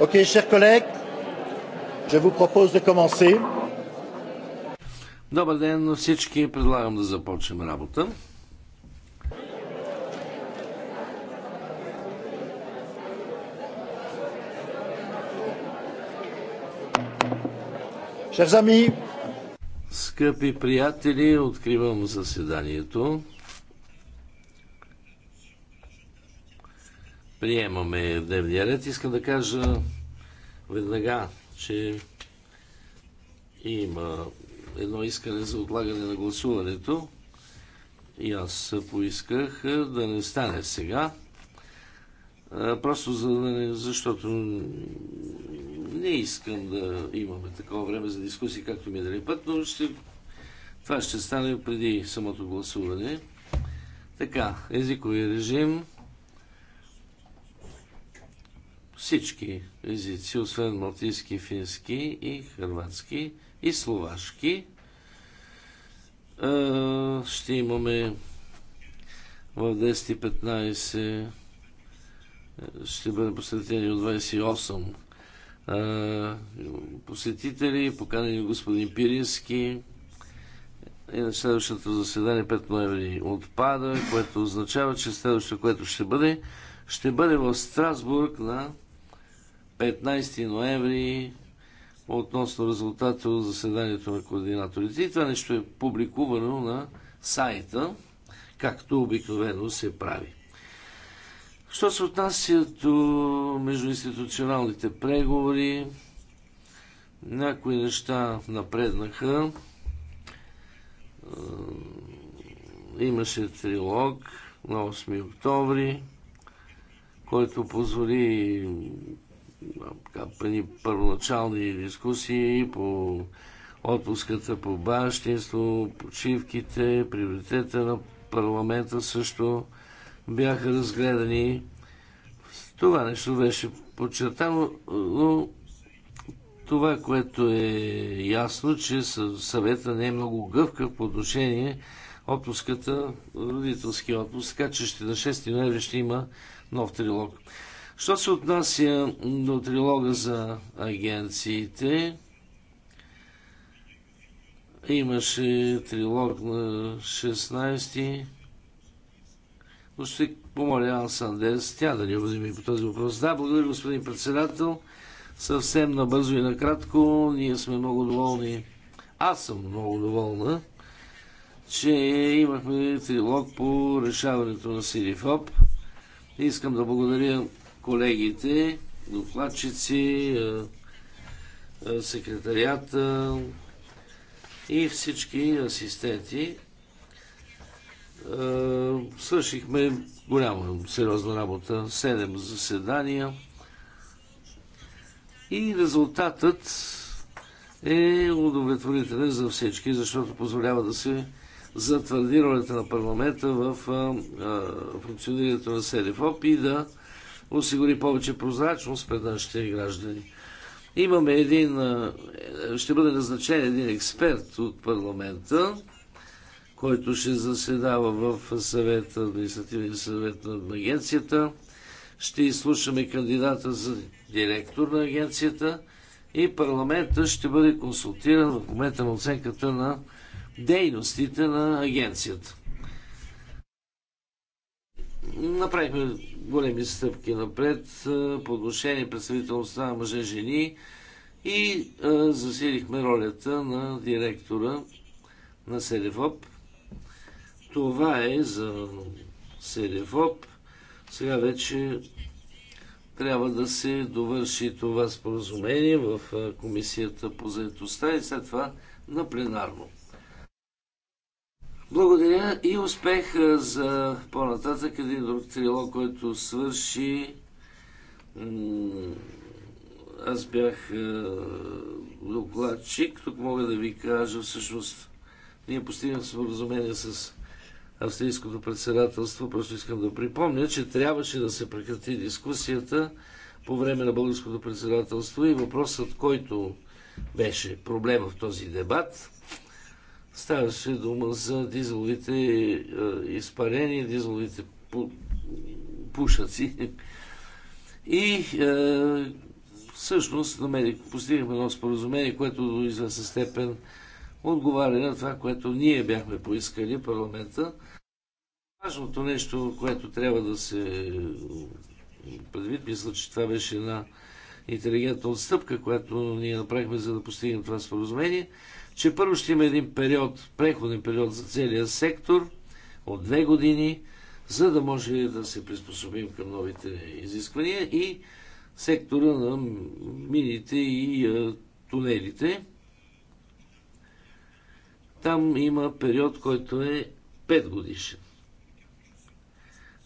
Ok, chers collègues, je vous propose de commencer. Добър ден на всички. Предлагам да започнем работа. Chers amis, Скъпи приятели, откривам заседанието. приемаме дневния ред. Искам да кажа веднага, че има едно искане за отлагане на гласуването и аз поисках да не стане сега. Просто за да не, защото не искам да имаме такова време за дискусии, както ми дали път, но ще, това ще стане преди самото гласуване. Така, езикови режим. всички езици, освен малтийски, фински и хрватски и словашки. Ще имаме в 10.15 ще бъде посетени от 28 посетители, поканени господин Пирински. И на следващото заседание 5 ноември отпада, което означава, че следващото, което ще бъде, ще бъде в Страсбург на 15 ноември относно резултата от заседанието на координаторите. И това нещо е публикувано на сайта, както обикновено се прави. Що се отнася до междуинституционалните преговори, някои неща напреднаха. Е, имаше трилог на 8 октомври, който позволи първоначални дискусии по отпуската, по бащинство, почивките, приоритета на парламента също бяха разгледани. Това нещо беше подчертано, но това, което е ясно, че съвета не е много гъвкав по отношение отпуската, родителски отпуск, така че ще на 6 ноември ще има нов трилог. Що се отнася до трилога за агенциите, имаше трилог на 16 но ще помоля Ан Сандес тя да ни обземи по този въпрос. Да, благодаря господин председател. Съвсем набързо и накратко, ние сме много доволни. Аз съм много доволна, че имахме трилог по решаването на Сирифоп. Искам да благодаря колегите, докладчици, секретарията и всички асистенти. Свършихме голяма, сериозна работа. Седем заседания. И резултатът е удовлетворителен за всички, защото позволява да се затвърди ролята на парламента в функционирането на СЕДЕФОП и да осигури повече прозрачност пред нашите граждани. Имаме един, е, ще бъде назначен един експерт от парламента, който ще заседава в съвета, административния съвет на агенцията. Ще изслушаме кандидата за директор на агенцията и парламента ще бъде консултиран в момента на оценката на дейностите на агенцията. Направихме големи стъпки напред по отношение представителността на мъже-жени и засилихме ролята на директора на СЕДЕФОП. Това е за СЕДЕФОП. Сега вече трябва да се довърши това споразумение в Комисията по заедостта и след това на пленарно. Благодаря и успех за по-нататък един друг трилог, който свърши. Аз бях докладчик. Тук мога да ви кажа, всъщност, ние постигнахме споразумение с австрийското председателство. Просто искам да припомня, че трябваше да се прекрати дискусията по време на българското председателство и въпросът, който беше проблема в този дебат, Ставаше дума за дизеловите е, изпарения, дизеловите пушаци. И е, всъщност намерих, постигнахме едно споразумение, което до известна степен отговаря на това, което ние бяхме поискали парламента. Важното нещо, което трябва да се предвид, мисля, че това беше една интелигентна отстъпка, която ние направихме, за да постигнем това споразумение, че първо ще има един период, преходен период за целия сектор от две години, за да може да се приспособим към новите изисквания и сектора на мините и тунелите. Там има период, който е 5 годишен.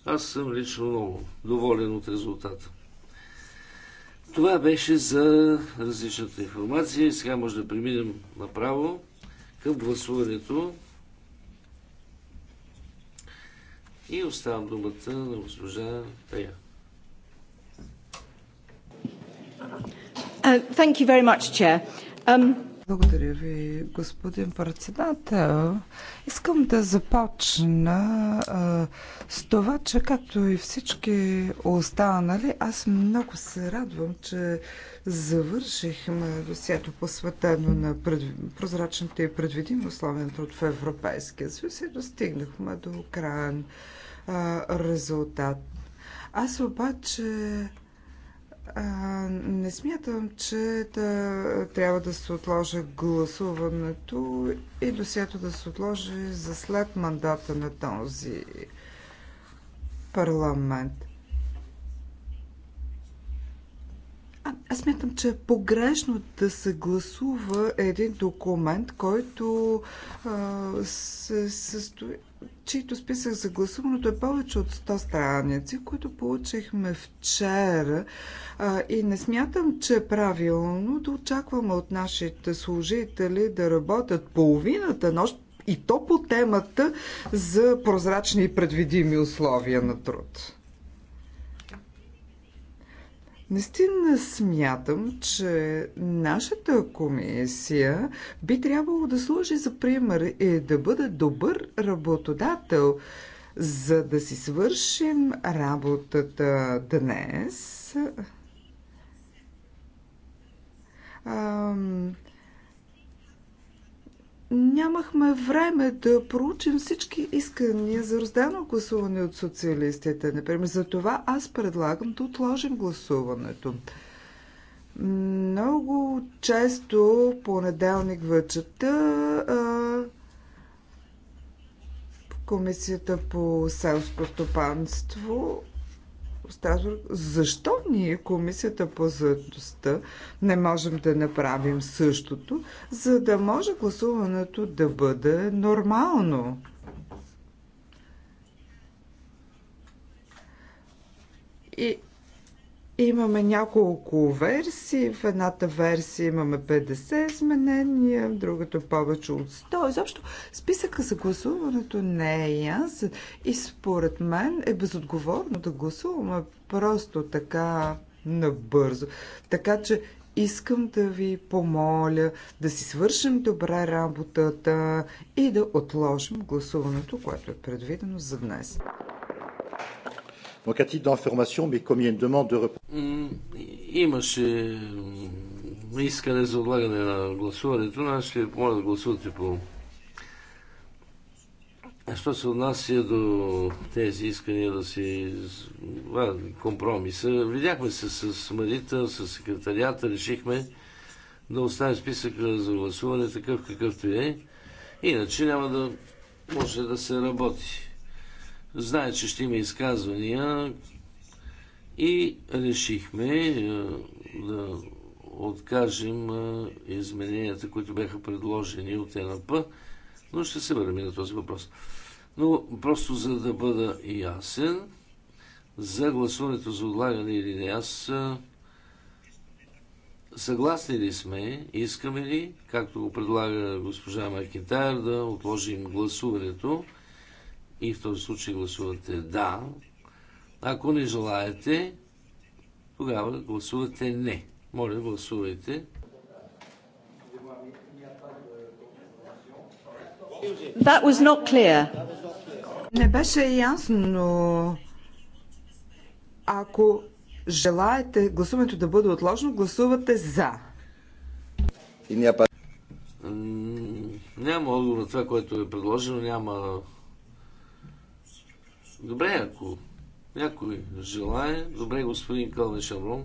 Аз съм лично много доволен от резултата. Това беше за различната информация и сега може да преминем направо към гласуването. И оставам думата на госпожа Тея. Uh, thank you very much, Chair. Um... Благодаря ви, господин председател. Искам да започна а, с това, че както и всички останали, аз много се радвам, че завършихме досието посветено на пред... прозрачните и предвидими условия труд в Европейския съюз и достигнахме до крайен резултат. Аз обаче не смятам, че да, трябва да се отложи гласуването и досието да се отложи за след мандата на този парламент. Аз мятам, че е погрешно да се гласува един документ, който а, се състои чието списък за гласуването е повече от 100 страници, които получихме вчера а, и не смятам, че е правилно да очакваме от нашите служители да работят половината нощ и то по темата за прозрачни и предвидими условия на труд. Наистина смятам, че нашата комисия би трябвало да служи за пример и да бъде добър работодател, за да си свършим работата днес. Ам нямахме време да проучим всички искания за раздано гласуване от социалистите. Например, за това аз предлагам да отложим гласуването. Много често понеделник вечерта Комисията по селско стопанство в Страсбург. Защо ние, Комисията по заедостта, не можем да направим същото, за да може гласуването да бъде нормално? И Имаме няколко версии. В едната версия имаме 50 изменения, в другата повече от 100. Изобщо списъка за гласуването не е ясен и според мен е безотговорно да гласуваме просто така набързо. Така че искам да ви помоля да си свършим добре работата и да отложим гласуването, което е предвидено за днес. Donc, à titre d'information, mais comme il y a une demande de report... Mm, имаше искане за отлагане на гласуването, аз ще помоля да гласувате по... Що се отнася до тези искания да се компромиса, видяхме се с Марита, с секретарията, решихме да оставим списъка за гласуване такъв какъвто е. Иначе няма да може да се работи. Знае, че ще има изказвания и решихме е, да откажем е, измененията, които бяха предложени от ЕНП, но ще се върнем на този въпрос. Но просто за да бъда ясен, за гласуването за отлагане или не, аз е, съгласни ли сме, искаме ли, както го предлага госпожа Макентайр, да отложим гласуването, и в този случай гласувате да. Ако не желаете, тогава гласувате не. Моля, гласувайте. That was not clear. Не беше ясно. Ако желаете гласуването да бъде отложено, гласувате за. Няма отговор на това, което е предложено, няма Добре, ако някой желая. Добре, господин Кълне Шамрон.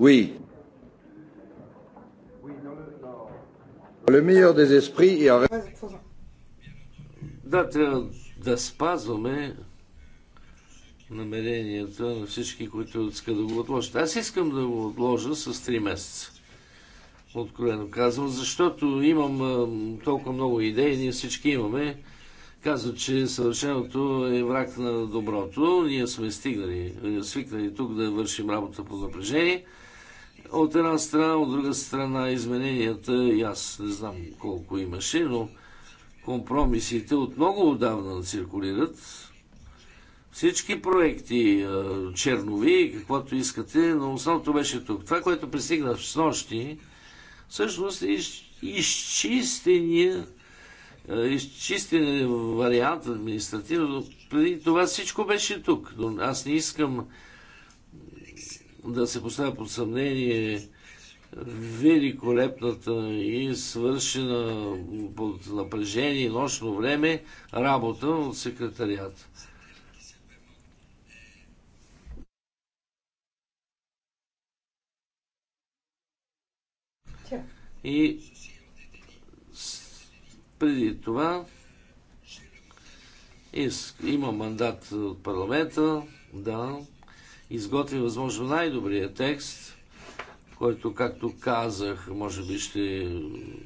Oui. Le meilleur des esprits et avec... Да, трябва да спазваме намеренията на всички, които искат да го отложат. Аз искам да го отложа с 3 месеца. Откровено казвам, защото имам толкова много идеи, ние всички имаме казва, че съвършеното е враг на доброто. Ние сме стигнали, е, свикнали тук да вършим работа по напрежение. От една страна, от друга страна измененията, и аз не знам колко имаше, но компромисите от много отдавна циркулират. Всички проекти, е, чернови, каквото искате, но основното беше тук. Това, което пристигна с нощи, всъщност е изчистения е, изчистен вариант административно. Преди това всичко беше тук. Но аз не искам да се поставя под съмнение великолепната и свършена под напрежение и нощно време работа от секретарията. И преди това има мандат от парламента да изготви възможно най-добрия текст, който, както казах, може би ще е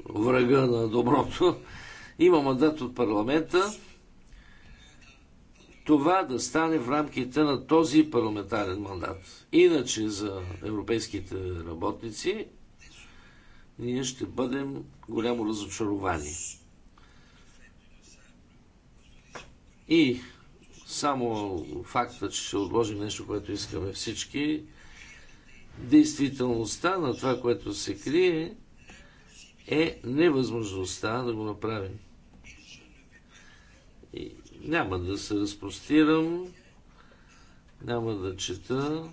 врага на доброто. Има мандат от парламента това да стане в рамките на този парламентарен мандат. Иначе за европейските работници ние ще бъдем голямо разочаровани. И само факта, че ще отложим нещо, което искаме всички, действителността на това, което се крие, е невъзможността да го направим. И няма да се разпростирам, няма да чета.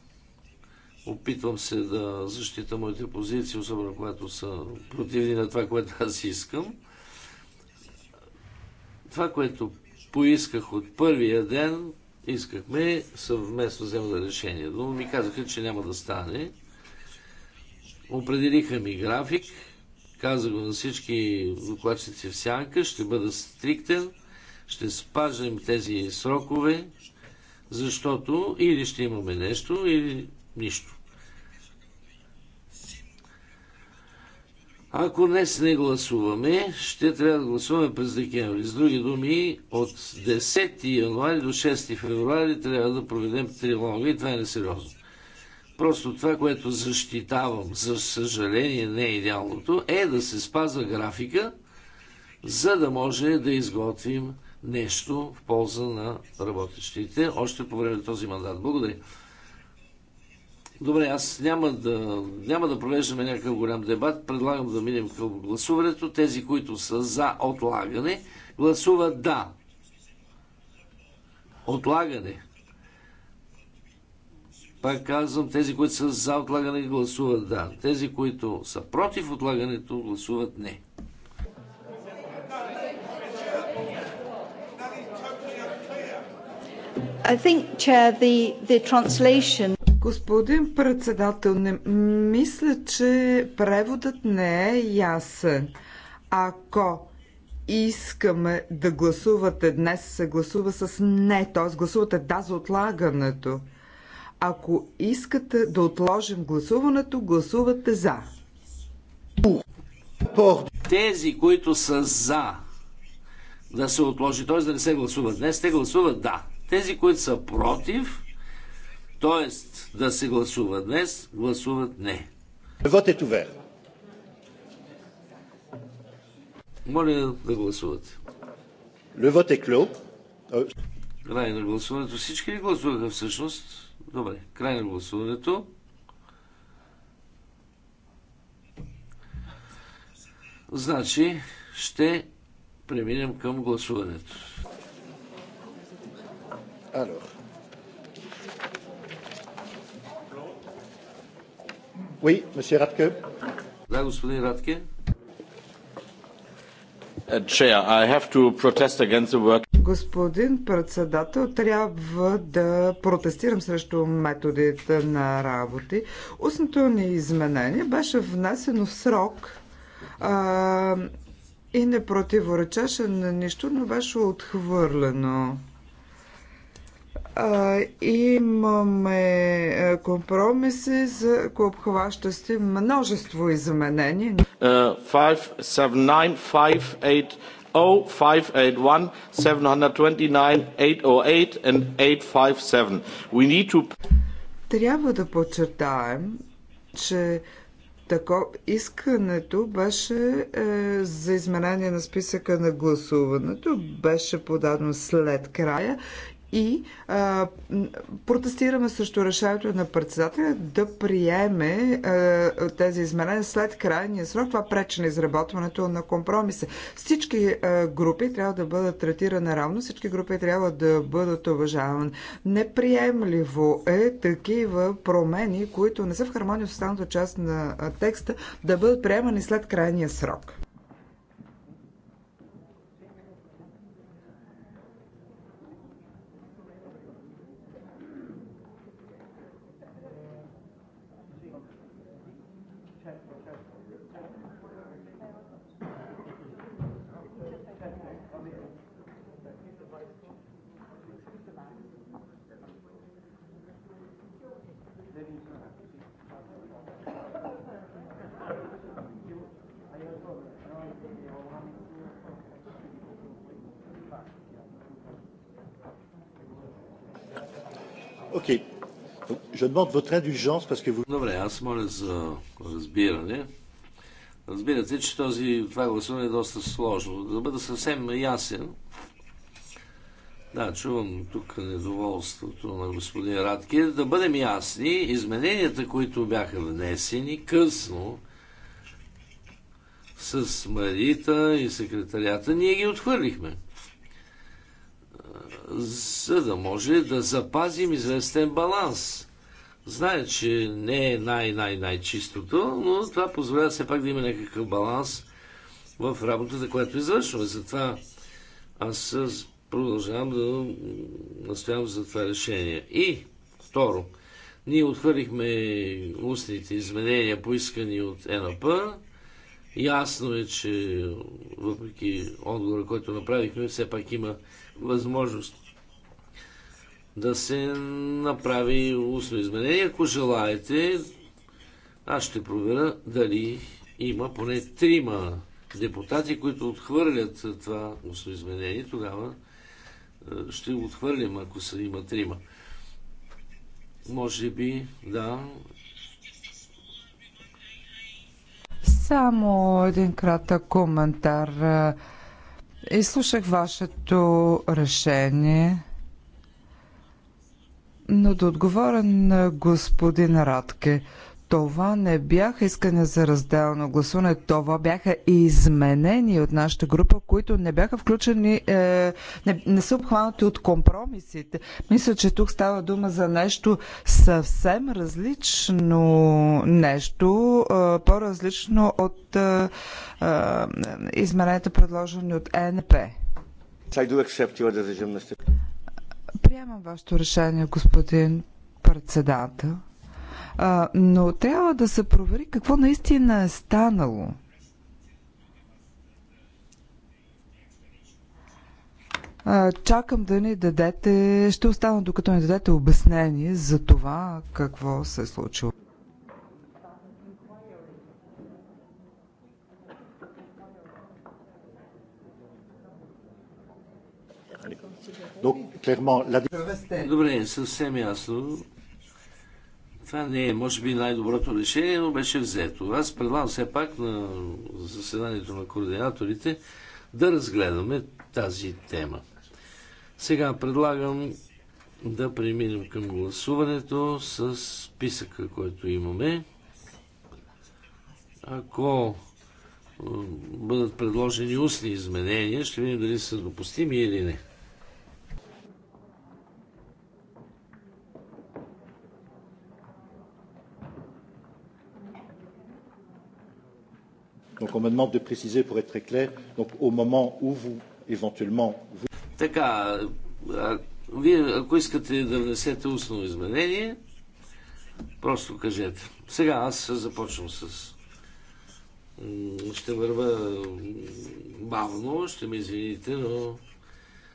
Опитвам се да защита моите позиции, особено когато са противни на това, което аз искам. Това, което поисках от първия ден, искахме съвместно вземане решение, но ми казаха, че няма да стане. Определиха ми график, каза го на всички докладчици в сянка, ще бъда стриктен, ще спажем тези срокове, защото или ще имаме нещо, или нищо. Ако днес не гласуваме, ще трябва да гласуваме през декември. С други думи, от 10 януари до 6 февруари трябва да проведем трилога и това е несериозно. Просто това, което защитавам, за съжаление не е идеалното, е да се спазва графика, за да може да изготвим нещо в полза на работещите още по време на този мандат. Благодаря. Добре, аз няма да, няма да провеждаме някакъв голям дебат. Предлагам да минем към гласуването. Тези, които са за отлагане, гласуват да. Отлагане. Пак казвам, тези, които са за отлагане, гласуват да. Тези, които са против отлагането, гласуват не. I think, Chair, the, the translation Господин председател, не мисля, че преводът не е ясен. Ако искаме да гласувате днес, се гласува с не, т.е. гласувате да за отлагането. Ако искате да отложим гласуването, гласувате за. Тези, които са за да се отложи, т.е. да не се гласува днес, те гласуват да. Тези, които са против, Тоест да се гласува днес, гласуват не. Вот е тувер. Моля да гласувате. Le vote est clos. Край на гласуването. Всички ли гласуваха всъщност? Добре, край на гласуването. Значи ще преминем към гласуването. Alors. Oui, monsieur Радке. Да, господин Радке. Е, господин председател, трябва да протестирам срещу методите на работи. Устното ни изменение беше внесено в срок а, и не противоречаше на нищо, но беше отхвърлено имаме е, компромиси, за обхващащи множество изменения. Oh, Трябва да подчертаем, че тако, искането беше е, за изменение на списъка на гласуването, беше подадено след края и а, протестираме срещу решението на председателя да приеме а, тези изменения след крайния срок. Това пречи на изработването на компромиса. Всички а, групи трябва да бъдат третирани равно, всички групи трябва да бъдат уважавани. Неприемливо е такива промени, които не са в хармония с останалата част на текста, да бъдат приемани след крайния срок. Добре, аз моля за разбиране. Разбирате, че този, това гласуване е доста сложно. Да бъда съвсем ясен, да, чувам тук недоволството на господин Радки, Да бъдем ясни, измененията, които бяха внесени късно с Марита и секретарията, ние ги отхвърлихме. За да може да запазим известен баланс Знае, че не е най-най-най-чистото, но това позволява все пак да има някакъв баланс в работата, която извършваме. Затова аз продължавам да настоявам за това решение. И, второ, ние отхвърлихме устните изменения, поискани от НАП. Ясно е, че въпреки отговора, който направихме, все пак има възможност да се направи устно изменение. Ако желаете, аз ще проверя дали има поне трима депутати, които отхвърлят това устно изменение. Тогава е, ще го отхвърлим, ако са има трима. Може би, да. Само един кратък коментар. Е, изслушах вашето решение но да отговоря на господин Радке. Това не бяха искане за разделно гласуване, това бяха и от нашата група, които не бяха включени, е, не, не са обхванати от компромисите. Мисля, че тук става дума за нещо съвсем различно, нещо е, по-различно от е, е, измененията, предложени от ЕНП. Приемам вашето решение, господин председател, а, но трябва да се провери какво наистина е станало. чакам да ни дадете, ще остана докато ни дадете обяснение за това какво се е случило. Donc, Добре, съвсем ясно. Това не е, може би, най-доброто решение, но беше взето. Аз предлагам все пак на заседанието на координаторите да разгледаме тази тема. Сега предлагам да преминем към гласуването с списъка, който имаме. Ако бъдат предложени устни изменения, ще видим дали са допустими или не. Donc on me demande de préciser pour être très clair, donc au moment où vous, éventuellement... Vous... Така, вие, ако искате да внесете устно изменение, просто кажете. Сега аз започвам с... Ще върва бавно, ще ме извините, но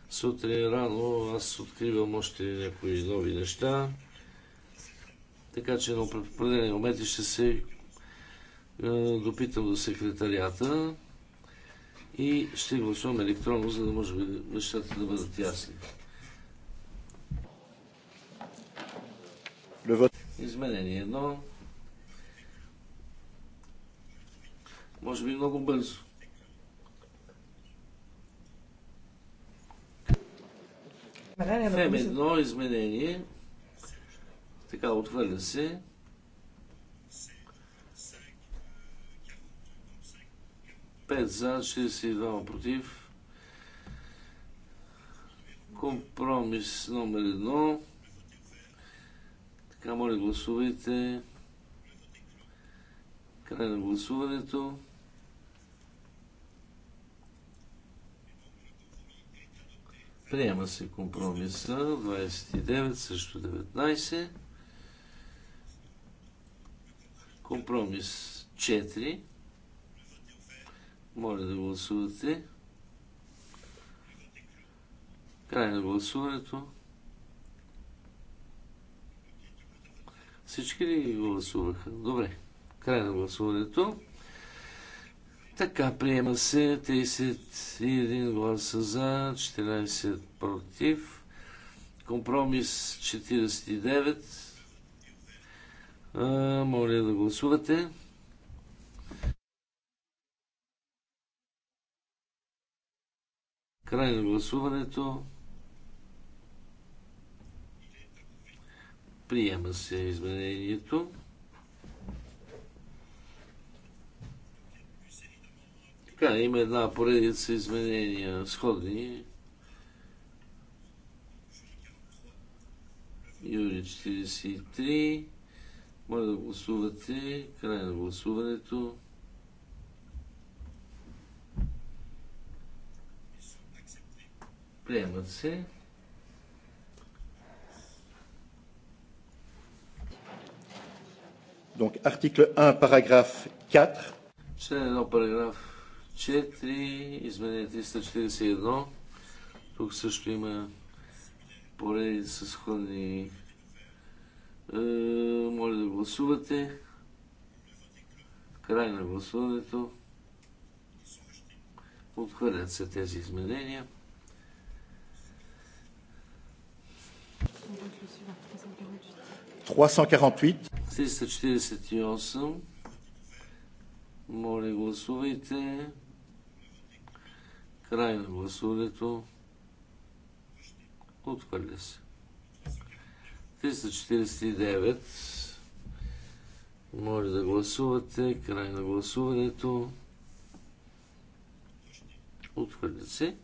сутрин рано аз откривам още някои нови неща. Така че на определени моменти ще се е, допитам до секретарията и ще гласувам електронно, за да може нещата да бъдат ясни. Изменение едно. Може би много бързо. Фем едно изменение. Така, отхвърля се. 5 за, 62 против. Компромис номер 1. Така, моля, гласувайте. Край на гласуването. Приема се компромиса 29 също 19. Компромис 4. Моля да гласувате. Край на гласуването. Всички ли гласуваха? Добре. Край на гласуването. Така, приема се 31 гласа за, 14 против. Компромис 49. А, моля да гласувате. Край на гласуването. Приема се изменението. Така, има една поредица изменения сходни. Юли 43. Моля да гласувате. Край на гласуването. Приемат се. Donc, article 1, параграф 4. Член 1, параграф 4, изменение 341. Тук също има пореди с хладни. Е, моля да гласувате. Край на гласуването. Отхвърлят се тези изменения. 348. 348. Моля, гласувайте. Край на гласуването. Отхвърля се. 349. Моля да гласувате. Край на гласуването. Отхвърля се.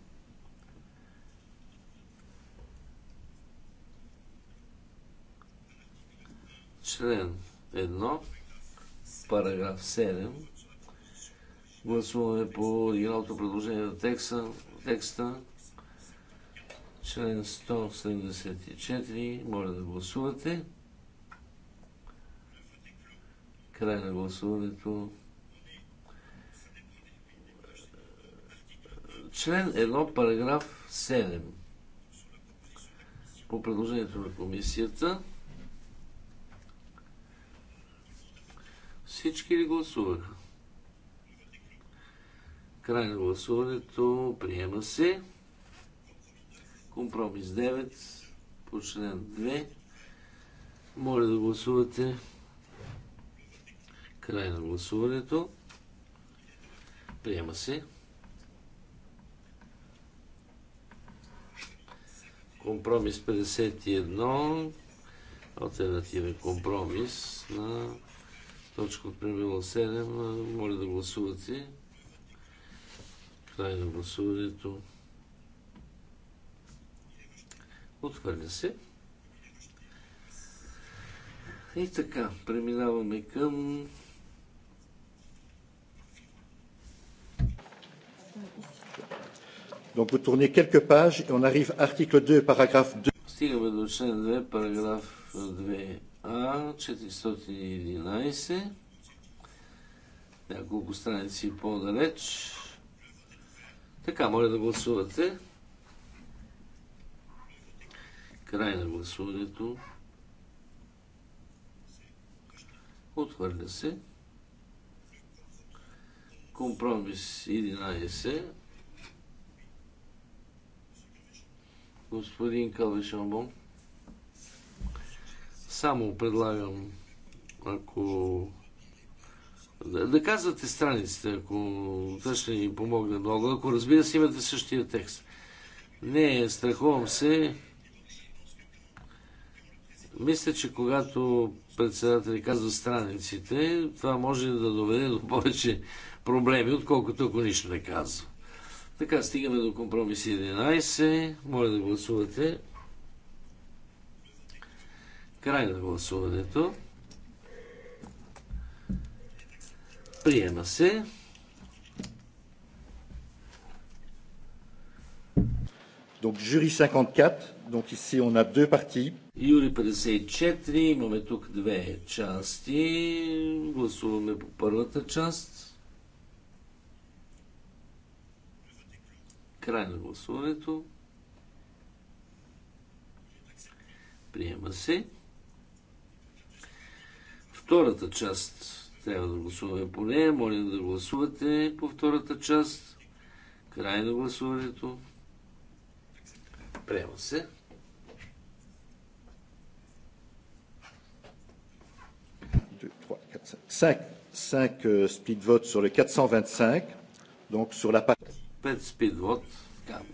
Член 1, параграф 7. Гласуваме по оригиналното предложение на текста. текста. Член 174. Моля да гласувате. Край на гласуването. Член 1, параграф 7. По предложението на комисията. Всички ли гласуваха? Край на гласуването. Приема се. Компромис 9 по член 2. Моля да гласувате. Край на гласуването. Приема се. Компромис 51. Альтернативен компромис на точка от правило 7. Моля да гласувате. Край на гласуването. Отхвърля се. И така, преминаваме към Donc vous tournez quelques pages et on arrive article 2, paragraphe 2. Стигаме до член 2, параграф 2. А 411 няколко страници по-далеч. Така, моля да гласувате. Край на гласуването. Отхвърля се. Компромис 11. Господин Калвешамбон. Само предлагам, ако... Да, да казвате страниците, ако те ще ни помогне много, ако разбира се имате същия текст. Не, страхувам се. Мисля, че когато председател казва страниците, това може да доведе до повече проблеми, отколкото ако нищо не казва. Така, стигаме до компромис 11. Моля да гласувате. Край на гласуването. Приема се. Donc jury 54, donc ici on a deux parties. Юри 54, имаме тук две части. Гласуваме по първата част. Край на гласуването. Приема се втората част трябва да гласуваме по нея. Моля да гласувате по втората част. Край на гласуването. Приема се. Cinq euh, speed votes sur le 425, donc sur la page. Pet speed vote.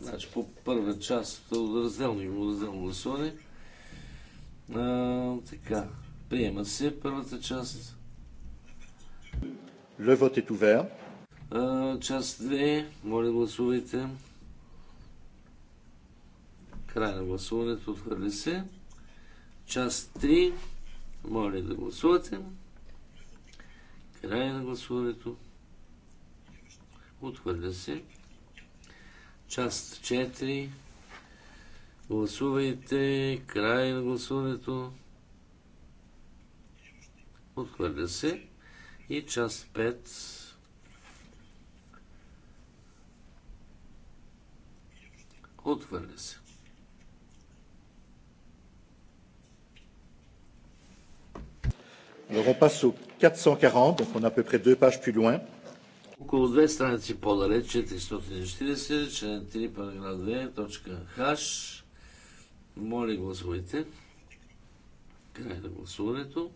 Значи по първа част, разделно има разделно гласуване. А, така, Приема се първата част. Le vote est ouvert. Част 2. Моля гласувайте. Край на гласуването. Отхвърли се. Част 3. Моля да гласувате. Край на гласуването. Отхвърля се. Част 4. Гласувайте. Край на гласуването. Отхвърля се. И част 5. Отхвърля се. Alors on passe au 440, donc on a à peu près deux pages plus loin. Около две страници по-далеч, 440, член 3, параграф 2, точка Х. Моля, гласувайте. Край на гласуването.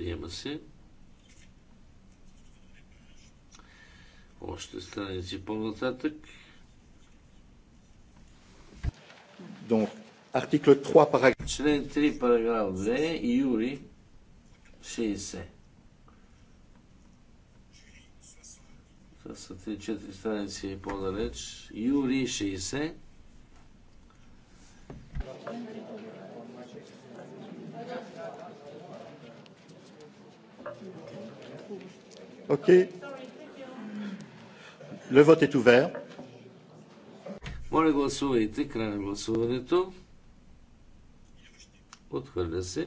Приема се. Още страници по-нататък. Donc, 3, параграф... Член 3, параграф 2, Юри 60. Това са 3-4 страници по-далеч. Юри 60. OK. Le vote est ouvert. Моля гласувайте. Край на гласуването. Отхвърля се.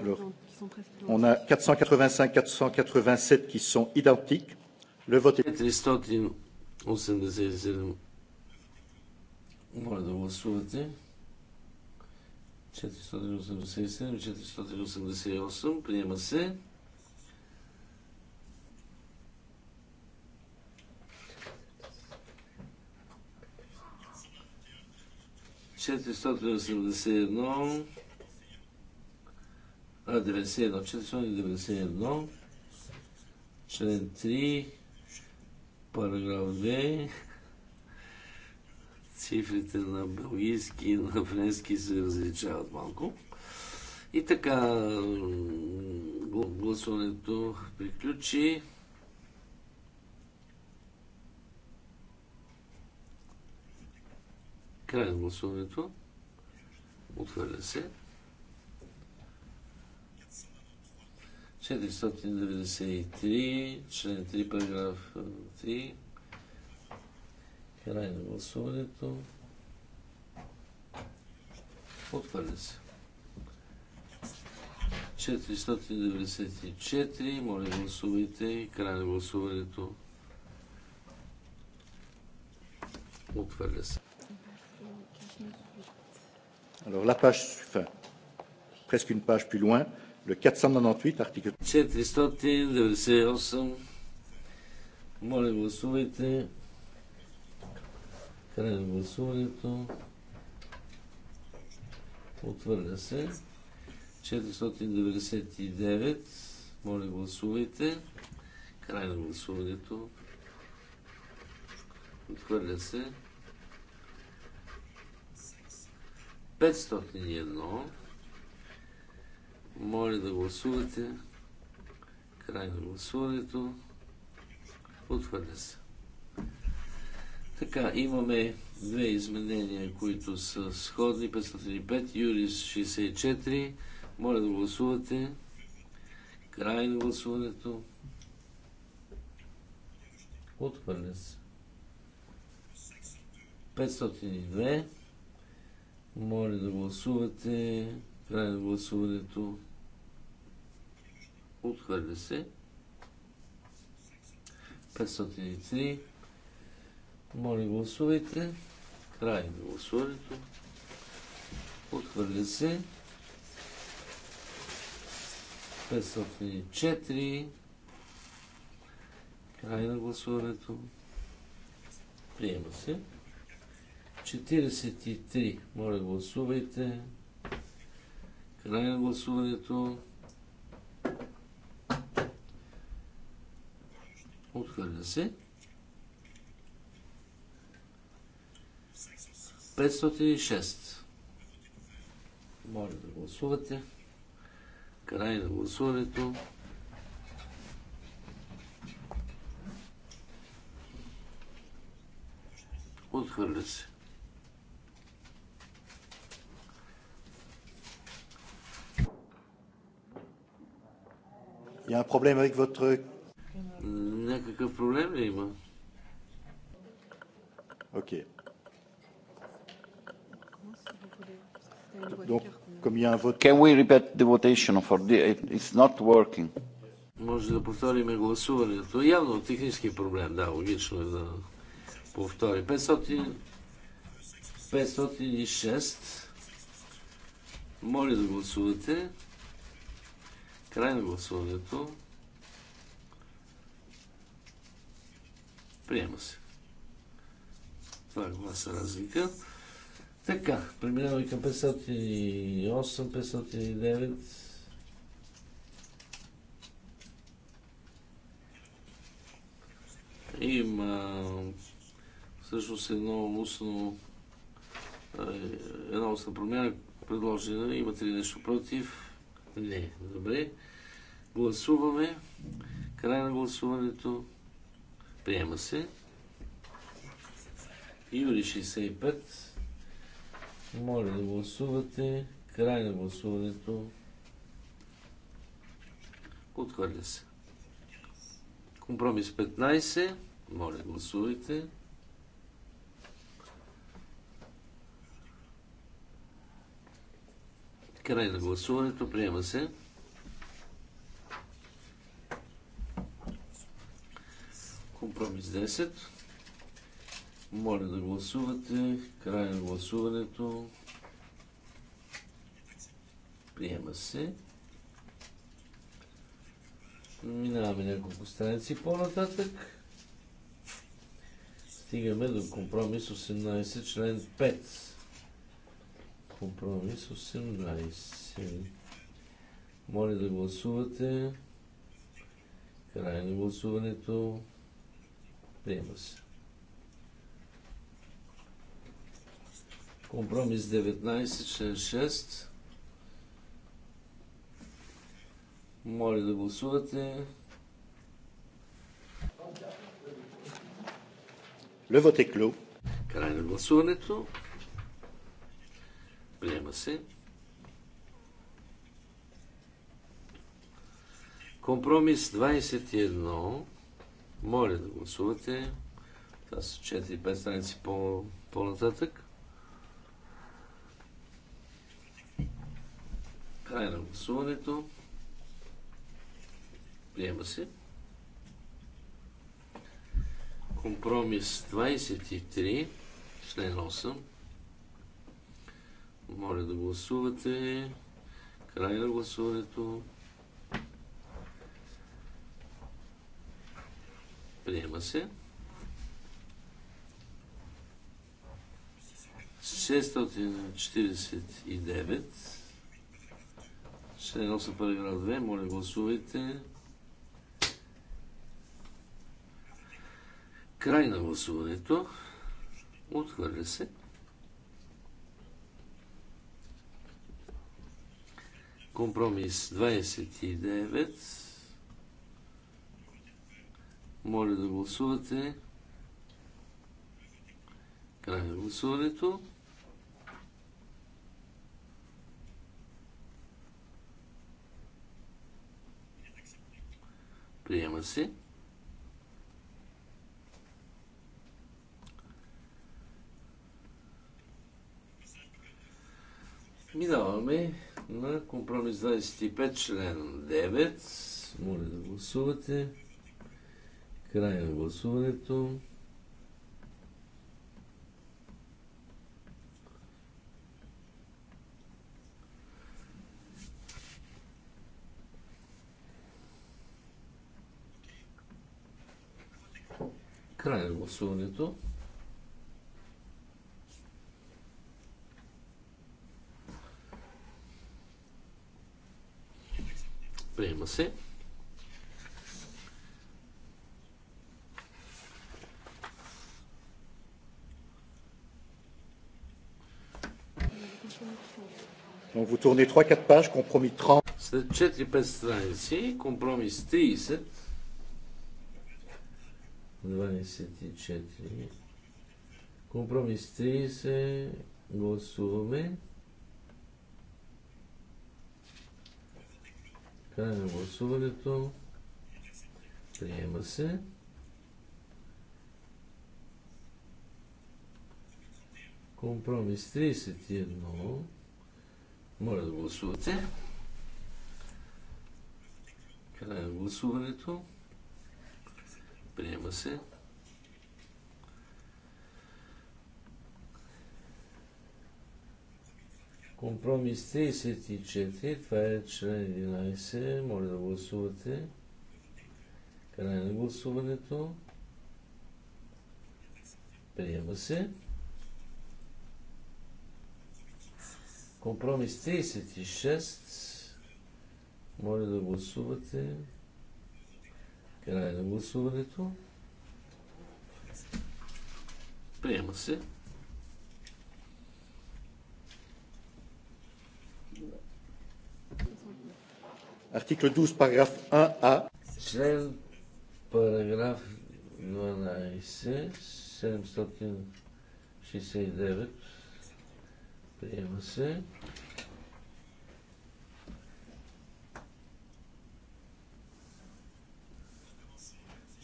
Alors, on a 485-487 qui sont identiques. Le vote est... 487. Моля да гласувате. 487 488. Приема се. Четиристотин осемдесет едно. 491, член три, параграф две. Цифрите на белгийски и на френски се различават малко. И така гласуването приключи. Край на гласуването. Отхвърля се. 493, член 3, параграф 3. Край на гласуването. Отхвърля се. 494. Моля, гласувайте. Край на гласуването. Отхвърля се. Alors, la page, enfin, presque une page plus loin, le 498, article. 498. Моля, гласувайте. Край на гласуването. Отвърля се. 499. Моля гласувайте. Край на гласуването. Отхвърля се. 501. Моля да гласувате. Край на гласуването. Отхвърля се. Така, имаме две изменения, които са сходни. 505, Юрис 64. Моля да гласувате. Край на гласуването. Отхвърля се. 502. Моля да гласувате. Край на гласуването. Отхвърля се. 503. Моля, гласувайте. Край на гласуването. Отхвърля се. 504. Край на гласуването. Приема се. 43. Моля, гласувайте. Край на гласуването. Отхвърля се. 506. Моля да гласувате. Край на гласуването. Отхвърля се. Il проблем a вътре. Някакъв проблем ли има? Окей. Okay. Donc, comme il y a un vote... Can we repeat the votation for the... It's not working. Може да повторим гласуването. Явно технически проблем, да, логично е да повтори. 500... 506. Моля да гласувате. Край на гласуването. Приема се. Това е гласа разлика. Така, преминаваме към 508, 509. Има всъщност едно устно е, една устна промяна предложена. Имате ли нещо против? Не. Добре. Гласуваме. Край на гласуването. Приема се. Юли 65. Моля да гласувате. Край на гласуването. Отхвърля се. Компромис 15. Моля да гласувайте. Край на гласуването. Приема се. Компромис 10. Моля да гласувате. Край на гласуването. Приема се. Минаваме няколко страници по-нататък. Стигаме до компромис 18, член 5. Компромис 18. Моля да гласувате. Край на гласуването. Приема се. Компромис 19, член 6. Моля да гласувате. Левът е клю. Край на гласуването. Приема се. Компромис 21. Моля да гласувате. Това са 4-5 страници по-нататък. Край на гласуването. Приема се. Компромис 23, член 8. Моля да гласувате. Край на гласуването. Приема се. 649 Член 8, параграф 2. Моля, гласувайте. Край на гласуването. Отхвърля се. Компромис 29. Моля да гласувате. Край на гласуването. Приема се. Минаваме на компромис 25, член 9. Моля да гласувате. Край на гласуването. Край на гласуването. Приема се. Donc vous tournez 3-4 pages, compromis 30. След 4-5 страници, компромис 30 24. Компромис 30. Гласуваме. Край на гласуването. Приема се. Компромис 31. Моля да гласувате. Край на гласуването. Приема се. Компромис 34, това е член 11. Моля да гласувате. Край на гласуването. Приема се. Компромис 36. Моля да гласувате. Край на гласуването. Приема се. Артикъл 12, параграф 1а. Член параграф 12, 769. Приема се.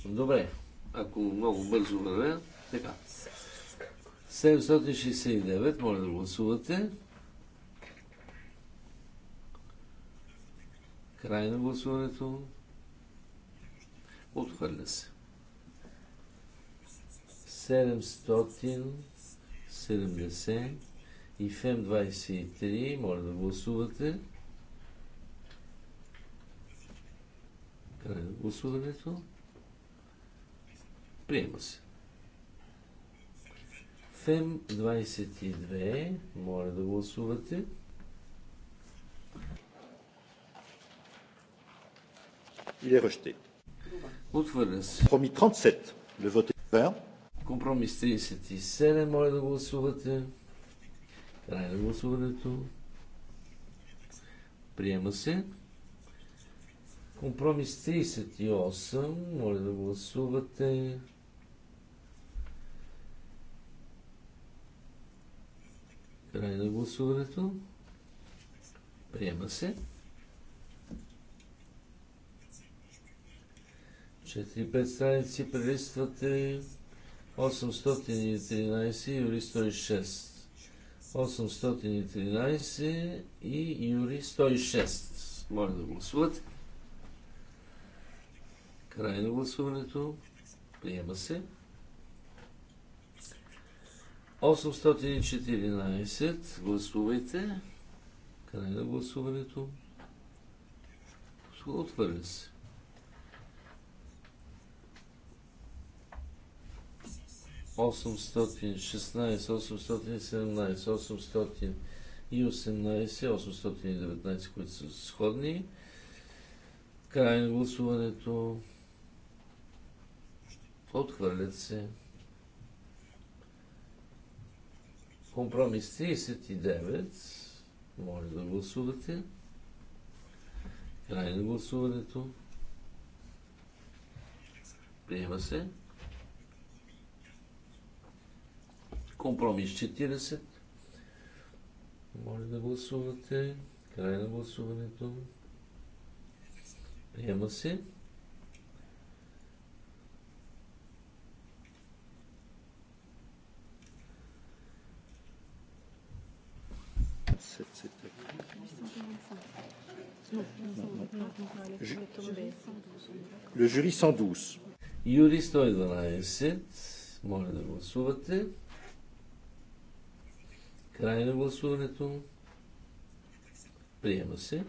Добре, ако много бързо вървя, така. 769, моля да гласувате. Край на гласуването. Отхвърля се. 770 и ФЕМ 23. Моля да гласувате. Край на гласуването. Приема се. Фем 22. Моля да гласувате. Il est rejeté. Отвърля се. Проми 37. Le vote est Компромис 37. Моля да гласувате. Край на гласуването. Приема се. Компромис 38. Моля да гласувате. Край на гласуването. Приема се. 4-5 страници прелиствате 813 и юри 106. 813 и юри 106. Моля да гласувате. Край на гласуването. Приема се. 814. Гласувайте. Край на гласуването. Отвърля се. 816, 817, 818, 819, които са сходни. Край на гласуването. Отхвърлят се. Компромис 39. Моля да гласувате. Край на гласуването. Приема се. Компромис 40. Моля да гласувате. Край на гласуването. Приема се. Le jury 112. Юри 112. Моля да гласувате. Край на гласуването. Приема се.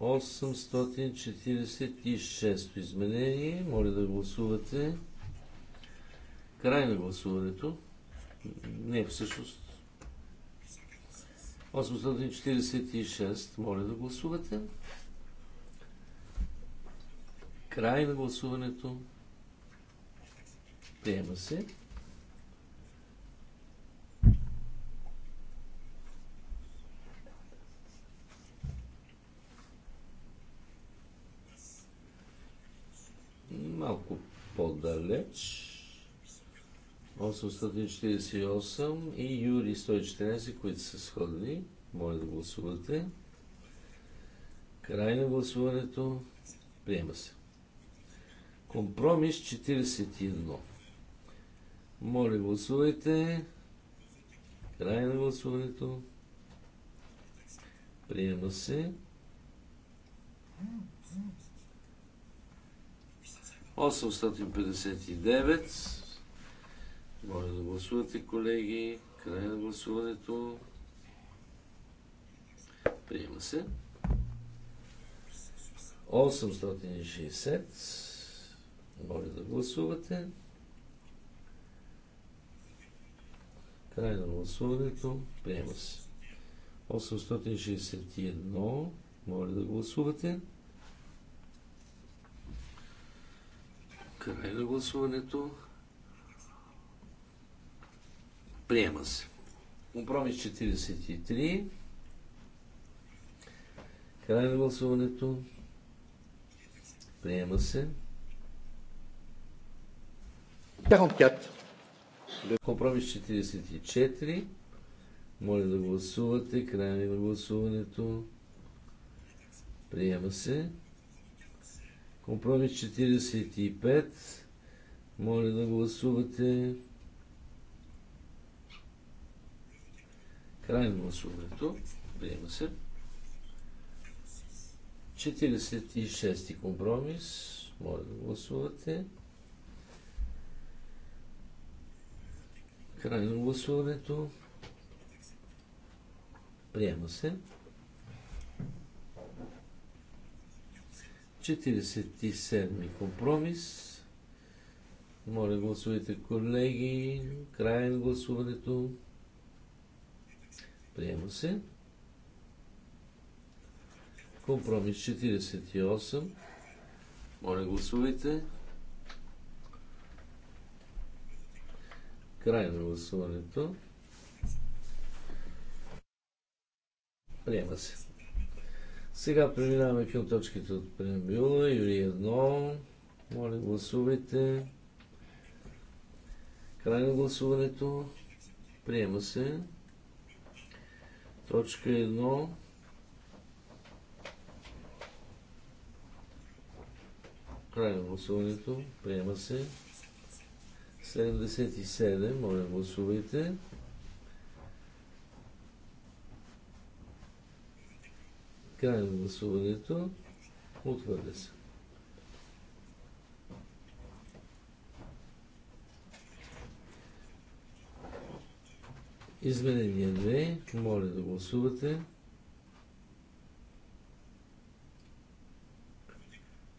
846 изменение. Моля да гласувате. Край на гласуването. Не, всъщност 846. Моля да гласувате. Край на гласуването. Приема се. Малко по-далеч. 848 и Юри 114, които са сходни. Моля да гласувате. Край на гласуването. Приема се. Компромис 41. Моля гласувайте. Край на гласуването. Приема се. 859. Моля да гласувате, колеги. Край на гласуването. Приема се. 860. Моля да гласувате. Край на гласуването. Приема се. 861. Моля да гласувате. Край на гласуването. Приема се. Компромис 43. Край на гласуването. Приема се. Компромис 44. Моля да гласувате. Край на гласуването. Приема се. Компромис 45. Моля да гласувате. Край на гласуването. Приема се. 46-ти компромис. Моля да гласувате. Край на гласуването. Приема се. 47-ми компромис. Моля гласувайте колеги. Край на гласуването. Приема се. Компромис 48. Моля, гласувайте. Край на гласуването. Приема се. Сега преминаваме към точките от преамбюла. Юли 1. Моля, гласувайте. Край на гласуването. Приема се. Точка 1. Край на гласуването. Приема се. 77. Моля, гласувайте. Край на гласуването. Отвърля се. Изменение 2. Моля да гласувате.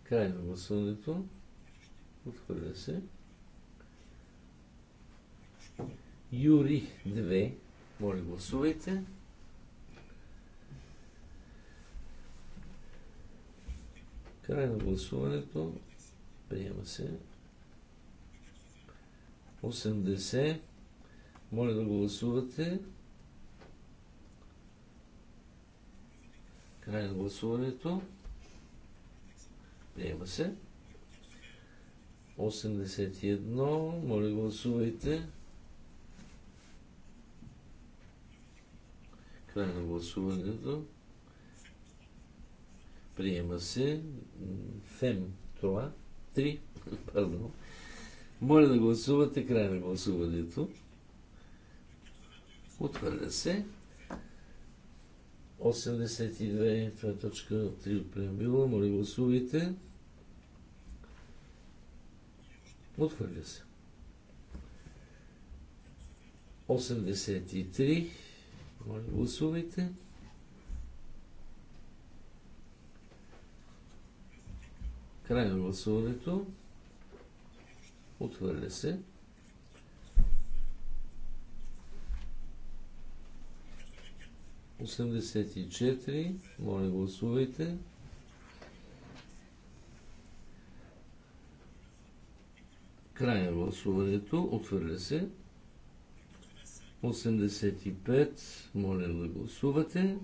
Край на гласуването. Отхвърля се. Юри 2. Моля гласувайте. Край на гласуването. Приема се. 80. Моля да гласувате. Край на гласуването. Приема се. 81. Моля гласувайте. Край на гласуването. Приема се. Фем това. 3. Пардон. Моля да гласувате. Край на гласуването. Отвърля се. 82, това е точка 3 от преамбила. Моля, гласувайте. Отхвърля се. 83. Моля, гласувайте. Край на гласуването. Отхвърля се. 84. Моля, гласувайте. Край на гласуването. Отвърля се. 85. Моля да гласувате.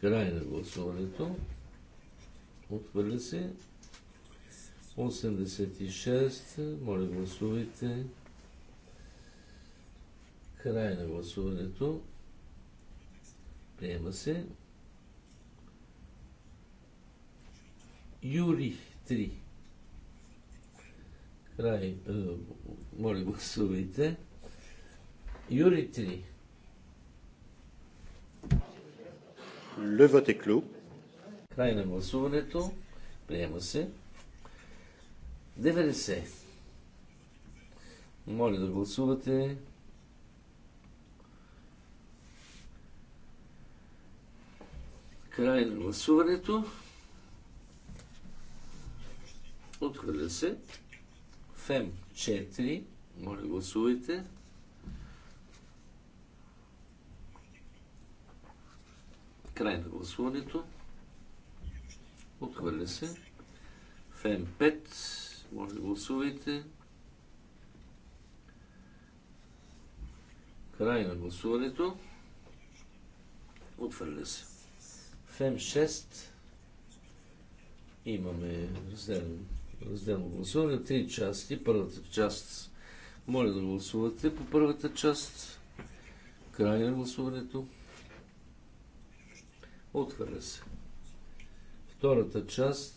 Край на гласуването. Отвърля се. 86. Моля гласувайте. Край на гласуването. Приема се. Юри 3. Край. Е, моля, гласувайте. Юри 3. Левът е клюк. Край на гласуването. Приема се. 90. Моля да гласувате. Край на гласуването. Отхвърля се. ФЕМ 4. Моля, гласувайте. Край на гласуването. Отхвърля се. ФЕМ 5. Може да гласувайте. Край на гласуването. Отхвърля се. ФЕМ 6 имаме разделно, гласуване. Три части. Първата част. Моля да гласувате по първата част. Край на гласуването. Отхвърля се. Втората част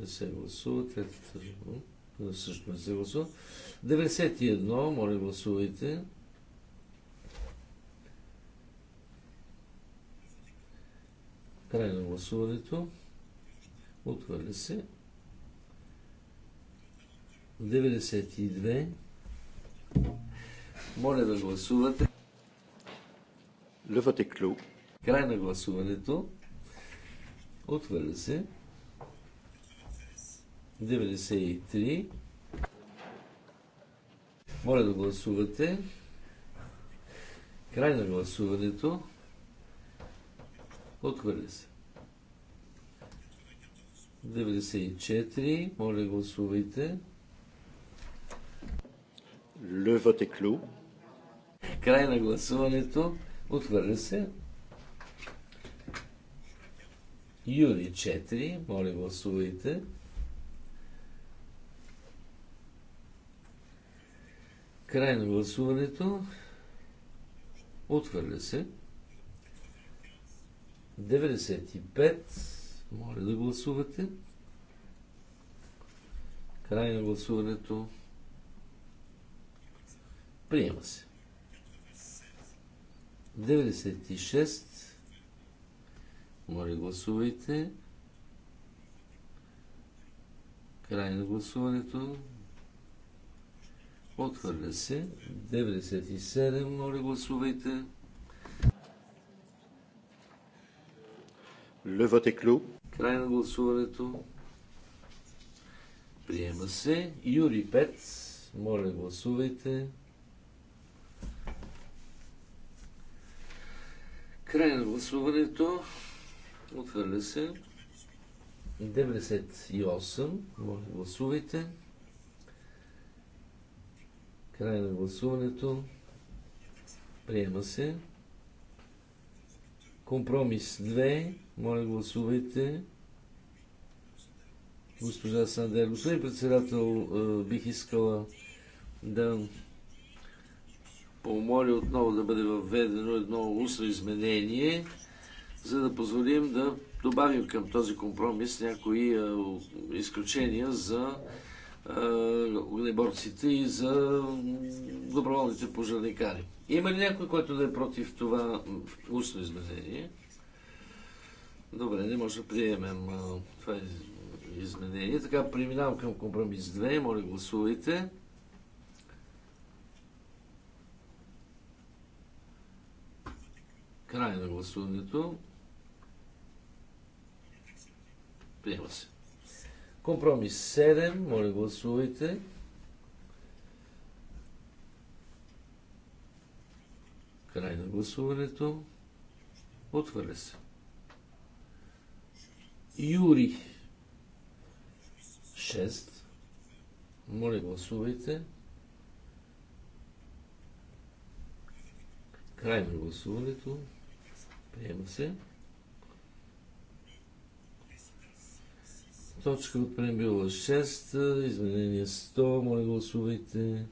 не се гласува. Третата също не се гласува. 91. Моля гласувайте. Край на гласуването. Отвърля се. 92. Моля да гласувате. Лъвът е клю. Край на гласуването. Отвърля се. 93. Моля да гласувате. Край на гласуването. Отхвърля се. 94. Моля, гласувайте. Le е клю. Край на гласуването. Отхвърля се. Юни 4. Моля, гласувайте. Край на гласуването. Отхвърля се. 95. Моля да гласувате. Край на гласуването. Приема се. 96. Моля, гласувайте. Край на гласуването. Отхвърля се. 97. Моля, гласувайте. Le vote est Край на гласуването. Приема се. Юри Пец. Моля, гласувайте. Край на гласуването. Отвърля се. 98. Моля, гласувайте. Край на гласуването. Приема се. Компромис 2. Моля гласувайте. Госпожа Сандер. Господин председател, е, бих искала да помоля отново да бъде въведено едно устно изменение, за да позволим да добавим към този компромис някои е, изключения за е, огнеборците и за доброволните пожарникари. Има ли някой, който да е против това устно изменение? Добре, не може да приемем това изменение. Така, преминавам към компромис 2. Моля, гласувайте. Край на гласуването. Приема се. Компромис 7. Моля, гласувайте. Край на гласуването. Отвърля се. Юри. 6. Моля, гласувайте. Край на гласуването. Приема се. Точка от преамбюла 6. Изменение 100. Моля, гласувайте.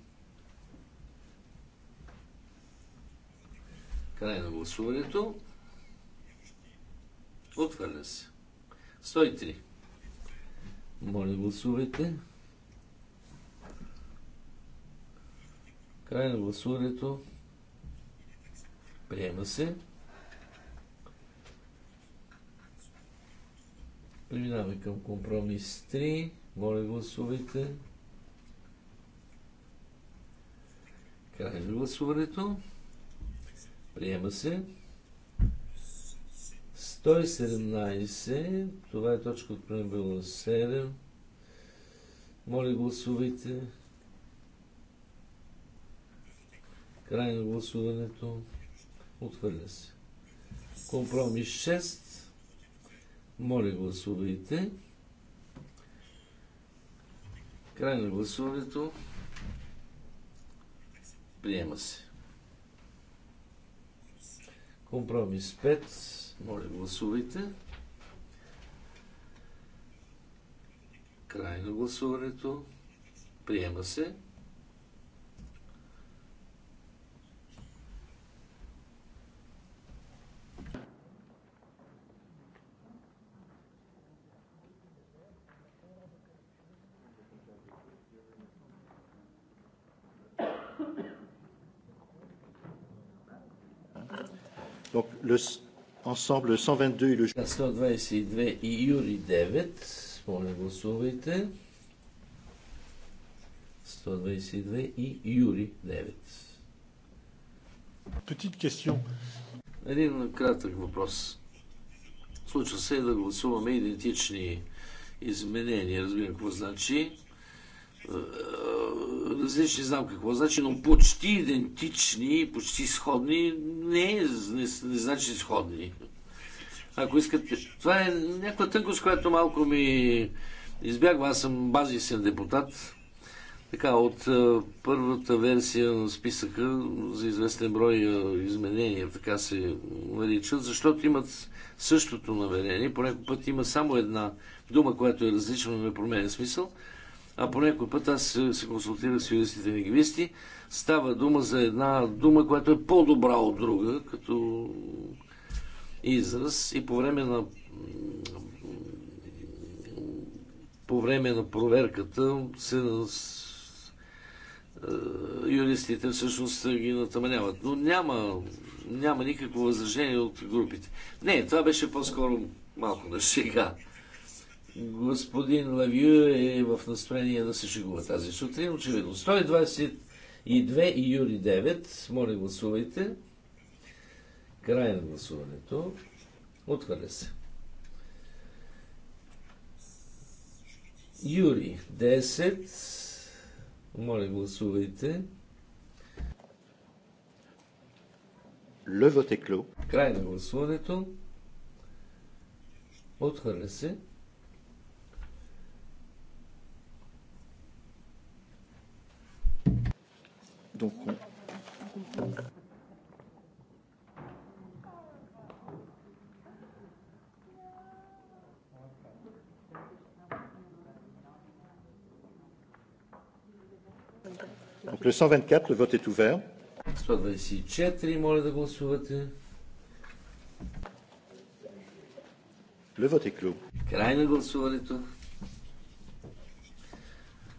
Край на гласуването. Отвърля се. 103. Моля, гласувайте. Край на гласуването. Приема се. Преминаваме към компромис 3. Моля, гласувайте. Край на гласуването. Приема се. 117. Това е точка от преамбюла 7. Моля, гласувайте. Край на гласуването. Отхвърля се. Компромис 6. Моля, гласувайте. Край на гласуването. Приема се. Компромис 5. Моля, гласувайте. Край на гласуването. Приема се. le, ensemble 122 и le... 122 и Юри 9. Моля, гласувайте. 122 и Юри 9. Петит question. Един кратък въпрос. Случва се да гласуваме идентични изменения. Разбирам какво значи ще е, значи знам какво значи, но почти идентични, почти сходни, не, не, не значи сходни. Ако искате, това е някаква тънкост, която малко ми избягва. Аз съм базисен депутат. Така, от е, първата версия на списъка за известен брой е, изменения, така се наричат, защото имат същото намерение. Понякога път има само една дума, която е различна, но не променя смисъл а по някой път аз се, се консултирах с юристите лингвисти, става дума за една дума, която е по-добра от друга, като израз и по време на по време на проверката се е, юристите всъщност ги натъмняват. Но няма, няма никакво възражение от групите. Не, това беше по-скоро малко на шега. Господин Лавю е в настроение да се шегува тази сутрин, очевидно. 122 и юли 9. Моля, гласувайте. Край на гласуването. Отхвърля се. Юри 10. Моля, гласувайте. е клю. Край на гласуването. Отхвърля се. Donc on... Donc le 124, le vote est ouvert. 124, моля de гласувате. Le vote est clos. Край на гласуването.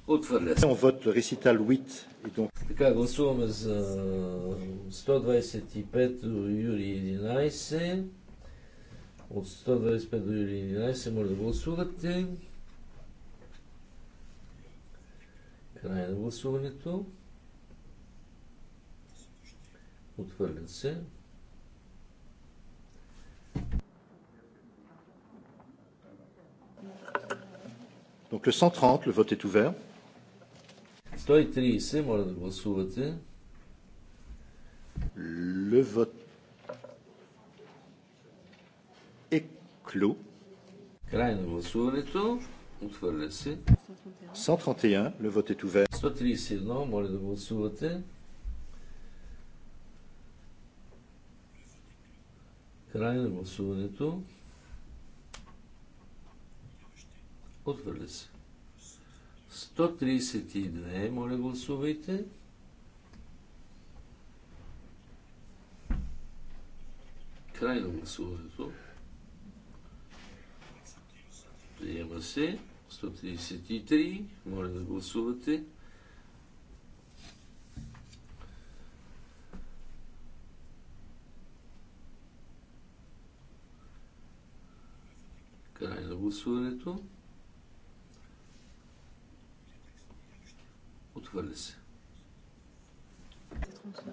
Отвърля се. On vote le récital 8 et donc така, гласуваме за 125 до юли 11. От 125 до юли 11, може да гласувате. Край на гласуването. Отвърлят се. Donc le 130, le vote est ouvert. 130, моля да гласувате. Le vote е клю. Край на гласуването. Отвърля се. 131, le vote est ouvert. 131, моля да гласувате. Край на гласуването. Отвърля се. 132, моля гласувайте. Край на гласуването. Приема се. 133, моля да гласувате. Край на гласуването. Отхвърля се.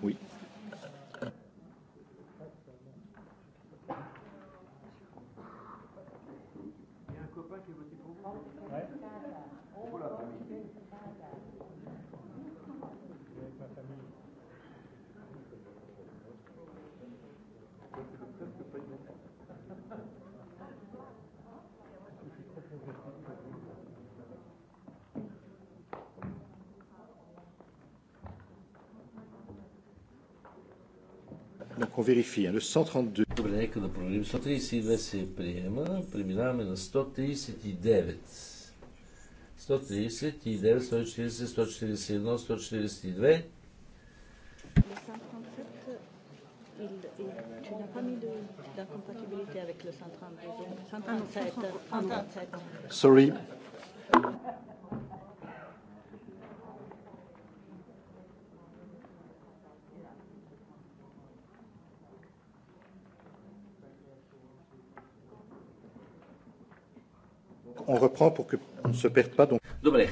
Oui. on vérifie, hein, le 132. Добре, нека да проверим. 132 се приема. Преминаваме на 139. 139, 140, 141, 142. Il, il, tu n'as pas mis d'incompatibilité avec le 132, donc 137. 137. Sorry. on reprend pour que on se perde pas. Donc... Добре.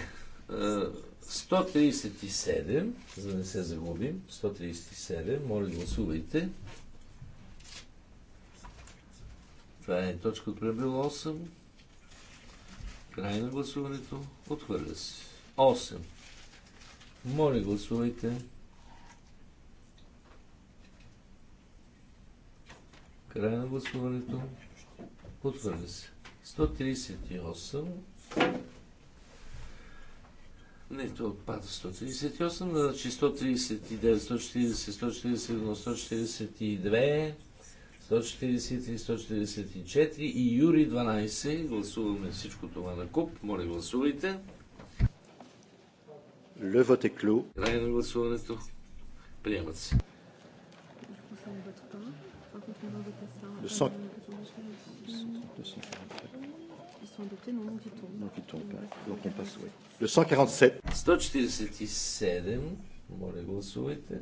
137, е, за да не се загубим. 137, моля гласувайте. Това е точка от пребил 8. Край на гласуването. Отхвърля се. 8. Моля гласувайте. Край на гласуването. Отхвърля се. 138. Не, то отпада 138, значи 139, 140, 141, 142, 143, 144 и Юри 12. Гласуваме всичко това на куп. Моля, гласувайте. Le vote est clos. Край на гласуването. Приемат се. Le 100. 147. 147, моля гласувайте.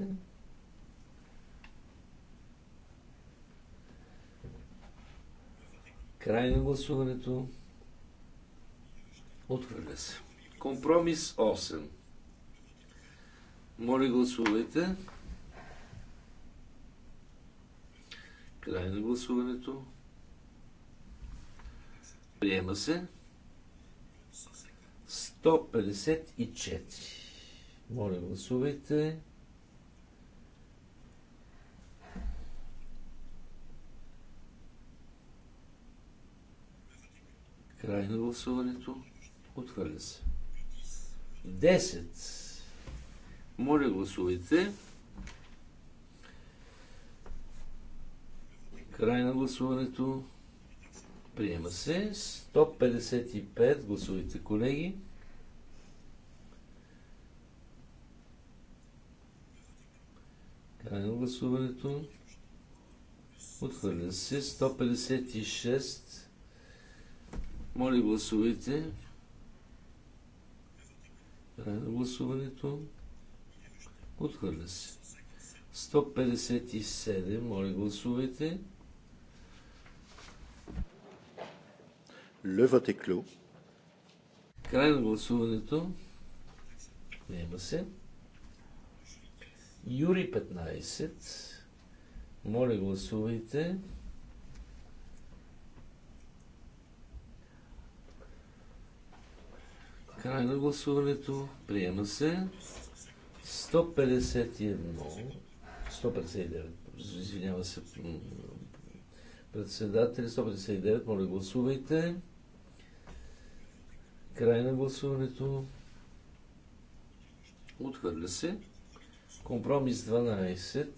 Край на гласуването. Отхвърля се. Компромис 8. Моля гласувайте. Край на гласуването. Приема се. 154. Моля, гласувайте. Край на гласуването. Отхвърля се. 10. Моля, гласувайте. Край на гласуването. Приема се. 155. Гласувайте, колеги. Край на гласуването. Отхвърля се. 156. Моля, гласувайте. Край на гласуването. Отхвърля се. 157. Моля, гласувайте. Le vote est clos. Край на гласуването. Приема се. Юри 15. Моля, гласувайте. Край на гласуването. Приема се. 151. 159. Извинява се. Председатели 159. Моля, гласувайте. Край на гласуването. Отхвърля се. Компромис 12.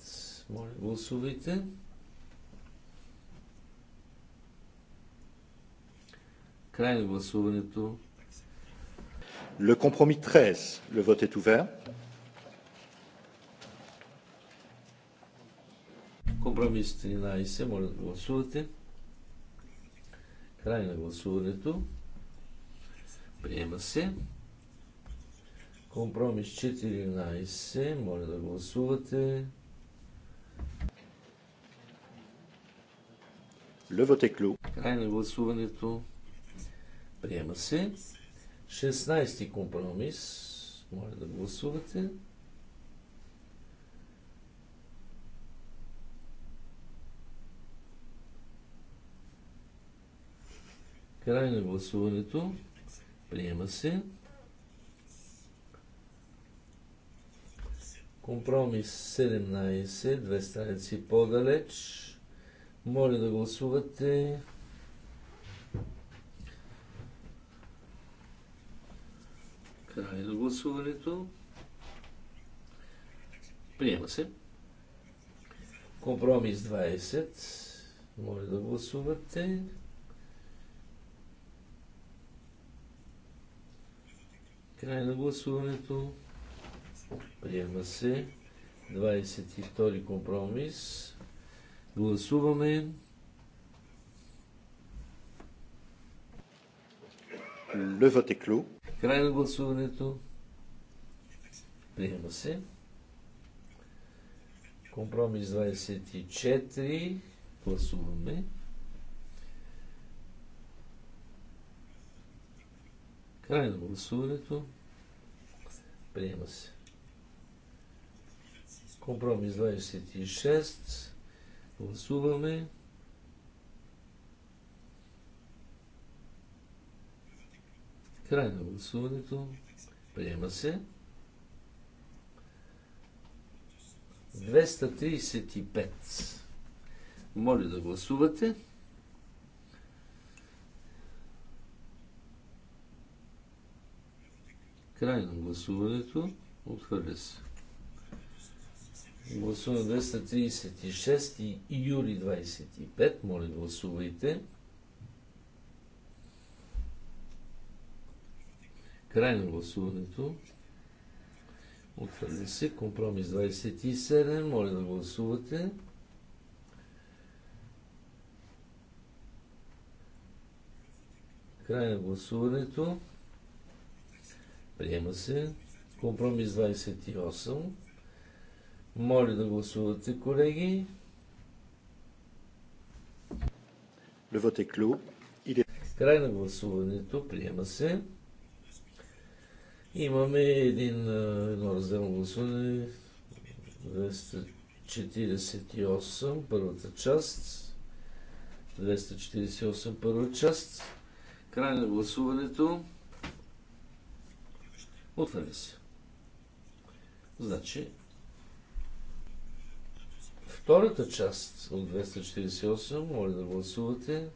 Моля, гласувайте. Край на гласуването. Le compromis 13. Le vote est ouvert. Компромис 13. Моля да гласувате. Край на гласуването. Приема се. Компромис 14. Моля да гласувате. Левът е клю. Край на гласуването. Приема се. 16 компромис. Моля да гласувате. Край на гласуването. Приема се. Компромис 17, две страници по-далеч. Моля да гласувате. Край на гласуването. Приема се. Компромис 20. Моля да гласувате. Край на гласуването. Приема се. 22 компромис. Гласуваме. Лъвът е клю. Край на гласуването. Приема се. Компромис 24. Гласуваме. Край на гласуването. Приема се. Компромис 26. Гласуваме. Край на гласуването. Приема се. 235. Моля да гласувате. Край на гласуването. Отхвърля се. Гласуваме 236 и Юри 25. Моля, гласувайте. Край на гласуването. Отхвърля се. Компромис 27. Моля да гласувате. Край на гласуването. Приема се. Компромис 28. Моля да гласувате, колеги. Край на гласуването. Приема се. Имаме един, едно разделно гласуване. 248, първата част. 248, първа част. Край на гласуването. Отваря се. Значи, втората част от 248, моля да гласувате.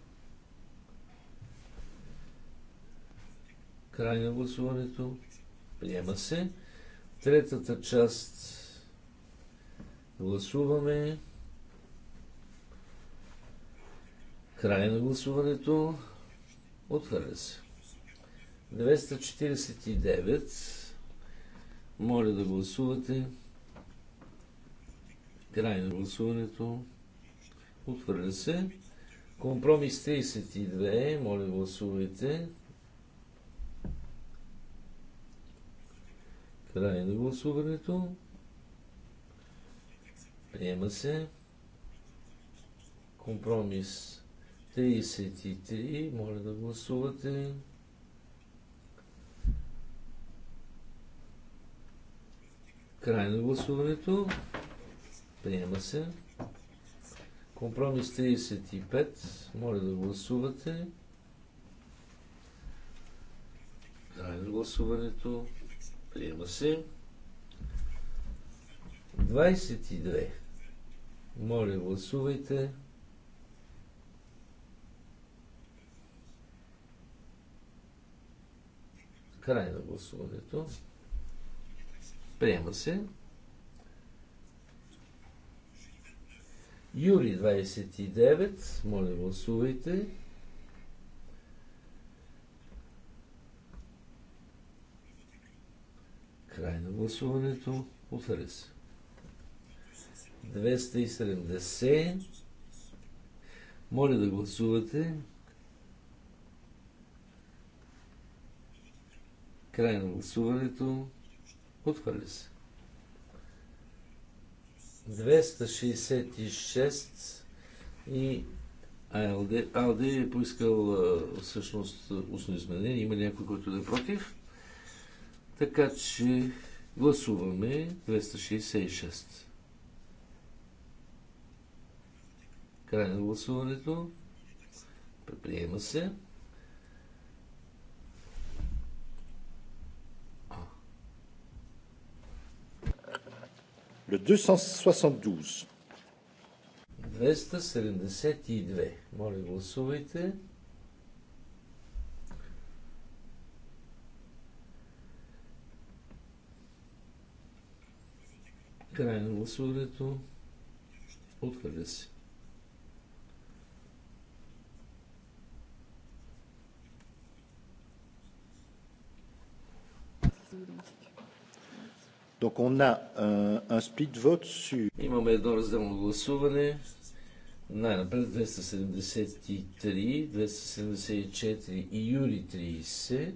Край на гласуването. Приема се. Третата част гласуваме. Край на гласуването. Отхвърля се. 249. Моля да гласувате. Край на гласуването. Отвърля се. Компромис 32. Моля да гласувайте. Край на гласуването. Приема се. Компромис 33. Моля да гласувате. Край на гласуването. Приема се. Компромис 35. Моля да гласувате. Край на гласуването. Приема се. 22. Моля, гласувайте. Край на гласуването. Приема се. Юли 29. Моля, гласувайте. Край на гласуването. Повтаря се. 270. Моля да гласувате. Край на гласуването. Отхвърли се. 266 и АЛД, АЛД е поискал всъщност устно изменение. Има някой, който да е против. Така че гласуваме 266. Край на гласуването. Приема се. Le 272. 272. Моля, гласувайте. Край на гласуването. Отхвърля се. Thank Donc on a un, un split vote sur... Имаме едно разделно гласуване. Най-напред 273, 274 и Юри 30.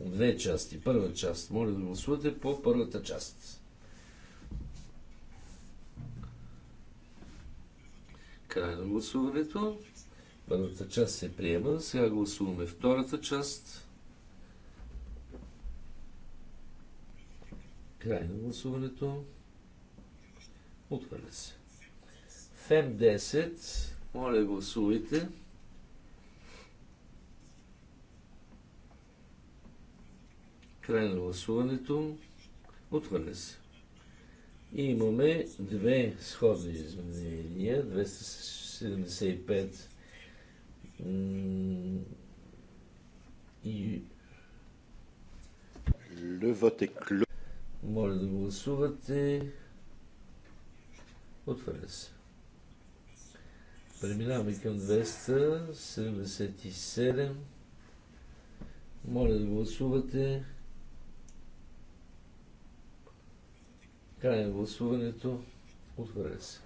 Две части. Първа част. Моля да гласувате по първата част. Край на гласуването. Първата част се приема. Сега гласуваме втората част. Край на гласуването. Отвърля се. Фем 10. Моля, гласувайте. Край на гласуването. Отвърля се. И имаме две сходни изменения. 275 и Le vote est clos. Моля да гласувате. Отваря се. Преминаваме към 277. Моля да гласувате. Край на гласуването. Отваря се.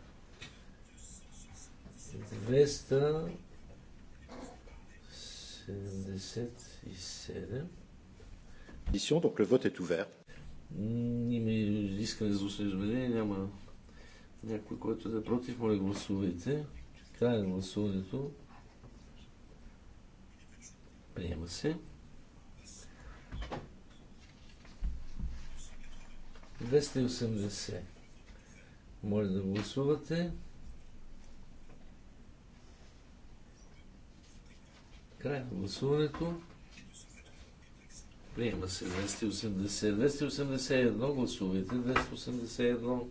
277. Donc le vote est ouvert. Има искане за устно изменение, няма някой, който да е против, моля гласувайте. Край на гласуването. Приема се. 280. Моля да гласувате. Край на гласуването. Приема се 280. 281 гласувайте. 281.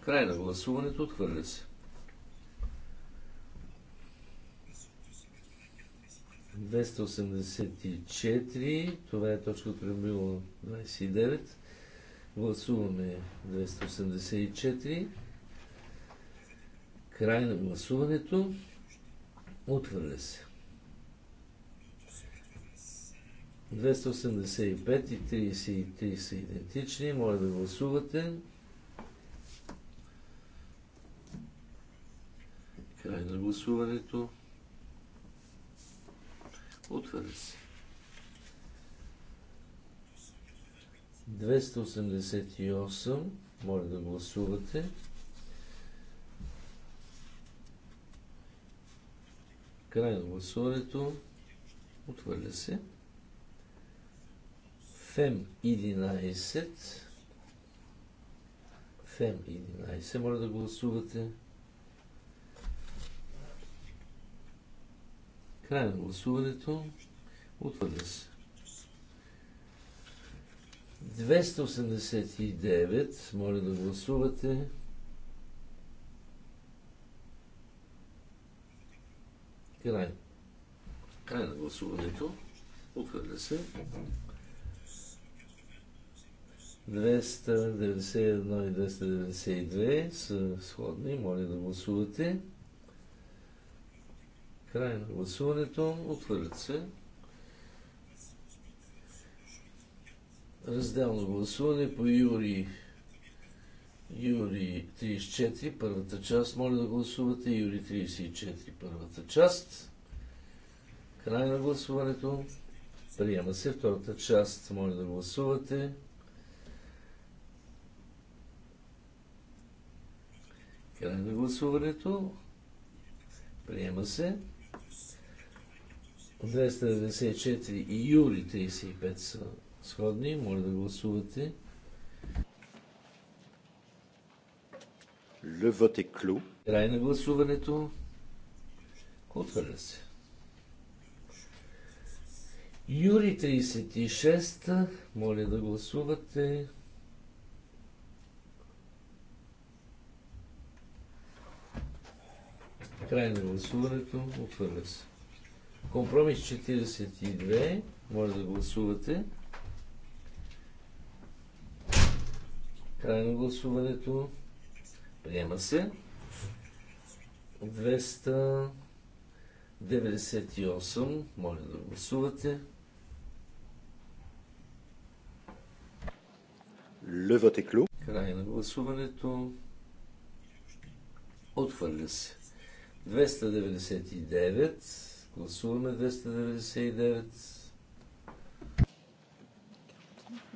Край на гласуването отхвърля се. 284. Това е точка от правило 29. Гласуваме 284. Край на гласуването. Отвърля се. 285 и 33 са идентични. Моля да гласувате. Край на гласуването. Отваря се. 288. Моля да гласувате. Край на гласуването. Отвърля се. Фем 11. Фем 11. Моля да гласувате. Край на гласуването. Отвърля се. 289. Моля да гласувате. Край. Край на гласуването. Отхвърля се. 291 и 292 са сходни. Моля да гласувате. Край на гласуването. Отхвърлят се. Разделно гласуване по Юрий Юри 34, първата част. Моля да гласувате. Юри 34, първата част. Край на гласуването. Приема се втората част. Моля да гласувате. Край на гласуването. Приема се. 294 и Юри 35 са сходни. Моля да гласувате. Le vote est clos. Край на гласуването. Отвърля се. Юри 36. Моля да гласувате. Край на гласуването. Отвърля се. Компромис 42. Моля да гласувате. Край на гласуването. Приема се. 298. Моля да гласувате. Le е клюк. Край на гласуването. Отхвърля се. 299. Гласуваме 299.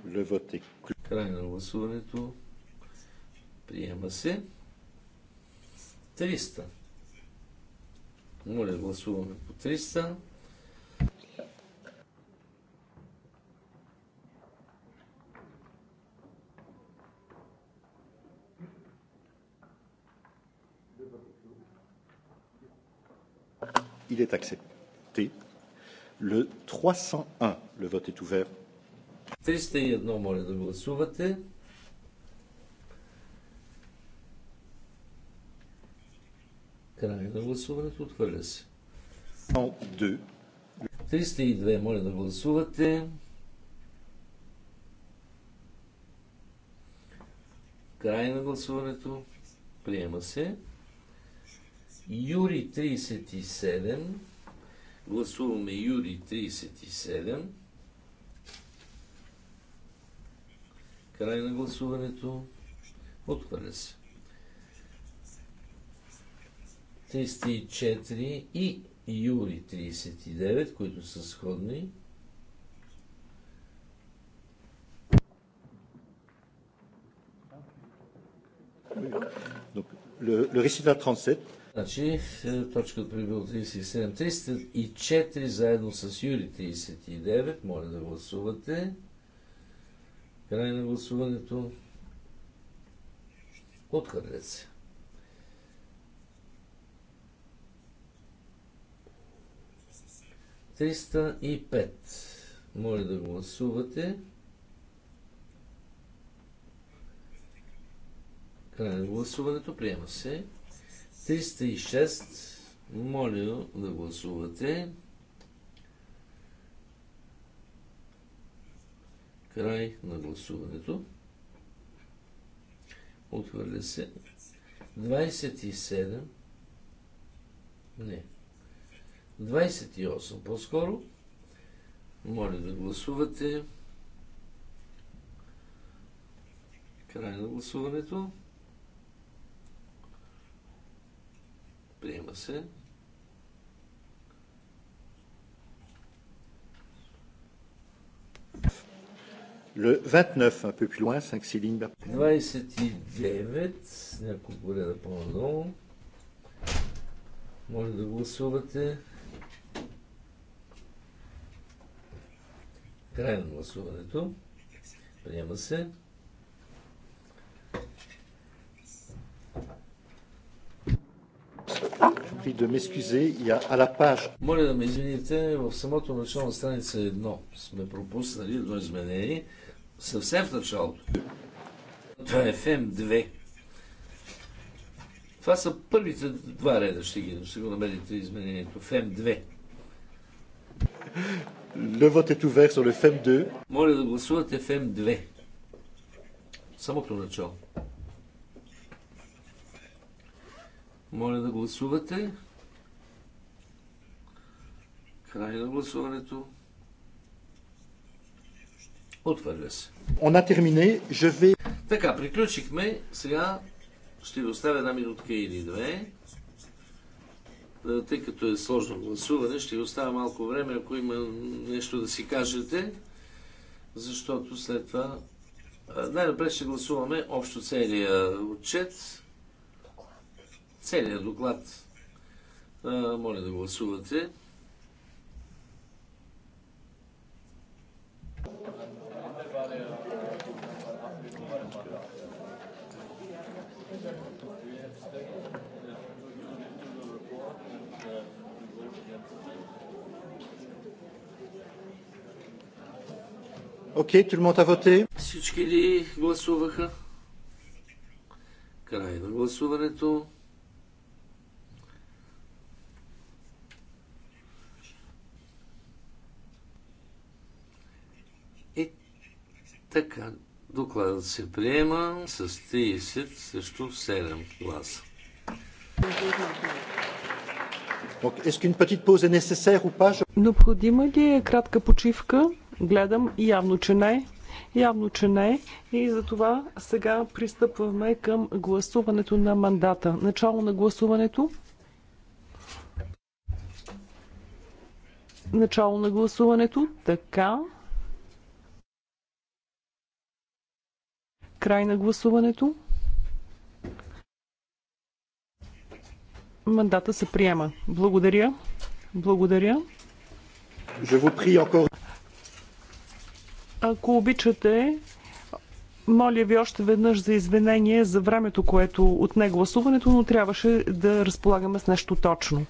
Le е клюк. Край на гласуването. Приема се. 300. Моля, гласуваме по 300. Il est accepté. Le 301, le vote est ouvert. 301, моля да souhaite. Край на гласуването. Отхвърля се. 302. Моля да гласувате. Край на гласуването. Приема се. Юри 37. Гласуваме Юри 37. Край на гласуването. Отхвърля се. 304 и Юли 39, които са сходни. Le, récital 37. Значи, точка от прибил 37, 304 заедно с Юли 39. Моля да гласувате. Край на гласуването. Откъде се. 305. Моля да гласувате. Край на гласуването. Приема се. 306. Моля да гласувате. Край на гласуването. Отхвърля се. 27. Не. 28 по-скоро. Моля да гласувате. Край на гласуването. Приема се. Le 29, un peu plus loin, 5 6 lignes d'après. 29, c'est un няколко реда Moi, je vais vous гласувате. Край на гласуването. Приема се. Моля да ме извините, в самото начало на страница 1 сме пропуснали едно изменение. Съвсем в началото. Това е FM2. Това са първите два реда, ще ги ще го намерите изменението. FM2. Le vote est ouvert sur le FEM2. Моля да гласувате FEM2. Самото начало. Моля да гласувате. Край на гласуването. Отвърля се. On a terminé. Je vais... Така, приключихме. Сега ще ви оставя една минутка или две. Е, тъй като е сложно гласуване, ще ви оставя малко време, ако има нещо да си кажете, защото след това е, най-напред ще гласуваме общо целия отчет, целият доклад. Е, моля да гласувате. Окей, okay, воте. Всички ли гласуваха? Край на гласуването. И така, докладът се приема с 30 срещу 7 гласа. Е Необходима ли е кратка почивка? Гледам, явно, че не. Явно, че не. И затова сега пристъпваме към гласуването на мандата. Начало на гласуването. Начало на гласуването. Така. Край на гласуването. Мандата се приема. Благодаря. Благодаря. Je vous prie encore. Ако обичате, моля ви още веднъж за извинение за времето, което отне гласуването, но трябваше да разполагаме с нещо точно.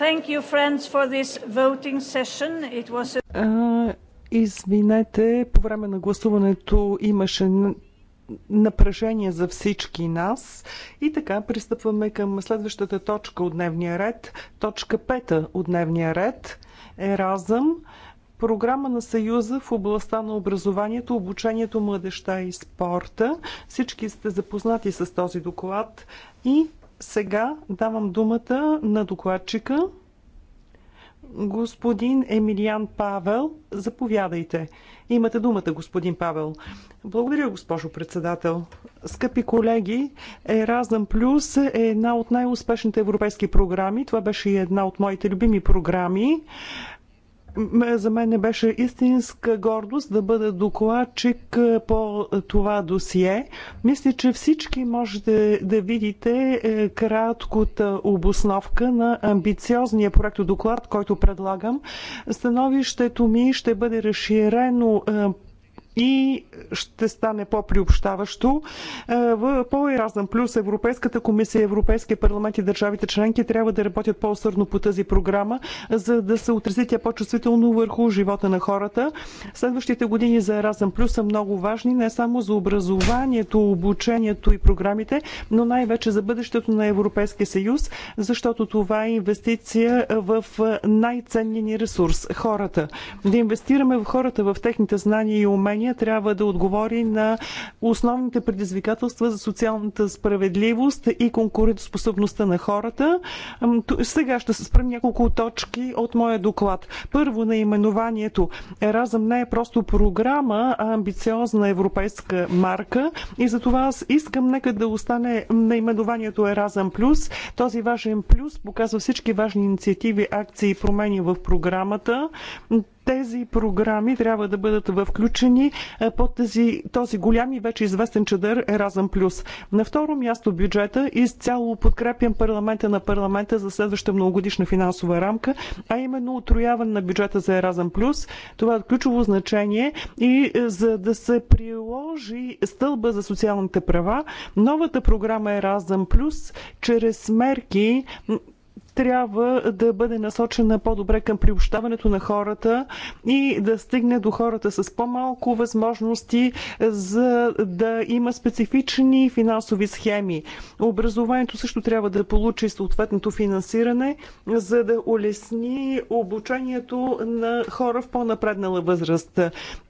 Thank you, friends, for this voting session. It was a... извинете, по време на гласуването имаше напрежение за всички нас. И така пристъпваме към следващата точка от дневния ред. Точка пета от дневния ред е разъм. Програма на Съюза в областта на образованието, обучението, младеща и спорта. Всички сте запознати с този доклад и сега давам думата на докладчика. Господин Емилиан Павел, заповядайте. Имате думата, господин Павел. Благодаря, госпожо председател. Скъпи колеги, Еразъм Плюс е една от най-успешните европейски програми. Това беше и една от моите любими програми за мен не беше истинска гордост да бъда докладчик по това досие. Мисля, че всички можете да видите е, кратката обосновка на амбициозния проект доклад, който предлагам. Становището ми ще бъде разширено е, и ще стане по-приобщаващо. Е, по Еразъм Плюс Европейската комисия, Европейския парламент и държавите членки трябва да работят по-усърдно по тази програма, за да се отрази тя по-чувствително върху живота на хората. Следващите години за Еразъм Плюс са много важни не само за образованието, обучението и програмите, но най-вече за бъдещето на Европейския съюз, защото това е инвестиция в най-ценния ни ресурс – хората. Да инвестираме в хората, в техните знания и умения, Македония трябва да отговори на основните предизвикателства за социалната справедливост и конкурентоспособността на хората. Сега ще се спрем няколко точки от моя доклад. Първо, наименованието. Еразъм не е просто програма, а амбициозна европейска марка. И за това аз искам нека да остане наименованието Еразъм Плюс. Този важен плюс показва всички важни инициативи, акции и промени в програмата тези програми трябва да бъдат включени е, под тези, този голям и вече известен чадър Еразъм Плюс. На второ място бюджета изцяло подкрепям парламента на парламента за следваща многогодишна финансова рамка, а именно отрояване на бюджета за Еразъм Плюс. Това е от ключово значение и е, за да се приложи стълба за социалните права, новата програма Еразъм Плюс чрез мерки трябва да бъде насочена по-добре към приобщаването на хората и да стигне до хората с по-малко възможности, за да има специфични финансови схеми. Образованието също трябва да получи съответното финансиране, за да улесни обучението на хора в по-напреднала възраст.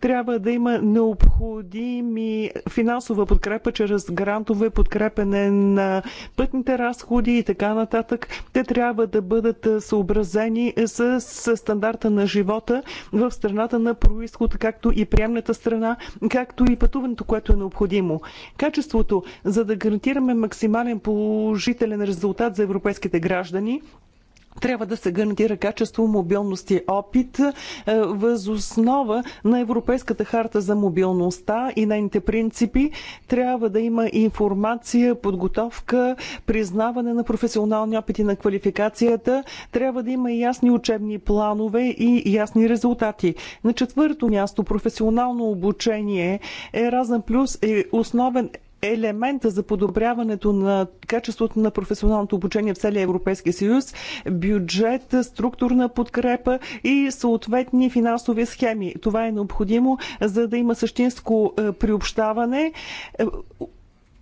Трябва да има необходими финансова подкрепа чрез грантове, подкрепене на пътните разходи и така нататък. Те трябва трябва да бъдат съобразени е, с стандарта на живота в страната на происход, както и приемната страна, както и пътуването, което е необходимо. Качеството, за да гарантираме максимален положителен резултат за европейските граждани, трябва да се гарантира качество, мобилност и опит е, Въз основа на Европейската харта за мобилността и нейните принципи. Трябва да има информация, подготовка, признаване на професионални опити на квалификацията. Трябва да има ясни учебни планове и ясни резултати. На четвърто място професионално обучение е разен Плюс е основен елемента за подобряването на качеството на професионалното обучение в целия Европейски съюз, бюджет, структурна подкрепа и съответни финансови схеми. Това е необходимо, за да има същинско е, приобщаване е,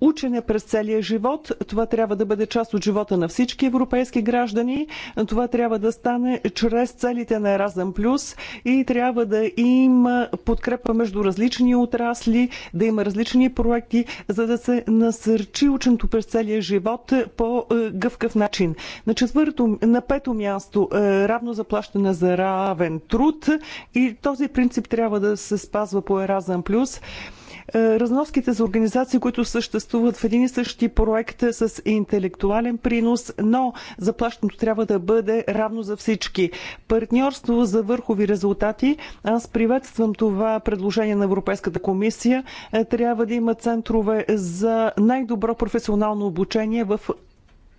учене през целия живот. Това трябва да бъде част от живота на всички европейски граждани. Това трябва да стане чрез целите на Еразъм Плюс и трябва да има подкрепа между различни отрасли, да има различни проекти, за да се насърчи ученето през целия живот по е, гъвкав начин. На четвърто, на пето място е, равно заплащане за равен труд и този принцип трябва да се спазва по Еразъм Плюс. Е, разноските за организации, които съществуват в един и същи проект е с интелектуален принос, но заплащането трябва да бъде равно за всички. Партньорство за върхови резултати. Аз приветствам това предложение на Европейската комисия. Е, трябва да има центрове за най-добро професионално обучение в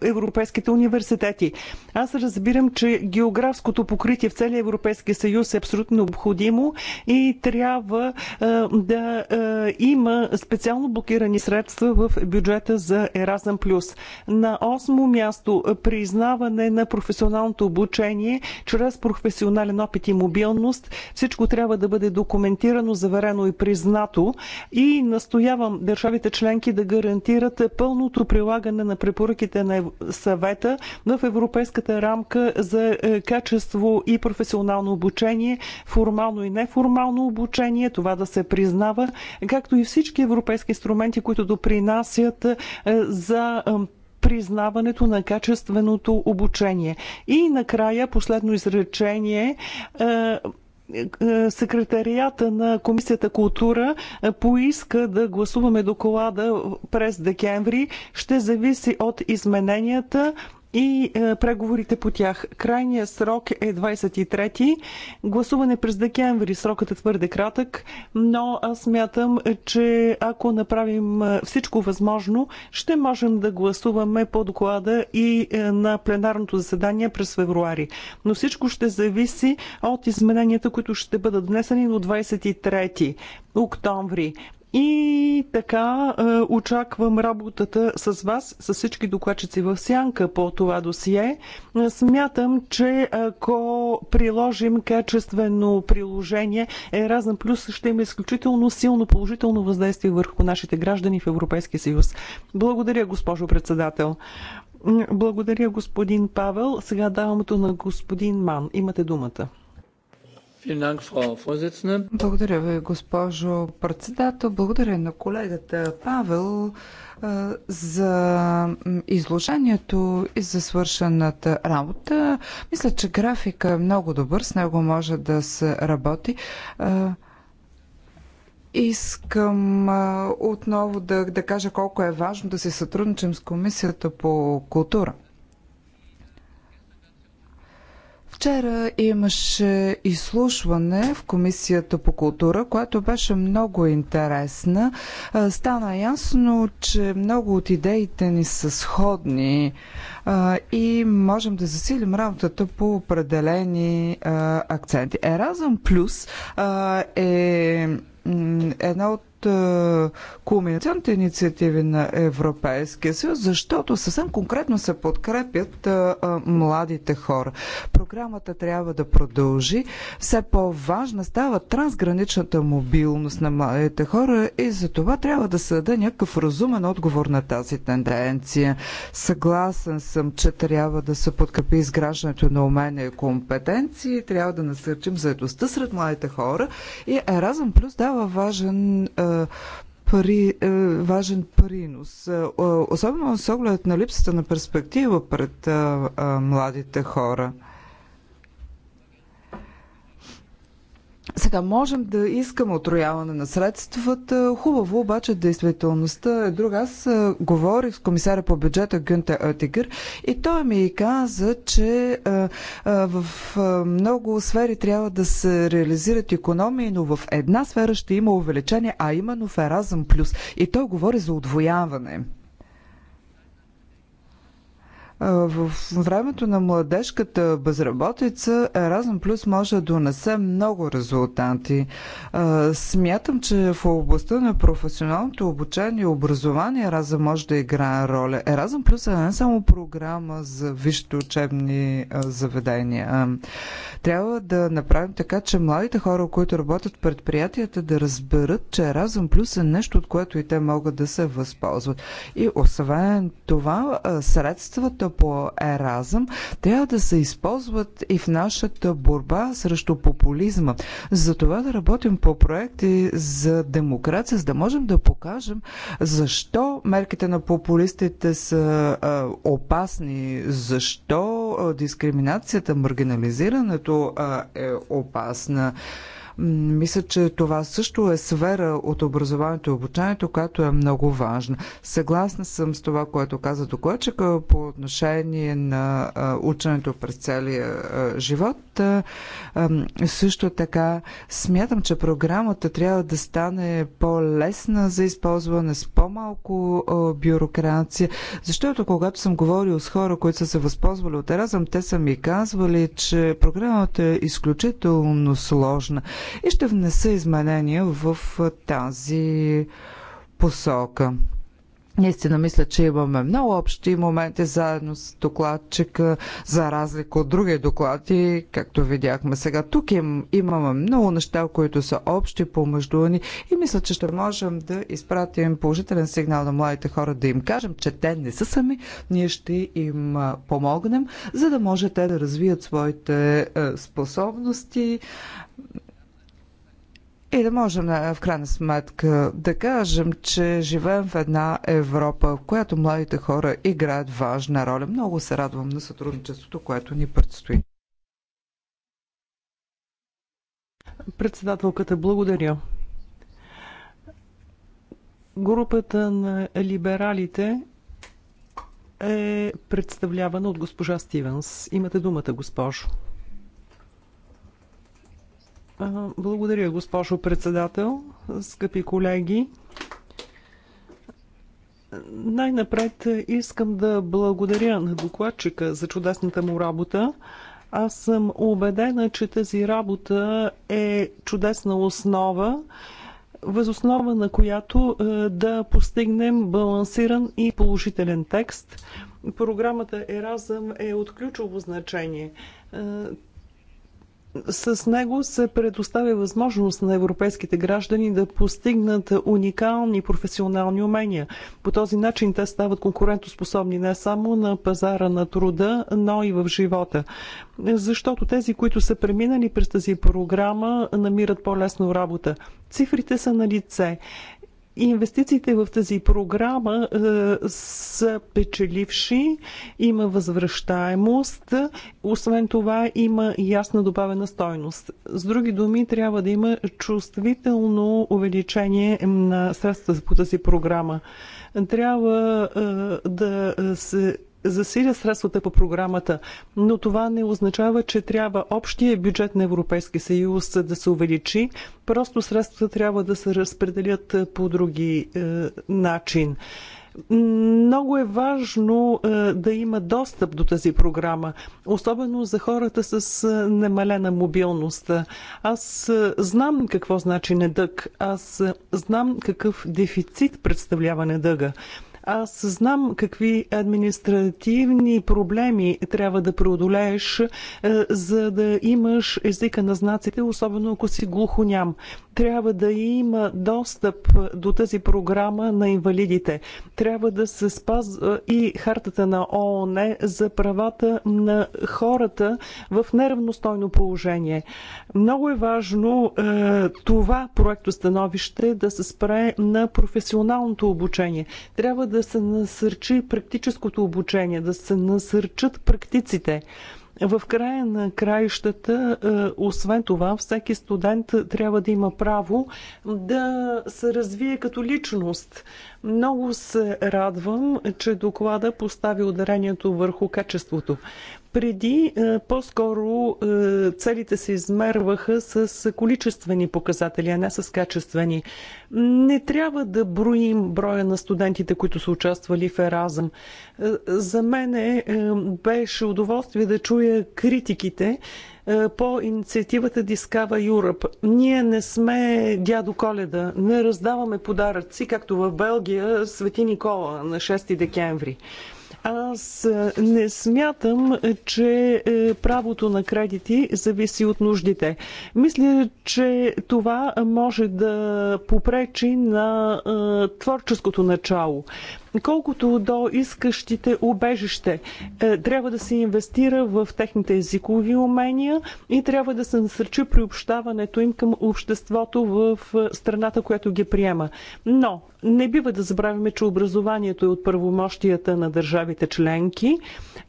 европейските университети. Аз разбирам, че географското покритие в целия Европейски съюз е абсолютно необходимо и трябва е, да е, има специално блокирани средства в бюджета за Еразъм Плюс. На осмо място признаване на професионалното обучение чрез професионален опит и мобилност. Всичко трябва да бъде документирано, заверено и признато и настоявам държавите членки да гарантират пълното прилагане на препоръките на съвета в Европейската рамка за е, качество и професионално обучение, формално и неформално обучение, това да се признава, както и всички европейски инструменти, които допринасят е, за е, признаването на качественото обучение. И накрая последно изречение секретарията на Комисията култура поиска да гласуваме доклада през декември. Ще зависи от измененията и е, преговорите по тях. Крайният срок е 23-ти. Гласуване през декември. Срокът е твърде кратък, но аз смятам, че ако направим е, всичко възможно, ще можем да гласуваме по доклада и е, на пленарното заседание през февруари. Но всичко ще зависи от измененията, които ще бъдат внесени до 23 октомври. И така е, очаквам работата с вас, с всички докладчици в сянка по това досие. Е, смятам, че ако приложим качествено приложение, Еразъм Плюс ще има изключително силно положително въздействие върху нашите граждани в Европейския съюз. Благодаря, госпожо председател. Благодаря, господин Павел. Сега давам на господин Ман. Имате думата. Благодаря ви, госпожо председател. Благодаря на колегата Павел за изложението и за свършената работа. Мисля, че графика е много добър, с него може да се работи. Искам отново да, да кажа колко е важно да се сътрудничим с Комисията по култура. Вчера имаше изслушване в Комисията по култура, което беше много интересна. Стана ясно, че много от идеите ни са сходни и можем да засилим работата по определени акценти. Еразъм Плюс е една от от е, кулминационните инициативи на Европейския съюз, защото съвсем конкретно се подкрепят е, е, младите хора. Програмата трябва да продължи. Все по-важна става трансграничната мобилност на младите хора и за това трябва да се даде някакъв разумен отговор на тази тенденция. Съгласен съм, че трябва да се подкрепи изграждането на умения и компетенции, трябва да насърчим заедостта сред младите хора и Еразъм Плюс дава важен е, пари, е, важен принос. Е, особено с оглед на липсата на перспектива пред е, младите хора. Сега можем да искаме отрояване на средствата. Хубаво, обаче действителността е друга. Аз говорих с комисаря по бюджета Гюнте Отигър и той ми каза, че а, а, в а, много сфери трябва да се реализират економии, но в една сфера ще има увеличение, а именно в Еразъм Плюс. И той говори за отвояване. В времето на младежката безработица Еразъм Плюс може да донесе много резултати. Смятам, че в областта на професионалното обучение и образование Еразъм може да играе роля. Еразъм Плюс е не само програма за висшите учебни заведения. Трябва да направим така, че младите хора, които работят в предприятията, да разберат, че Еразъм Плюс е нещо, от което и те могат да се възползват. И освен това, средствата по Еразъм трябва да се използват и в нашата борба срещу популизма. За това да работим по проекти за демокрация, за да можем да покажем защо мерките на популистите са опасни, защо дискриминацията, маргинализирането е опасна. Мисля, че това също е сфера от образованието и обучението, която е много важна. Съгласна съм с това, което каза докладчика по отношение на ученето през целия живот. Също така смятам, че програмата трябва да стане по-лесна за използване с по-малко бюрокрация, защото когато съм говорил с хора, които са се възползвали от Еразъм, те са ми казвали, че програмата е изключително сложна и ще внеса изменения в тази посока. Наистина мисля, че имаме много общи моменти заедно с докладчика, за разлика от други доклади, както видяхме сега. Тук им, имаме много неща, които са общи помежду ни и мисля, че ще можем да изпратим положителен сигнал на младите хора, да им кажем, че те не са сами, ние ще им помогнем, за да може те да развият своите способности и да можем в крайна сметка да кажем, че живеем в една Европа, в която младите хора играят важна роля. Много се радвам на сътрудничеството, което ни предстои. Председателката, благодаря. Групата на либералите е представлявана от госпожа Стивенс. Имате думата, госпожо. Благодаря, госпожо председател, скъпи колеги. Най-напред искам да благодаря на докладчика за чудесната му работа. Аз съм убедена, че тази работа е чудесна основа, възоснова на която е, да постигнем балансиран и положителен текст. Програмата Еразъм е от ключово значение. Е, с него се предоставя възможност на европейските граждани да постигнат уникални професионални умения. По този начин те стават конкурентоспособни не само на пазара на труда, но и в живота. Защото тези, които са преминали през тази програма, намират по-лесно работа. Цифрите са на лице. Инвестициите в тази програма е, са печеливши, има възвръщаемост, освен това има ясна добавена стойност. С други думи, трябва да има чувствително увеличение на средствата по тази програма. Трябва е, да се засиля средствата по програмата, но това не означава, че трябва общия бюджет на Европейския съюз да се увеличи, просто средствата трябва да се разпределят е, по други е, начин. Много е важно е, да има достъп до тази програма, особено за хората с е, намалена мобилност. Аз е, знам какво значи недъг, аз е, знам какъв дефицит представлява недъга. Аз знам какви административни проблеми трябва да преодолееш, е, за да имаш езика на знаците, особено ако си глухоням. Трябва да има достъп до тази програма на инвалидите. Трябва да се спазва и хартата на ООН за правата на хората в неравностойно положение. Много е важно е, това проекто становище да се спре на професионалното обучение. Трябва да да се насърчи практическото обучение, да се насърчат практиците. В края на краищата, е, освен това, всеки студент трябва да има право да се развие като личност. Много се радвам, че доклада постави ударението върху качеството. Преди е, по-скоро е, целите се измерваха с количествени показатели, а не с качествени. Не трябва да броим броя на студентите, които са участвали в Еразъм. Е, за мен беше удоволствие да чуя критиките, по инициативата Discover Europe. Ние не сме дядо Коледа, не раздаваме подаръци, както в Белгия, Свети Никола на 6 декември. Аз е, не смятам, че е, правото на кредити зависи от нуждите. Мисля, че това може да попречи на е, творческото начало. Колкото до искащите убежище, е, трябва да се инвестира в техните езикови умения и трябва да се насърчи приобщаването им към обществото в страната, която ги приема. Но не бива да забравяме, че образованието е от първомощията на държавите членки.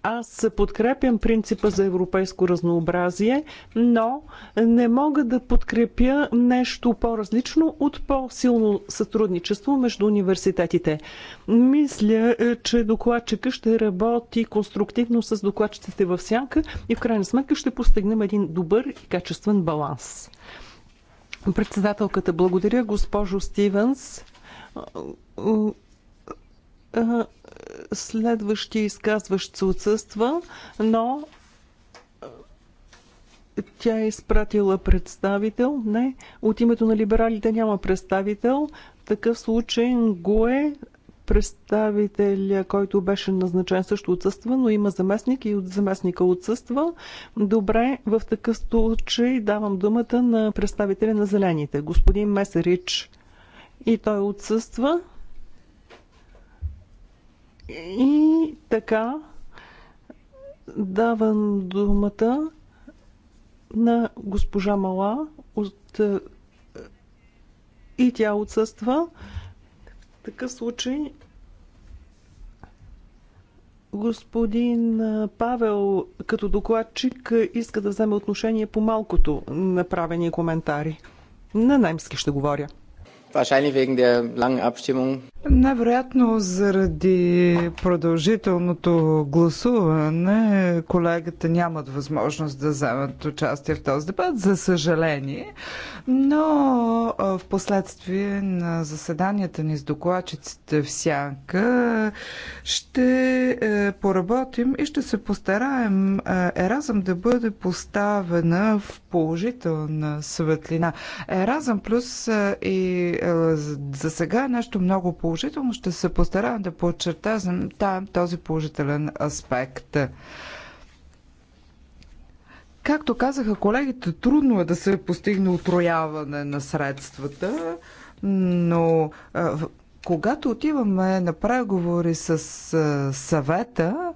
Аз подкрепям принципа за европейско разнообразие, но не мога да подкрепя нещо по-различно от по-силно сътрудничество между университетите. Мисля, е, че докладчика ще работи конструктивно с докладчиците в сянка и в крайна сметка ще постигнем един добър и качествен баланс. Председателката благодаря, госпожо Стивенс. Е, Следващия изказващ се отсъства, но е, тя е изпратила представител. Не, от името на либералите няма представител. В такъв случай го е. Представителя, който беше назначен също отсъства, но има заместник и от заместника отсъства. Добре, в такъв случай давам думата на представителя на Зелените, господин Месерич. И той отсъства. И така давам думата на госпожа Мала от и тя отсъства такъв случай господин Павел като докладчик иска да вземе отношение по малкото направени коментари. На немски ще говоря. Най-вероятно заради продължителното гласуване колегата нямат възможност да вземат участие в този дебат, за съжаление. Но в последствие на заседанията ни с докладчиците в Сянка ще е, поработим и ще се постараем е, Еразъм да бъде поставена в положителна светлина. Еразъм плюс е, и е, за сега нещо много положително. Ще се постарам да подчертая да, този положителен аспект. Както казаха колегите, трудно е да се постигне отрояване на средствата, но е, когато отиваме на преговори с е, съвета,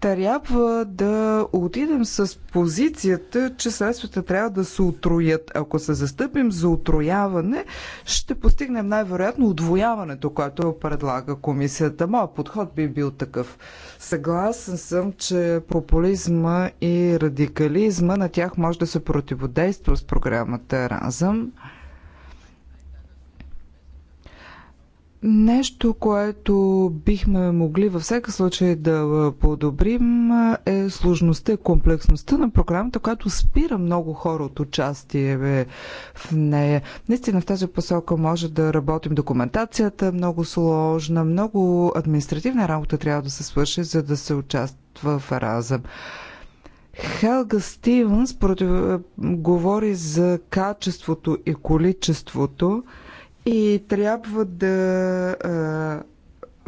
трябва да отидем с позицията, че средствата трябва да се отроят. Ако се застъпим за отрояване, ще постигнем най-вероятно отвояването, което предлага комисията. Моят подход би бил такъв. Съгласен съм, че популизма и радикализма на тях може да се противодейства с програмата Разъм. Нещо, което бихме могли във всеки случай да подобрим е сложността и комплексността на програмата, която спира много хора от участие в нея. Наистина в тази посока може да работим документацията, е много сложна, много административна работа трябва да се свърши, за да се участва в Еразъм. Хелга Стивенс говори за качеството и количеството. И трябва да а,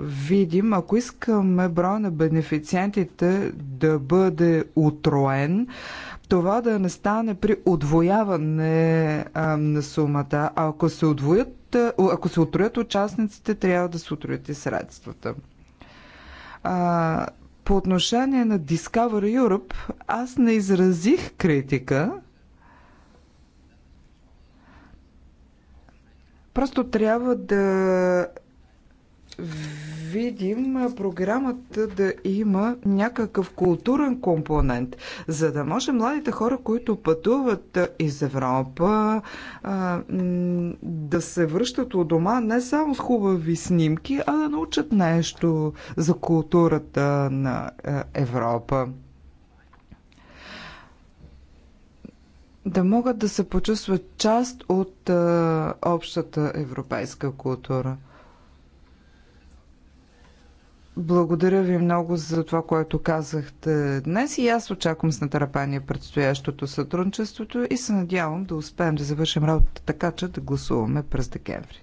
видим, ако искаме броя на бенефициентите да бъде утроен, това да не стане при отвояване а, на сумата. А ако се отвоят, ако се отроят участниците, трябва да се отроят и средствата. А, по отношение на Discover Europe, аз не изразих критика, Просто трябва да видим програмата да има някакъв културен компонент, за да може младите хора, които пътуват из Европа, да се връщат от дома не само с хубави снимки, а да научат нещо за културата на е, Европа. да могат да се почувстват част от а, общата европейска култура. Благодаря ви много за това, което казахте днес и аз очаквам с нетърпение предстоящото сътрудничеството и се надявам да успеем да завършим работата така, че да гласуваме през декември.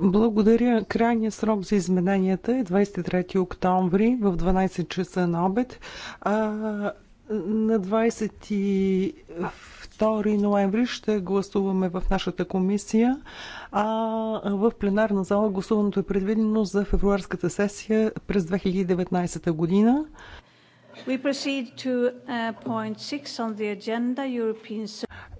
Благодаря. Крайният срок за измененията е 23 октомври в 12 часа на обед. А, на 22 ноември ще гласуваме в нашата комисия, а в пленарна зала гласуването е предвидено за февруарската сесия през 2019 година. We proceed to uh, point six on the agenda, European...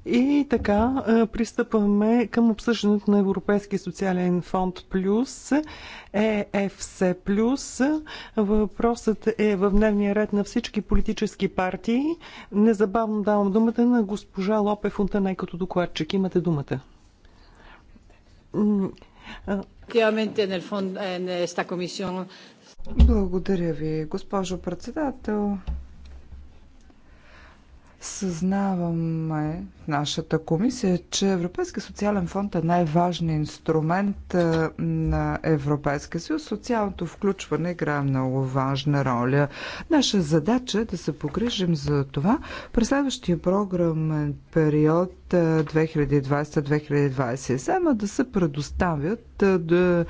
И така, е, пристъпваме към обсъждането на Европейския социален фонд Плюс, ЕФС Плюс. Въпросът е в дневния ред на всички политически партии. Незабавно давам думата на госпожа Лопе Фунтане като докладчик. Имате думата. Efectivamente, en el fondo, en esta благодаря ви, госпожо председател. Съзнаваме в нашата комисия, че Европейския социален фонд е най-важният инструмент е, на Европейския съюз. Социалното включване играе много важна роля. Наша задача е да се погрижим за това през следващия програмен период 2020-2027 е, да се предоставят е, да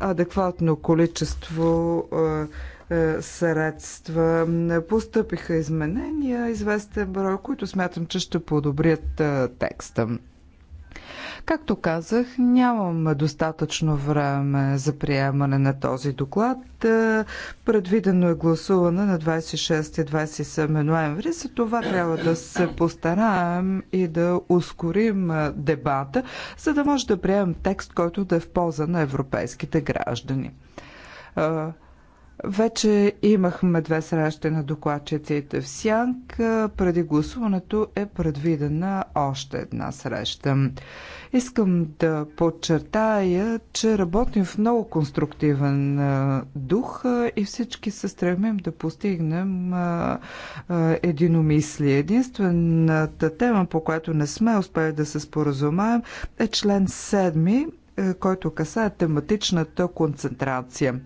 адекватно количество средства. Постъпиха изменения, известен брой, които смятам, че ще подобрят текста. Както казах, нямам достатъчно време за приемане на този доклад. Е, предвидено е гласуване на 26 27 ноември. За това трябва да се постараем и да ускорим е, дебата, за да може да приемем текст, който да е в полза на европейските граждани. Е, вече имахме две срещи на докладчиците в Сянк. Преди гласуването е предвидена още една среща. Искам да подчертая, че работим в много конструктивен дух и всички се стремим да постигнем единомислие. Единствената тема, по която не сме успели да се споразумаем, е член 7, който касае тематичната концентрация.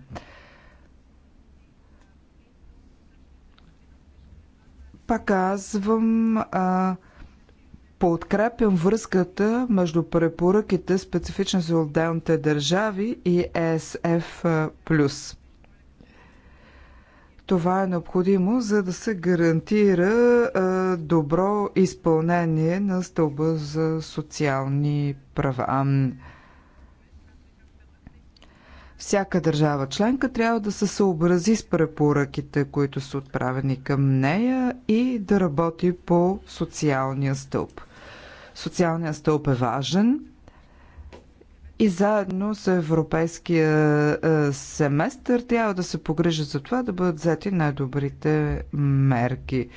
Пак казвам, а, подкрепям връзката между препоръките, специфично за отделните държави и ESF+. Е Това е необходимо, за да се гарантира а, добро изпълнение на стълба за социални права. Всяка държава членка трябва да се съобрази с препоръките, които са отправени към нея и да работи по социалния стълб. Социалният стълб е важен, и заедно с европейския е, семестър трябва да се погрижат за това да бъдат взети най-добрите мерки.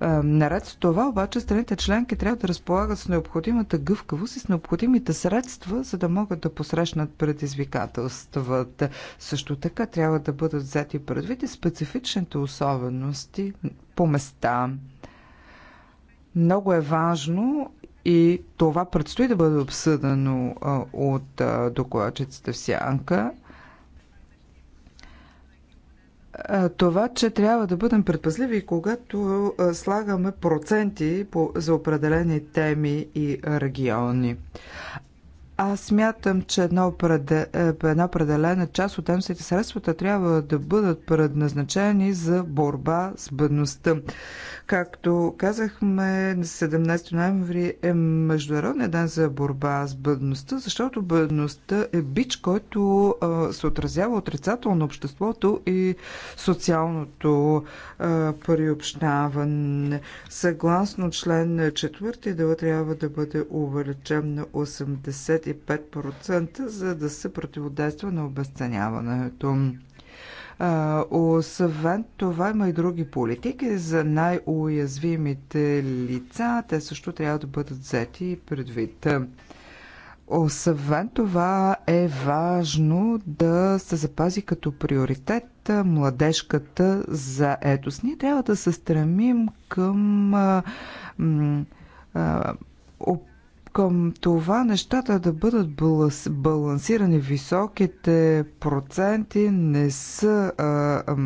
Е, наред с това обаче страните членки трябва да разполагат с необходимата гъвкавост и с необходимите средства, за да могат да посрещнат предизвикателствата. Също така трябва да бъдат взети предвид и специфичните особености по места. Много е важно и това предстои да бъде обсъдено е, от е, докладчиците в Сянка – това, че трябва да бъдем предпазливи, когато слагаме проценти по, за определени теми и региони. Аз смятам, че е, една, определена част от емсите средствата трябва да бъдат предназначени за борба с бедността. Както казахме, на 17 ноември е Международният ден за борба с бедността, защото бедността е бич, който се отразява отрицателно обществото и социалното приобщаване. Съгласно член 4, дела трябва да бъде увеличен на 80 25%, за да се противодейства на обесценяването. Освен това има и други политики за най-уязвимите лица. Те също трябва да бъдат взети предвид. Освен това е важно да се запази като приоритет младежката за етос. Ние трябва да се стремим към а, а, към това нещата да бъдат балансирани. Високите проценти не са, а, а,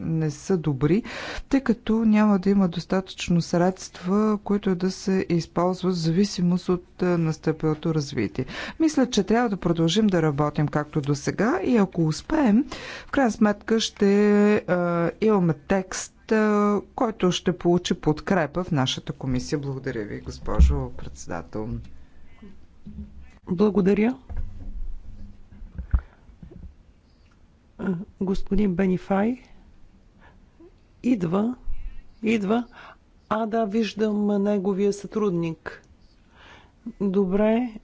не са добри, тъй като няма да има достатъчно средства, които да се използват в зависимост от настъпилото развитие. Мисля, че трябва да продължим да работим както до сега и ако успеем, в крайна сметка ще а, имаме текст е, който ще получи подкрепа в нашата комисия. Благодаря ви, госпожо председател. Благодаря. Господин Бенифай идва, идва. А, да, виждам неговия сътрудник. Добре.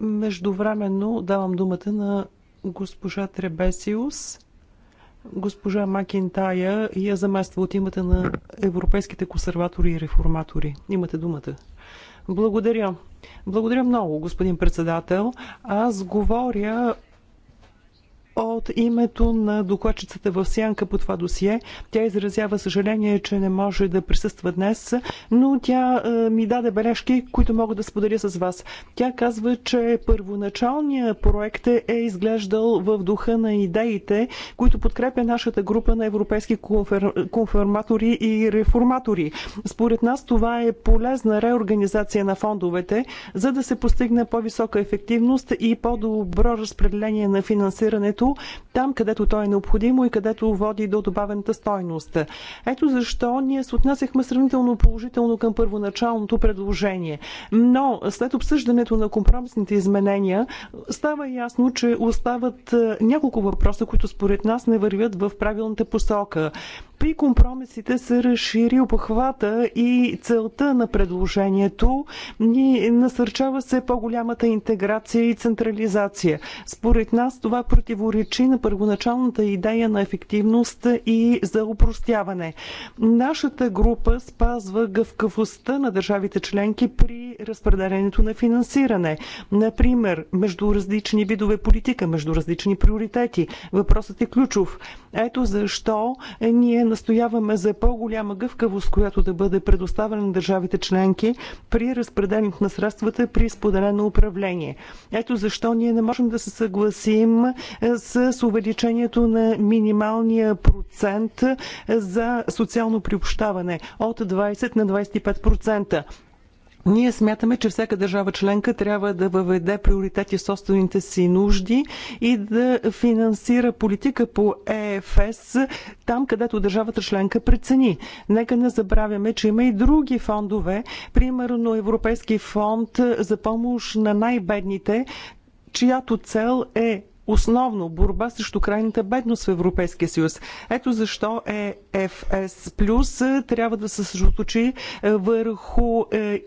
Междувременно давам думата на госпожа Требесиус. Госпожа Макентая и я замества от името на европейските консерватори и реформатори. Имате думата. Благодаря. Благодаря много, господин председател. Аз говоря от името на докладчицата в Сянка по това досие, тя изразява съжаление, че не може да присъства днес, но тя е, ми даде бележки, които мога да споделя с вас. Тя казва, че първоначалният проект е изглеждал в духа на идеите, които подкрепя нашата група на европейски конфер... конформатори и реформатори. Според нас това е полезна реорганизация на фондовете, за да се постигне по-висока ефективност и по-добро разпределение на финансирането там където то е необходимо и където води до добавената стойност. Ето защо ние се отнасяхме сравнително положително към първоначалното предложение. Но след обсъждането на компромисните изменения става ясно, че остават е, няколко въпроса, които според нас не вървят в правилната посока. При компромисите се разшири обхвата и целта на предложението ни насърчава се по-голямата интеграция и централизация. Според нас това противоречи противоречи на първоначалната идея на ефективност и за упростяване. Нашата група спазва гъвкавостта на държавите членки при разпределението на финансиране. Например, между различни видове политика, между различни приоритети. Въпросът е ключов. Ето защо ние настояваме за по-голяма гъвкавост, която да бъде предоставена на държавите членки при разпределението на средствата при споделено управление. Ето защо ние не можем да се съгласим с с увеличението на минималния процент за социално приобщаване от 20 на 25%. Ние смятаме, че всяка държава членка трябва да въведе приоритети в собствените си нужди и да финансира политика по ЕФС там, където държавата членка прецени. Нека не забравяме, че има и други фондове, примерно Европейски фонд за помощ на най-бедните, чиято цел е основно борба срещу крайната бедност в Европейския съюз. Ето защо ЕФС Плюс е, трябва да се съсредоточи е, върху е,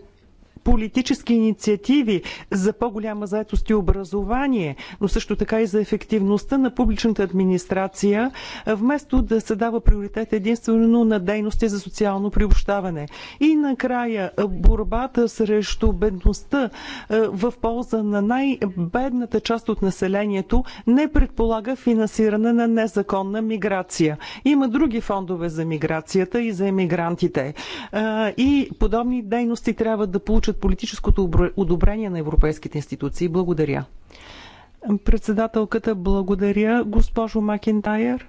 политически инициативи за по-голяма заетост и образование, но също така и за ефективността на публичната администрация, вместо да се дава приоритет единствено на дейности за социално приобщаване. И накрая борбата срещу бедността е, в полза на най-бедната част от населението не предполага финансиране на незаконна миграция. Има други фондове за миграцията и за емигрантите. Е, и подобни дейности трябва да получат получат политическото одобрение на европейските институции. Благодаря. Председателката, благодаря. Госпожо Макентайер,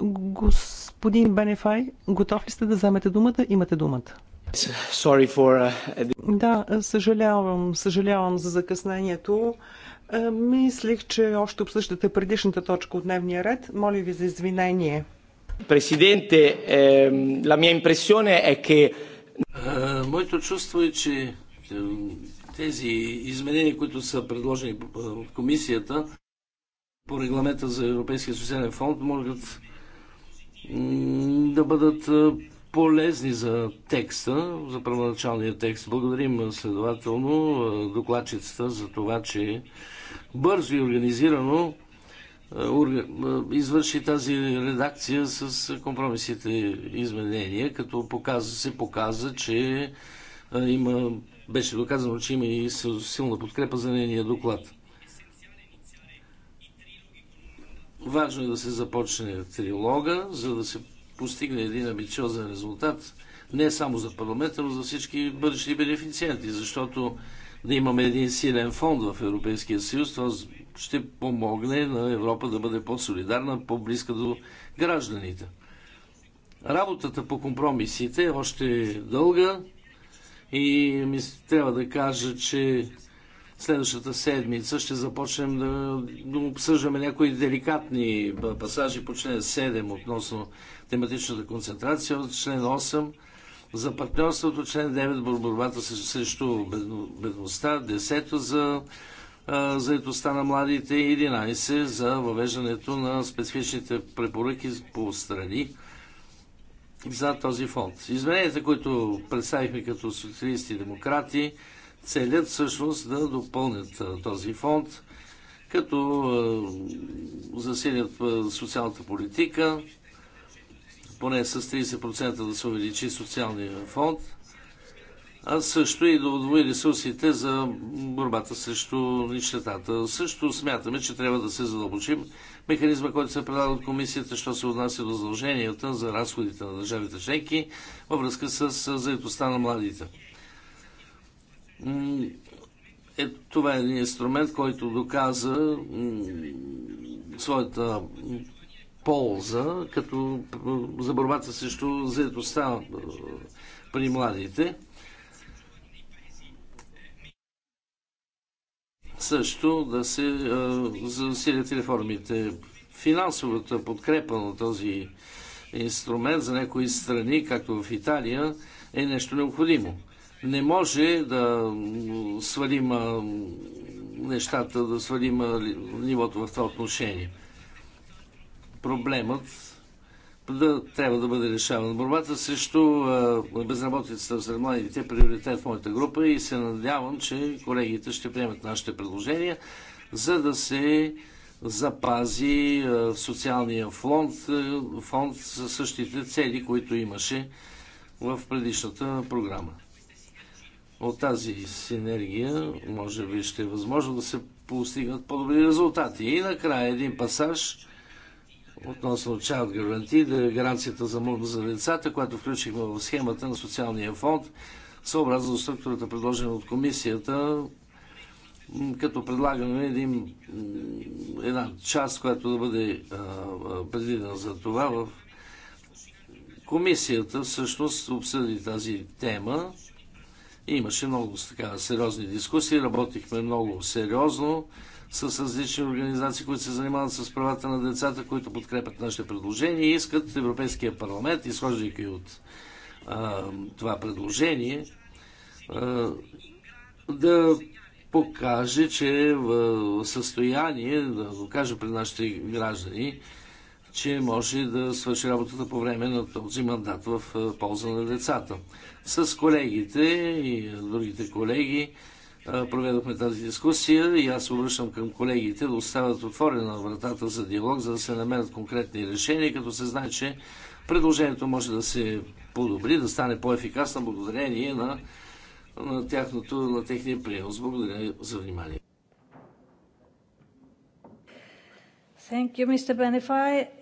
господин Бенефай, готов ли сте да вземете думата? Имате думата. For... Uh, да, съжалявам, съжалявам за закъснението. Е, Мислих, че още обсъждате предишната точка от дневния ред. Моля ви за извинение. Президенте, ehm, la mia е, че. che е, моето чувство е, че е, тези изменения, които са предложени е, от комисията по регламента за Европейския социален фонд, могат да бъдат полезни за текста, за първоначалния текст. Благодарим следователно докладчицата за това, че бързо и организирано извърши тази редакция с компромисите изменения, като се показа, че има, беше доказано, че има и силна подкрепа за нейния доклад. Важно е да се започне трилога, за да се постигне един амбициозен резултат, не само за парламента, но за всички бъдещи бенефициенти, защото да имаме един силен фонд в Европейския съюз, това ще помогне на Европа да бъде по-солидарна, по-близка до гражданите. Работата по компромисите е още дълга и ми трябва да кажа, че следващата седмица ще започнем да, обсъждаме някои деликатни пасажи по член 7 относно тематичната концентрация, от член 8 за партньорството, член 9 борбата срещу бедността, 10 за заедостта на младите е и 11 за въвеждането на специфичните препоръки по страни за този фонд. Измененията, които представихме като социалисти и демократи, целят всъщност да допълнят този фонд, като засилят социалната политика, поне с 30% да се увеличи социалния фонд – а също и да удвои ресурсите за борбата срещу нищетата. Също смятаме, че трябва да се задълбочим механизма, който се предава от комисията, що се отнася до задълженията за разходите на държавите членки във връзка с заедостта на младите. Е, това е един инструмент, който доказа своята полза като за борбата срещу заедостта при младите. също да се засилят реформите. Финансовата подкрепа на този инструмент за някои страни, както в Италия, е нещо необходимо. Не може да свалим нещата, да свалим нивото в това отношение. Проблемът да трябва да бъде решавана. Борбата срещу безработицата сред младите е приоритет в моята група и се надявам, че колегите ще приемат нашите предложения, за да се запази социалния фонд, фонд за същите цели, които имаше в предишната програма. От тази синергия може би ще е възможно да се постигнат по-добри резултати. И накрая един пасаж относно Child Guarantee, гаранцията за, за децата, която включихме в схемата на социалния фонд, съобразно структурата, предложена от комисията, като предлагаме един, една част, която да бъде а, предвидена за това. В комисията всъщност обсъди тази тема. Имаше много така сериозни дискусии, работихме много сериозно с различни организации, които се занимават с правата на децата, които подкрепят нашите предложения и искат Европейския парламент, изхождайки от а, това предложение, а, да покаже, че е в състояние да го каже пред нашите граждани, че може да свърши работата по време на този мандат в полза на децата. С колегите и другите колеги проведохме тази дискусия и аз обръщам към колегите да оставят отворена вратата за диалог, за да се намерят конкретни решения, като се знае, че предложението може да се подобри, да стане по-ефикасно благодарение на, на, тяхното, на техния принос. Благодаря за внимание.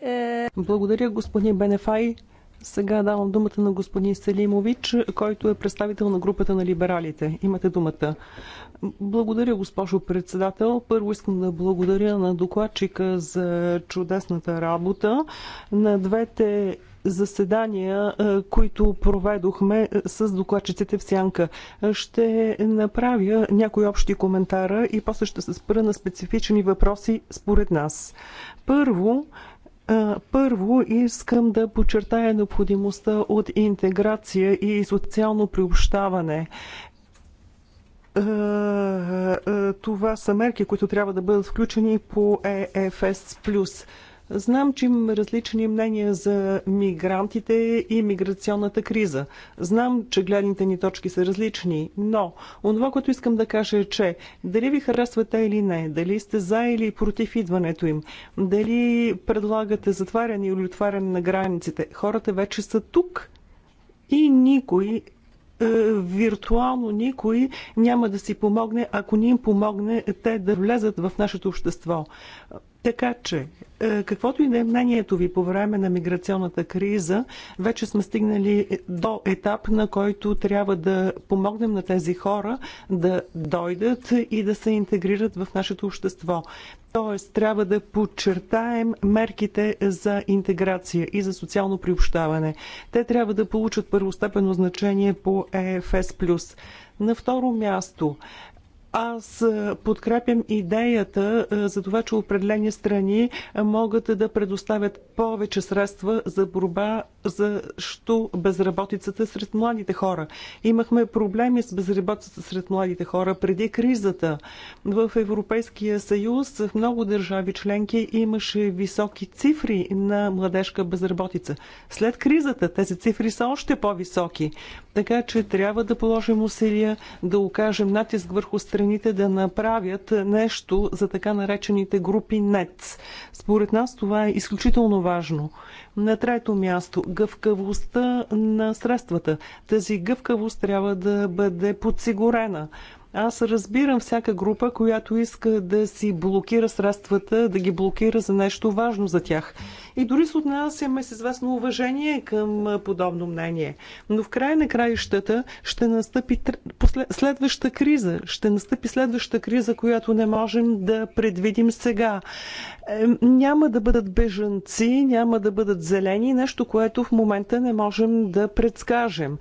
Е, Благодаря, господин Бенефай. Сега давам думата на господин Селимович, който е представител на групата на либералите. Имате думата. Благодаря, госпожо председател. Първо искам да благодаря на докладчика за чудесната работа на двете заседания, които проведохме с докладчиците в Сянка. Ще направя някои общи коментара и после ще се спра на специфични въпроси според нас. Първо, първо искам да подчертая необходимостта от интеграция и социално приобщаване. Това са мерки, които трябва да бъдат включени по ЕФС+. Знам, че има различни мнения за мигрантите и миграционната криза. Знам, че гледните ни точки са различни, но онова, което искам да кажа е, че дали ви харесвате или не, дали сте за или против идването им, дали предлагате затваряне или отваряне на границите, хората вече са тук и никой е, виртуално никой няма да си помогне, ако ни им помогне те да влезат в нашето общество. Така че, е, каквото и да е мнението ви по време на миграционната криза, вече сме стигнали до етап, на който трябва да помогнем на тези хора да дойдат и да се интегрират в нашето общество. Тоест, трябва да подчертаем мерките за интеграция и за социално приобщаване. Те трябва да получат първостепенно значение по ЕФС. На второ място, аз подкрепям идеята за това, че определени страни могат да предоставят повече средства за борба защо безработицата сред младите хора. Имахме проблеми с безработицата сред младите хора преди кризата. В Европейския съюз в много държави членки имаше високи цифри на младежка безработица. След кризата тези цифри са още по-високи. Така че трябва да положим усилия да окажем натиск върху страни страните да направят нещо за така наречените групи НЕЦ. Според нас това е изключително важно. На трето място, гъвкавостта на средствата. Тази гъвкавост трябва да бъде подсигурена. Аз разбирам всяка група, която иска да си блокира средствата, да ги блокира за нещо важно за тях. И дори се отнасяме с известно уважение към подобно мнение. Но в края на краищата ще настъпи следваща криза. Ще настъпи следваща криза, която не можем да предвидим сега. Няма да бъдат бежанци, няма да бъдат зелени, нещо, което в момента не можем да предскажем.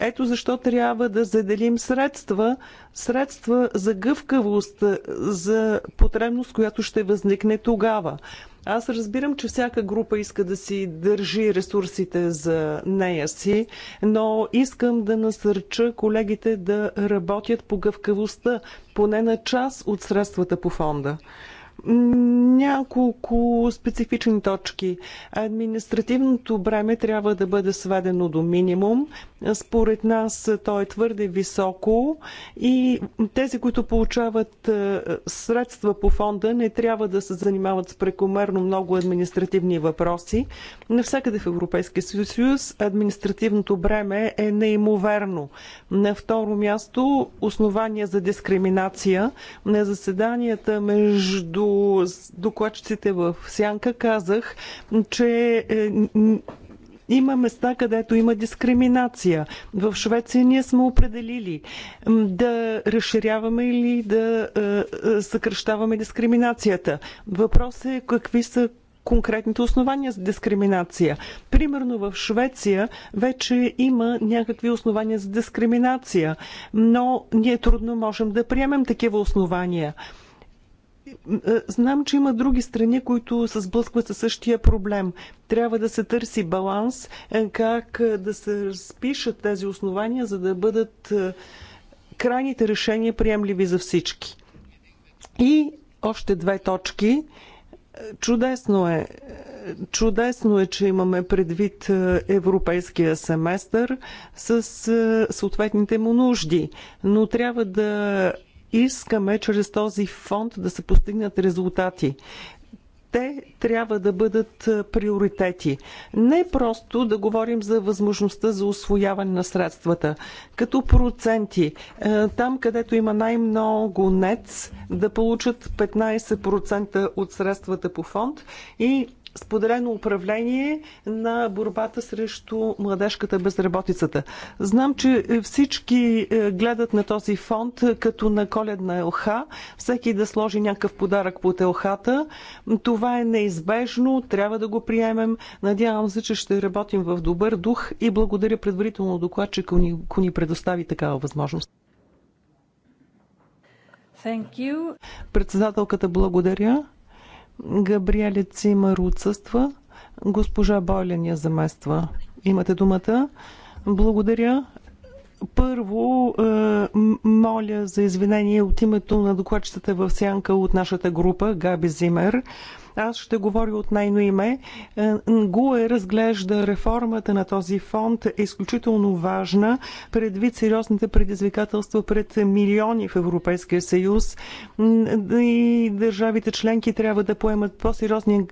Ето защо трябва да заделим средства, средства за гъвкавост, за потребност, която ще възникне тогава. Аз разбирам, че всяка група иска да си държи ресурсите за нея си, но искам да насърча колегите да работят по гъвкавостта, поне на част от средствата по фонда няколко специфични точки. Административното бреме трябва да бъде сведено до минимум. Според нас е, то е твърде високо и тези, които получават е, средства по фонда, не трябва да се занимават с прекомерно много административни въпроси. Навсякъде в Европейския съюз административното бреме е неимоверно. На второ място основания за дискриминация. На заседанията между докладчиците в Сянка казах, че е, има места, където има дискриминация. В Швеция ние сме определили да разширяваме или да е, е, съкръщаваме дискриминацията. Въпросът е какви са конкретните основания за дискриминация. Примерно в Швеция вече има някакви основания за дискриминация, но ние трудно можем да приемем такива основания. Е, знам, че има други страни, които се сблъскват със същия проблем. Трябва да се търси баланс, е, как е, да се разпишат тези основания, за да бъдат крайните решения приемливи за всички. И още две точки. Чудесно е. Чудесно е, че имаме предвид европейския семестър с съответните му нужди, но трябва да Искаме чрез този фонд да се постигнат резултати те трябва да бъдат приоритети. Не просто да говорим за възможността за освояване на средствата. Като проценти, там където има най-много НЕЦ, да получат 15% от средствата по фонд и споделено управление на борбата срещу младежката безработицата. Знам, че всички е, гледат на този фонд като на коледна елха. Всеки да сложи някакъв подарък под елхата. Това е неизбежно, трябва да го приемем. Надявам се, че ще работим в добър дух и благодаря предварително доклад, че ни, ни предостави такава възможност. Председателката благодаря. Габриеле Цимър отсъства. Госпожа Бойлен я замества. Имате думата. Благодаря. Първо, е, моля за извинение от името на докладчетата в сянка от нашата група, Габи Зимер. Аз ще говоря от нейно име. Е, НГУЕ разглежда реформата на този фонд е изключително важна предвид сериозните предизвикателства пред милиони в Европейския съюз и държавите членки трябва да поемат по-сериозни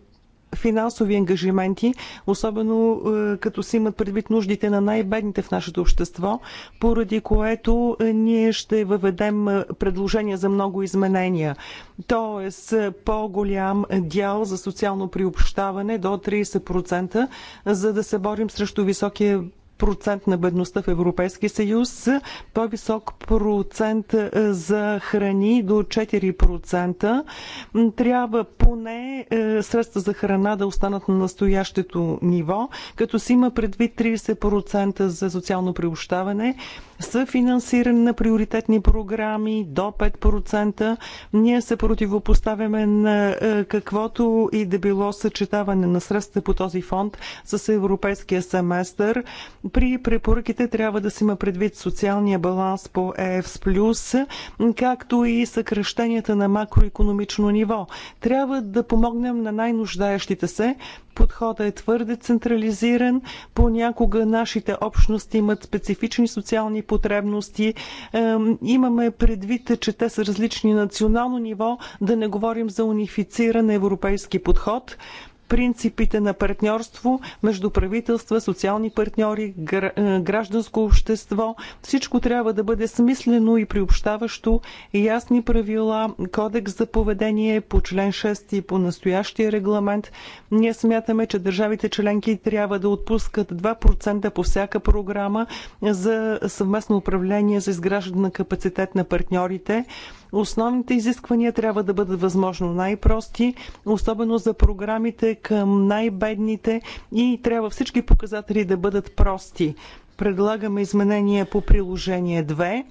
финансови ангажименти, особено е, като се имат предвид нуждите на най-бедните в нашето общество, поради което е, ние ще въведем е, предложения за много изменения. Тоест по-голям дял за социално приобщаване до 30%, за да се борим срещу високия процент на бедността в Европейския съюз, по-висок процент е, за храни до 4%. Трябва поне е, средства за храна да останат на настоящето ниво, като си има предвид 30% за социално приобщаване, съфинансиране на приоритетни програми до 5%. Ние се противопоставяме на е, каквото и да било съчетаване на средства по този фонд с европейския семестър. При препоръките трябва да си има предвид социалния баланс по ЕФС+, както и съкръщенията на макроекономично ниво. Трябва да помогнем на най-нуждаещите се, подходът е твърде централизиран. Понякога нашите общности имат специфични социални потребности. Имаме предвид, че те са различни национално ниво, да не говорим за унифициран европейски подход принципите на партньорство между правителства, социални партньори, е, гражданско общество. Всичко трябва да бъде смислено и приобщаващо, ясни правила, кодекс за поведение по член 6 и по настоящия регламент. Ние смятаме, че държавите членки трябва да отпускат 2% по всяка програма за съвместно управление за изграждане на капацитет на партньорите. Основните изисквания трябва да бъдат възможно най-прости, особено за програмите към най-бедните и трябва всички показатели да бъдат прости. Предлагаме изменения по приложение 2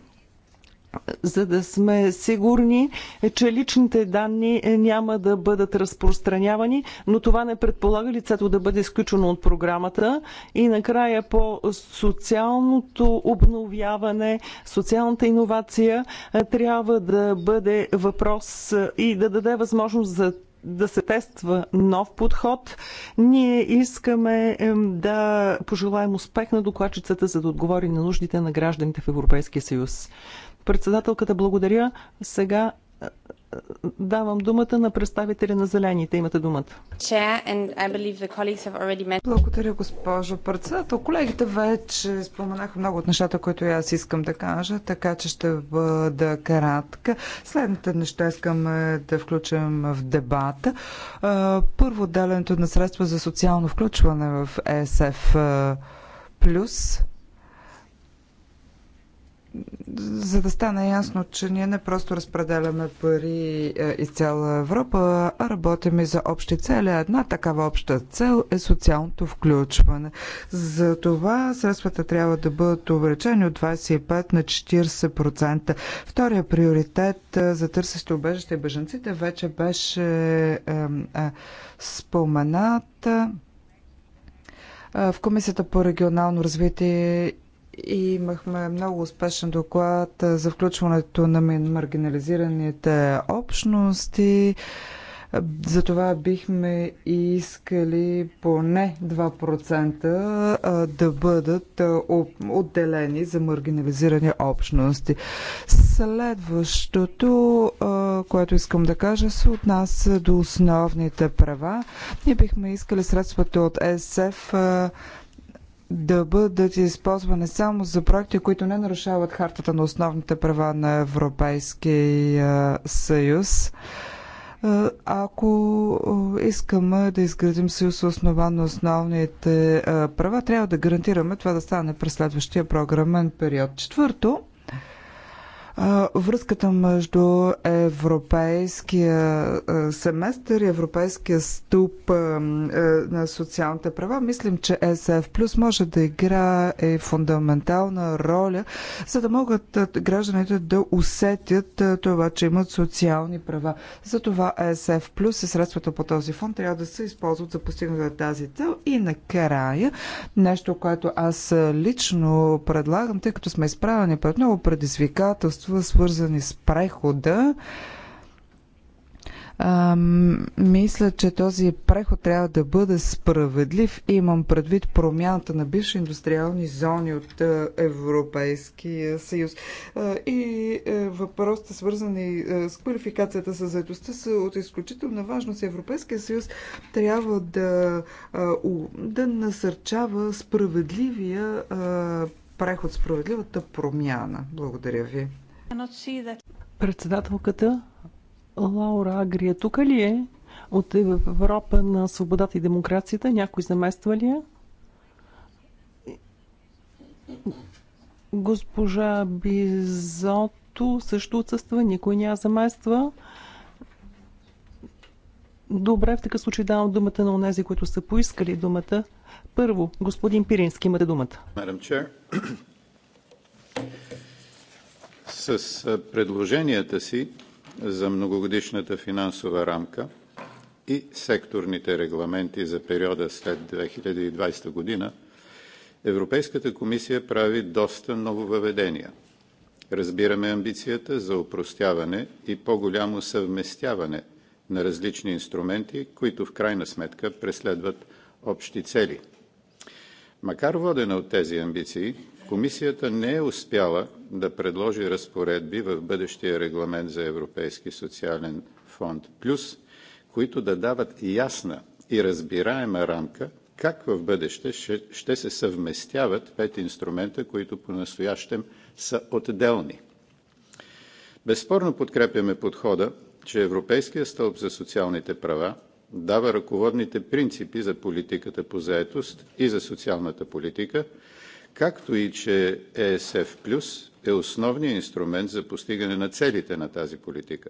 за да сме сигурни, е, че личните данни е, няма да бъдат разпространявани, но това не предполага лицето да бъде изключено от програмата. И накрая по социалното обновяване, социалната иновация е, трябва да бъде въпрос и да даде възможност за да се тества нов подход. Ние искаме да пожелаем успех на докладчицата, за да отговори на нуждите на гражданите в Европейския съюз. Председателката, благодаря. Сега е, е, давам думата на представители на Зелените. Имате думата. Благодаря, госпожо председател. Колегите вече споменаха много от нещата, които аз искам да кажа, така че ще бъда кратка. Следните неща искам е, да включим в дебата. Първо, отделянето на средства за социално включване в ЕСФ плюс за да стане ясно, че ние не просто разпределяме пари е, из цяла Европа, а работим и за общи цели. Една такава обща цел е социалното включване. За това средствата трябва да бъдат увеличени от 25 на 40%. Втория приоритет е, за търсещите убежище и беженците вече беше е, е споменат в Комисията по регионално развитие и имахме много успешен доклад за включването на маргинализираните общности. Затова бихме искали поне 2% да бъдат отделени за маргинализирани общности. Следващото, което искам да кажа, се отнася до основните права. Ние бихме искали средствата от ЕСФ да бъдат използвани само за проекти, които не нарушават хартата на основните права на Европейския съюз. Ако искаме да изградим съюз основан на основните права, трябва да гарантираме това да стане през следващия програмен период. Четвърто, връзката между европейския семестър и европейския стълб на социалните права. Мислим, че ЕСФ Плюс може да играе фундаментална роля, за да могат гражданите да усетят това, че имат социални права. Затова ЕСФ Плюс и средствата по този фонд трябва да се използват за постигане тази цел. И накрая, нещо, което аз лично предлагам, тъй като сме изправени пред много предизвикателства, чувства, свързани с прехода. А, мисля, че този преход трябва да бъде справедлив. Имам предвид промяната на бивши индустриални зони от е, Европейския съюз. А, и е, въпросите, свързани е, с квалификацията с заедостта, са от изключителна важност. Европейския съюз трябва да, да насърчава справедливия преход, справедливата промяна. Благодаря ви. Председателката Лаура Агрия е тук ли е? От Европа на свободата и демокрацията някой замества ли е? Госпожа Бизото също отсъства, никой няма замества. Добре, в такъв случай давам думата на онези, които са поискали думата. Първо, господин Пирински, имате думата с предложенията си за многогодишната финансова рамка и секторните регламенти за периода след 2020 година Европейската комисия прави доста нововъведения. Разбираме амбицията за упростяване и по-голямо съвместяване на различни инструменти, които в крайна сметка преследват общи цели. Макар водена от тези амбиции, Комисията не е успяла да предложи разпоредби в бъдещия регламент за Европейски социален фонд плюс, които да дават ясна и разбираема рамка как в бъдеще ще се съвместяват пет инструмента, които понастоящем са отделни. Безспорно подкрепяме подхода, че Европейският стълб за социалните права дава ръководните принципи за политиката по заетост и за социалната политика, както и че ЕСФ плюс е основният инструмент за постигане на целите на тази политика.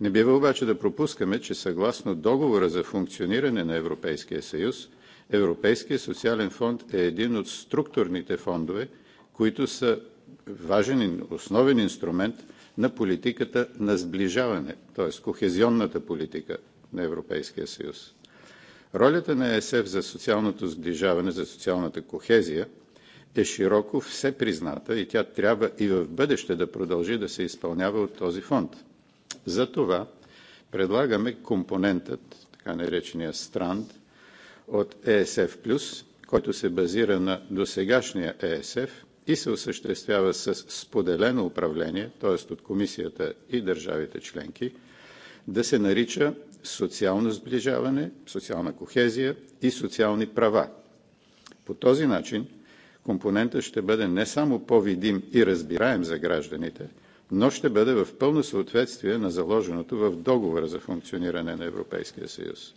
Не бива обаче да пропускаме, че съгласно Договора за функциониране на Европейския съюз, Европейският социален фонд е един от структурните фондове, които са важен, основен инструмент на политиката на сближаване, т.е. кохезионната политика на Европейския съюз. Ролята на ЕСФ за социалното сближаване, за социалната кохезия е широко всепризната и тя трябва и в бъдеще да продължи да се изпълнява от този фонд. Затова предлагаме компонентът, така наречения странт, от ESF+, е който се базира на досегашния ESF е и се осъществява с споделено управление, т.е. от комисията и държавите членки, да се нарича социално сближаване, социална кохезия и социални права. По този начин компонентът ще бъде не само по-видим и разбираем за гражданите, но ще бъде в пълно съответствие на заложеното в Договора за функциониране на Европейския съюз.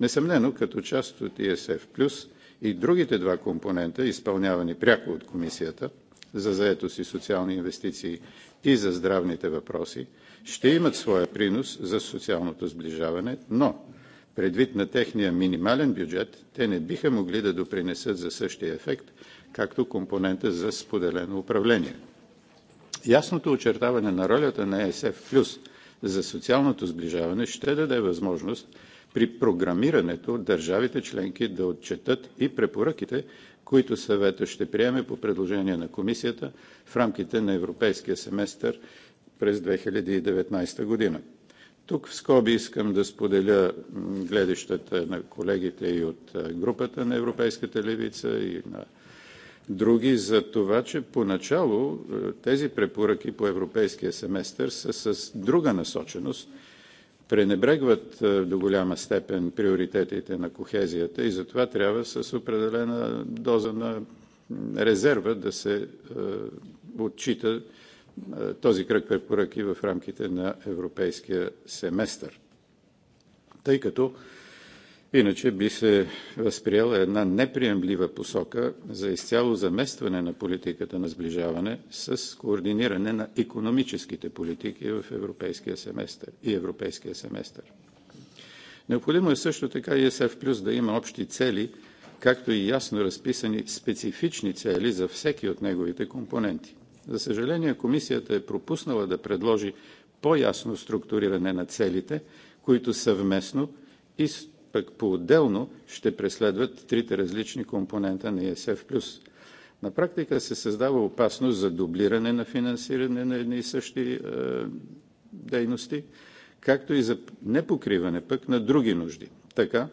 Несъмнено, като част от ESF+, и другите два компонента, изпълнявани пряко от Комисията за заетост и социални инвестиции и за здравните въпроси, ще имат своя принос за социалното сближаване, но Предвид на техния минимален бюджет, те не биха могли да допринесат за същия ефект, както компонента за споделено управление. Ясното очертаване на ролята на ЕСФ за социалното сближаване ще даде възможност при програмирането държавите членки да отчетат и препоръките, които съвета ще приеме по предложение на комисията в рамките на европейския семестър през 2019 година. Тук в скоби искам да споделя гледащата на колегите и от групата на Европейската левица, и на други за това, че поначало тези препоръки по Европейския семестър са с друга насоченост, пренебрегват до голяма степен приоритетите на кохезията и затова трябва с определена доза на резерва да се отчита този кръг препоръки в рамките на европейския семестър, тъй като иначе би се възприела една неприемлива посока за изцяло заместване на политиката на сближаване с координиране на икономическите политики в европейския семестър и европейския семестър. Необходимо е също така и ESF плюс да има общи цели, както и ясно разписани специфични цели за всеки от неговите компоненти. За съжаление, Комисията е пропуснала да предложи по-ясно структуриране на целите, които съвместно и пък поотделно ще преследват трите различни компонента на ЕСФ+. На практика се създава опасност за дублиране на финансиране на едни и същи е, дейности, както и за непокриване пък на други нужди. Така,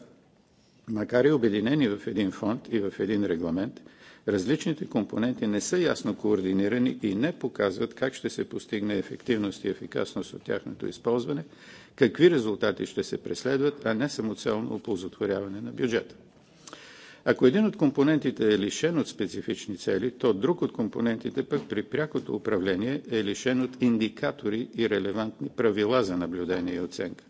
макар и обединени в един фонд и в един регламент, Различните компоненти не са ясно координирани и не показват как ще се постигне ефективност и ефикасност от тяхното използване, какви резултати ще се преследват, а не самоцелно оползотворяване на бюджета. Ако един от компонентите е лишен от специфични цели, то друг от компонентите пък при прякото управление е лишен от индикатори и релевантни правила за наблюдение и оценка.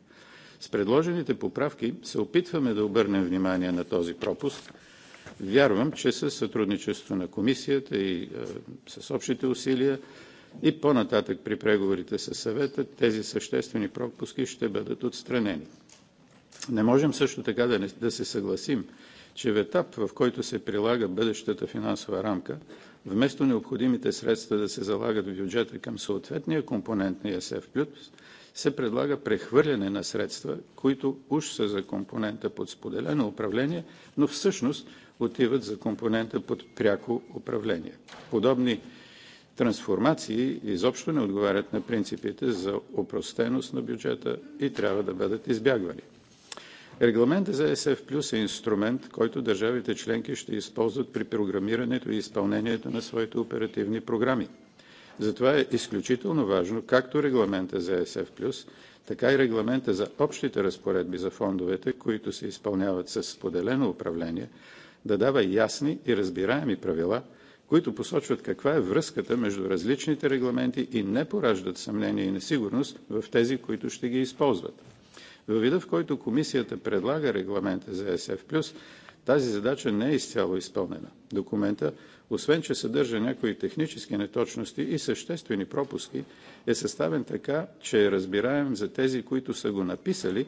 С предложените поправки се опитваме да обърнем внимание на този пропуск, Вярвам, че със сътрудничеството на Комисията и е, с общите усилия и по-нататък при преговорите със Съвета тези съществени пропуски ще бъдат отстранени. Не можем също така да се съгласим, че в етап, в който се прилага бъдещата финансова рамка, вместо необходимите средства да се залагат в бюджета към съответния компонент на ЕСФ+, се предлага прехвърляне на средства, които уж са за компонента под споделено управление, но всъщност отиват за компонента под пряко управление. Подобни трансформации изобщо не отговарят на принципите за опростеност на бюджета и трябва да бъдат избягвани. Регламентът за ЕСФ Плюс е инструмент, който държавите членки ще използват при програмирането и изпълнението на своите оперативни програми. Затова е изключително важно както регламента за ЕСФ Плюс, така и регламента за общите разпоредби за фондовете, които се изпълняват с споделено управление, да дава ясни и разбираеми правила, които посочват каква е връзката между различните регламенти и не пораждат съмнение и несигурност в тези, които ще ги използват. Във вида, в който Комисията предлага Регламента за SF+, тази задача не е изцяло изпълнена. Документа, освен че съдържа някои технически неточности и съществени пропуски, е съставен така, че е разбираем за тези, които са го написали,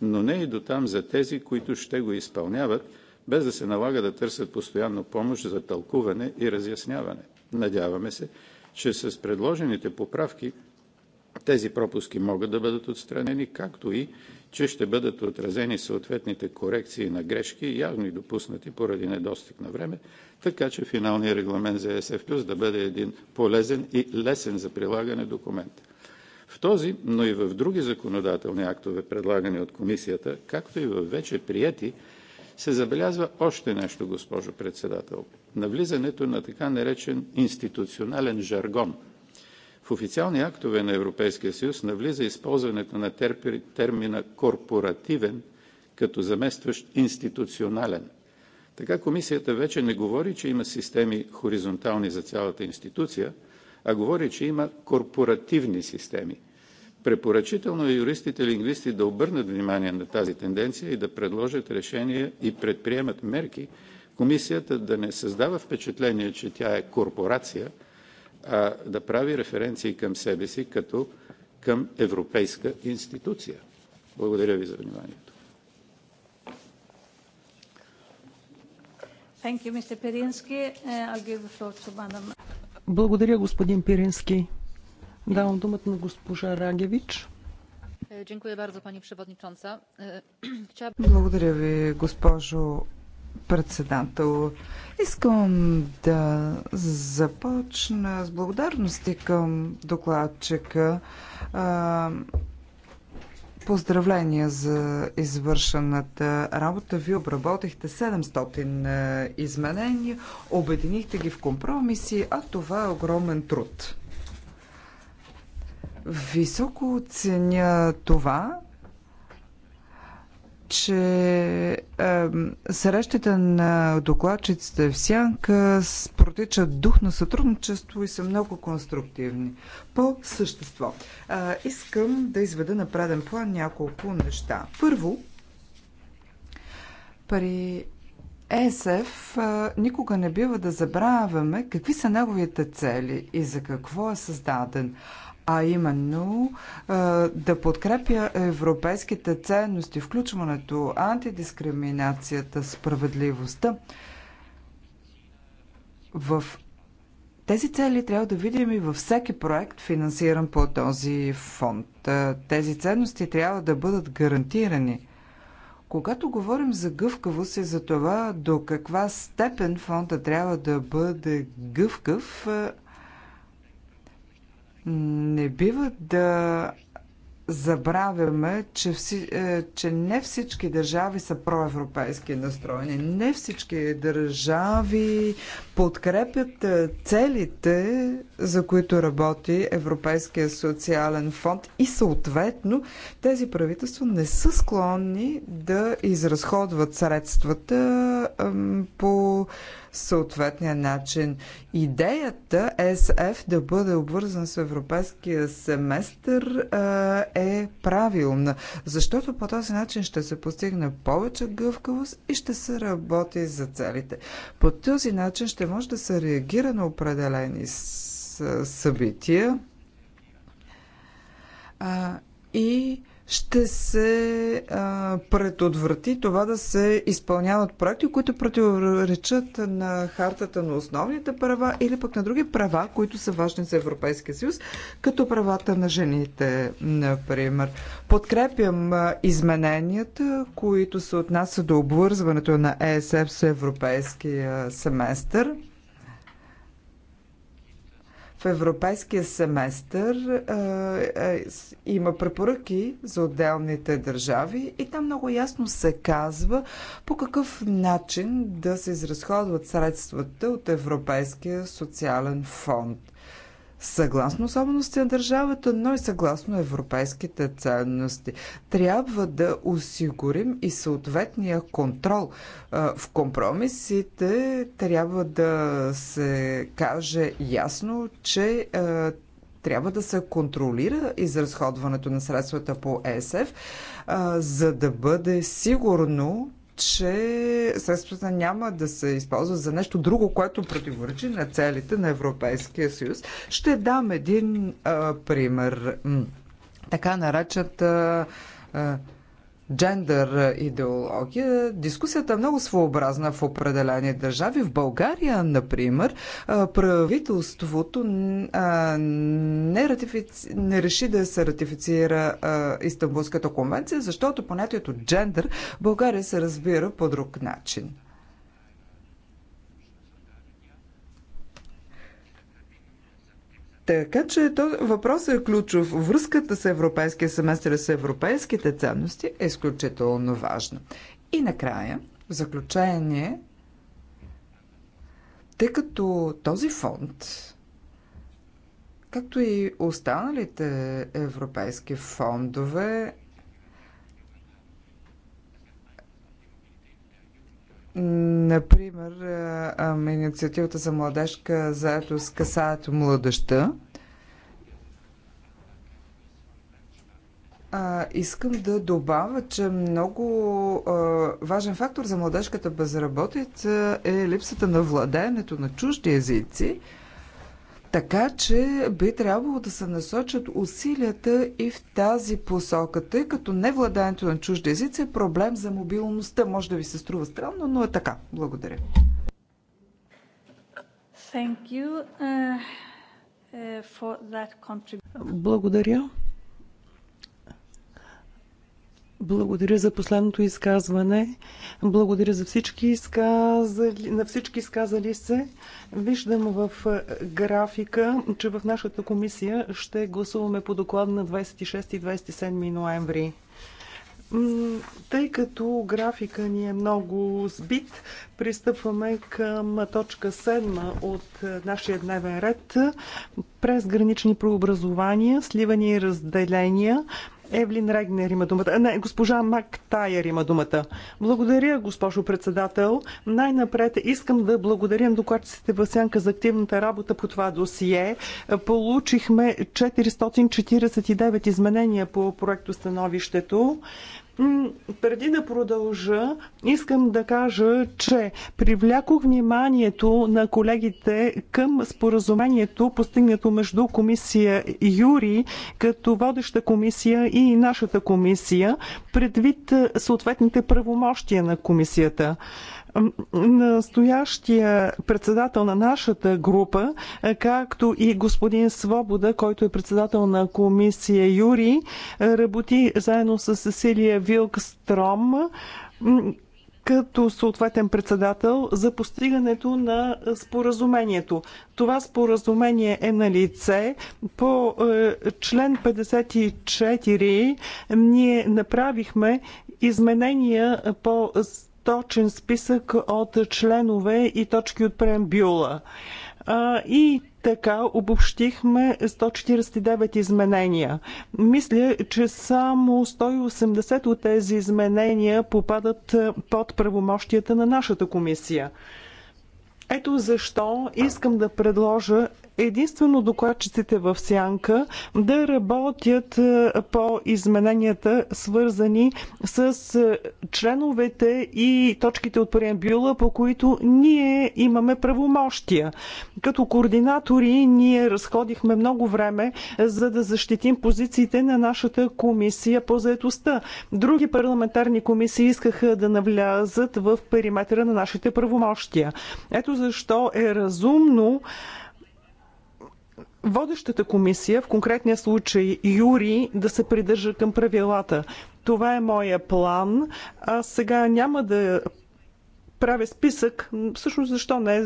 но не и до там, за тези, които ще го изпълняват без да се налага да търсят постоянно помощ за тълкуване и разясняване. Надяваме се, че с предложените поправки тези пропуски могат да бъдат отстранени, както и че ще бъдат отразени съответните корекции на грешки, явно и допуснати поради недостиг на време, така че финалният регламент за ESF Plus да бъде един полезен и лесен за прилагане документ. В този, но и в други законодателни актове, предлагани от Комисията, както и в вече приети се забелязва още нещо, госпожо председател – навлизането на така наречен институционален жаргон. В официални актове на Европейския съюз навлиза използването на термина корпоративен като заместващ институционален. Така комисията вече не говори, че има системи хоризонтални за цялата институция, а говори, че има корпоративни системи, Препоръчително е юристите и лингвисти да обърнат внимание на тази тенденция и да предложат решения и предприемат мерки комисията да не създава впечатление, че тя е корпорация, а да прави референции към себе си като към европейска институция. Благодаря ви за вниманието. Uh, Благодаря, господин Пирински. Давам думата на госпожа Рагевич. Благодаря ви, госпожо председател. Искам да започна с благодарности към докладчика. Поздравления за извършената работа. Ви обработихте 700 изменения, обединихте ги в компромиси, а това е огромен труд. Високо оценя това, че е, срещите на докладчиците в Сянка протичат дух на сътрудничество и са много конструктивни. По същество, е, искам да изведа на преден план няколко неща. Първо, при ЕСФ е, никога не бива да забравяме какви са неговите цели и за какво е създаден а именно да подкрепя европейските ценности, включването, антидискриминацията, справедливостта. В тези цели трябва да видим и във всеки проект, финансиран по този фонд. Тези ценности трябва да бъдат гарантирани. Когато говорим за гъвкавост и за това до каква степен фонда трябва да бъде гъвкав, не бива да забравяме, че, вси, е, че не всички държави са проевропейски настроени. Не всички държави подкрепят е, целите, за които работи Европейския социален фонд и съответно тези правителства не са склонни да изразходват средствата по съответния начин. Идеята ЕСФ да бъде обвързан с европейския семестър е правилна, защото по този начин ще се постигне повече гъвкавост и ще се работи за целите. По този начин ще може да се реагира на определени събития и ще се а, предотврати това да се изпълняват проекти, които противоречат на хартата на основните права или пък на други права, които са важни за Европейския съюз, като правата на жените, например. Подкрепям измененията, които се отнасят до обвързването на ЕСФ с Европейския семестър. В европейския семестър е, е, има препоръки за отделните държави и там много ясно се казва по какъв начин да се изразходват средствата от Европейския социален фонд съгласно особеностите на държавата, но и съгласно европейските ценности. Трябва да осигурим и съответния контрол. В компромисите трябва да се каже ясно, че трябва да се контролира изразходването на средствата по ЕСФ, за да бъде сигурно, че средствата няма да се използват за нещо друго, което противоречи на целите на Европейския съюз. Ще дам един а, пример. Така А, джендър идеология, дискусията е много своеобразна в определени държави. В България, например, правителството не, ратифици... не реши да се ратифицира Истанбулската конвенция, защото понятието джендър в България се разбира по друг начин. Така че този въпрос е ключов. Връзката с европейския семестър и с европейските ценности е изключително важна. И накрая, в заключение, тъй като този фонд, както и останалите европейски фондове, Например, инициативата за младежка заедост касаят младеща. А, искам да добавя, че много а, важен фактор за младежката безработица е липсата на владеенето на чужди езици. Така че би трябвало да се насочат усилията и в тази посока, тъй като невладането на чужди езици, е проблем за мобилността. Може да ви се струва странно, но е така. Благодаря. Thank you, uh, uh, for that Благодаря благодаря за последното изказване. Благодаря за всички изказали, на всички изказали се. Виждам в е, графика, че в нашата комисия ще гласуваме по доклада на 26 и 27 ноември. Тъй като графика ни е много сбит, пристъпваме към точка 7 от е, нашия дневен ред. През гранични преобразования, сливания и разделения – Евлин Регнер има думата. Не, госпожа Мак Тайер има думата. Благодаря, госпожо председател. Най-напред искам да благодаря докладчиците Васянка за активната работа по това досие. Получихме 449 изменения по проекто становището. Преди да продължа, искам да кажа, че привлякох вниманието на колегите към споразумението, постигнато между комисия Юри, като водеща комисия и нашата комисия, предвид съответните правомощия на комисията настоящия председател на нашата група, е, както и господин Свобода, който е председател на комисия Юри, е, работи заедно с Сесилия Вилкстром като съответен председател за постигането на споразумението. Това споразумение е на лице. По е, член 54 ние направихме изменения по точен списък от членове и точки от преамбюла. И така обобщихме 149 изменения. Мисля, че само 180 от тези изменения попадат под правомощията на нашата комисия. Ето защо искам да предложа единствено докладчиците в Сянка да работят е, по измененията, свързани с е, членовете и точките от преамбюла, по които ние имаме правомощия. Като координатори ние разходихме много време, за да защитим позициите на нашата комисия по заедостта. Други парламентарни комисии искаха да навлязат в периметъра на нашите правомощия. Ето защо е разумно водещата комисия, в конкретния случай Юри, да се придържа към правилата. Това е моя план. А сега няма да правя списък, всъщност защо не,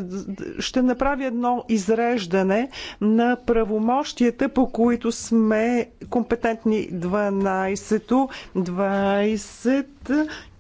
ще направя едно изреждане на правомощията, по които сме компетентни 12, 20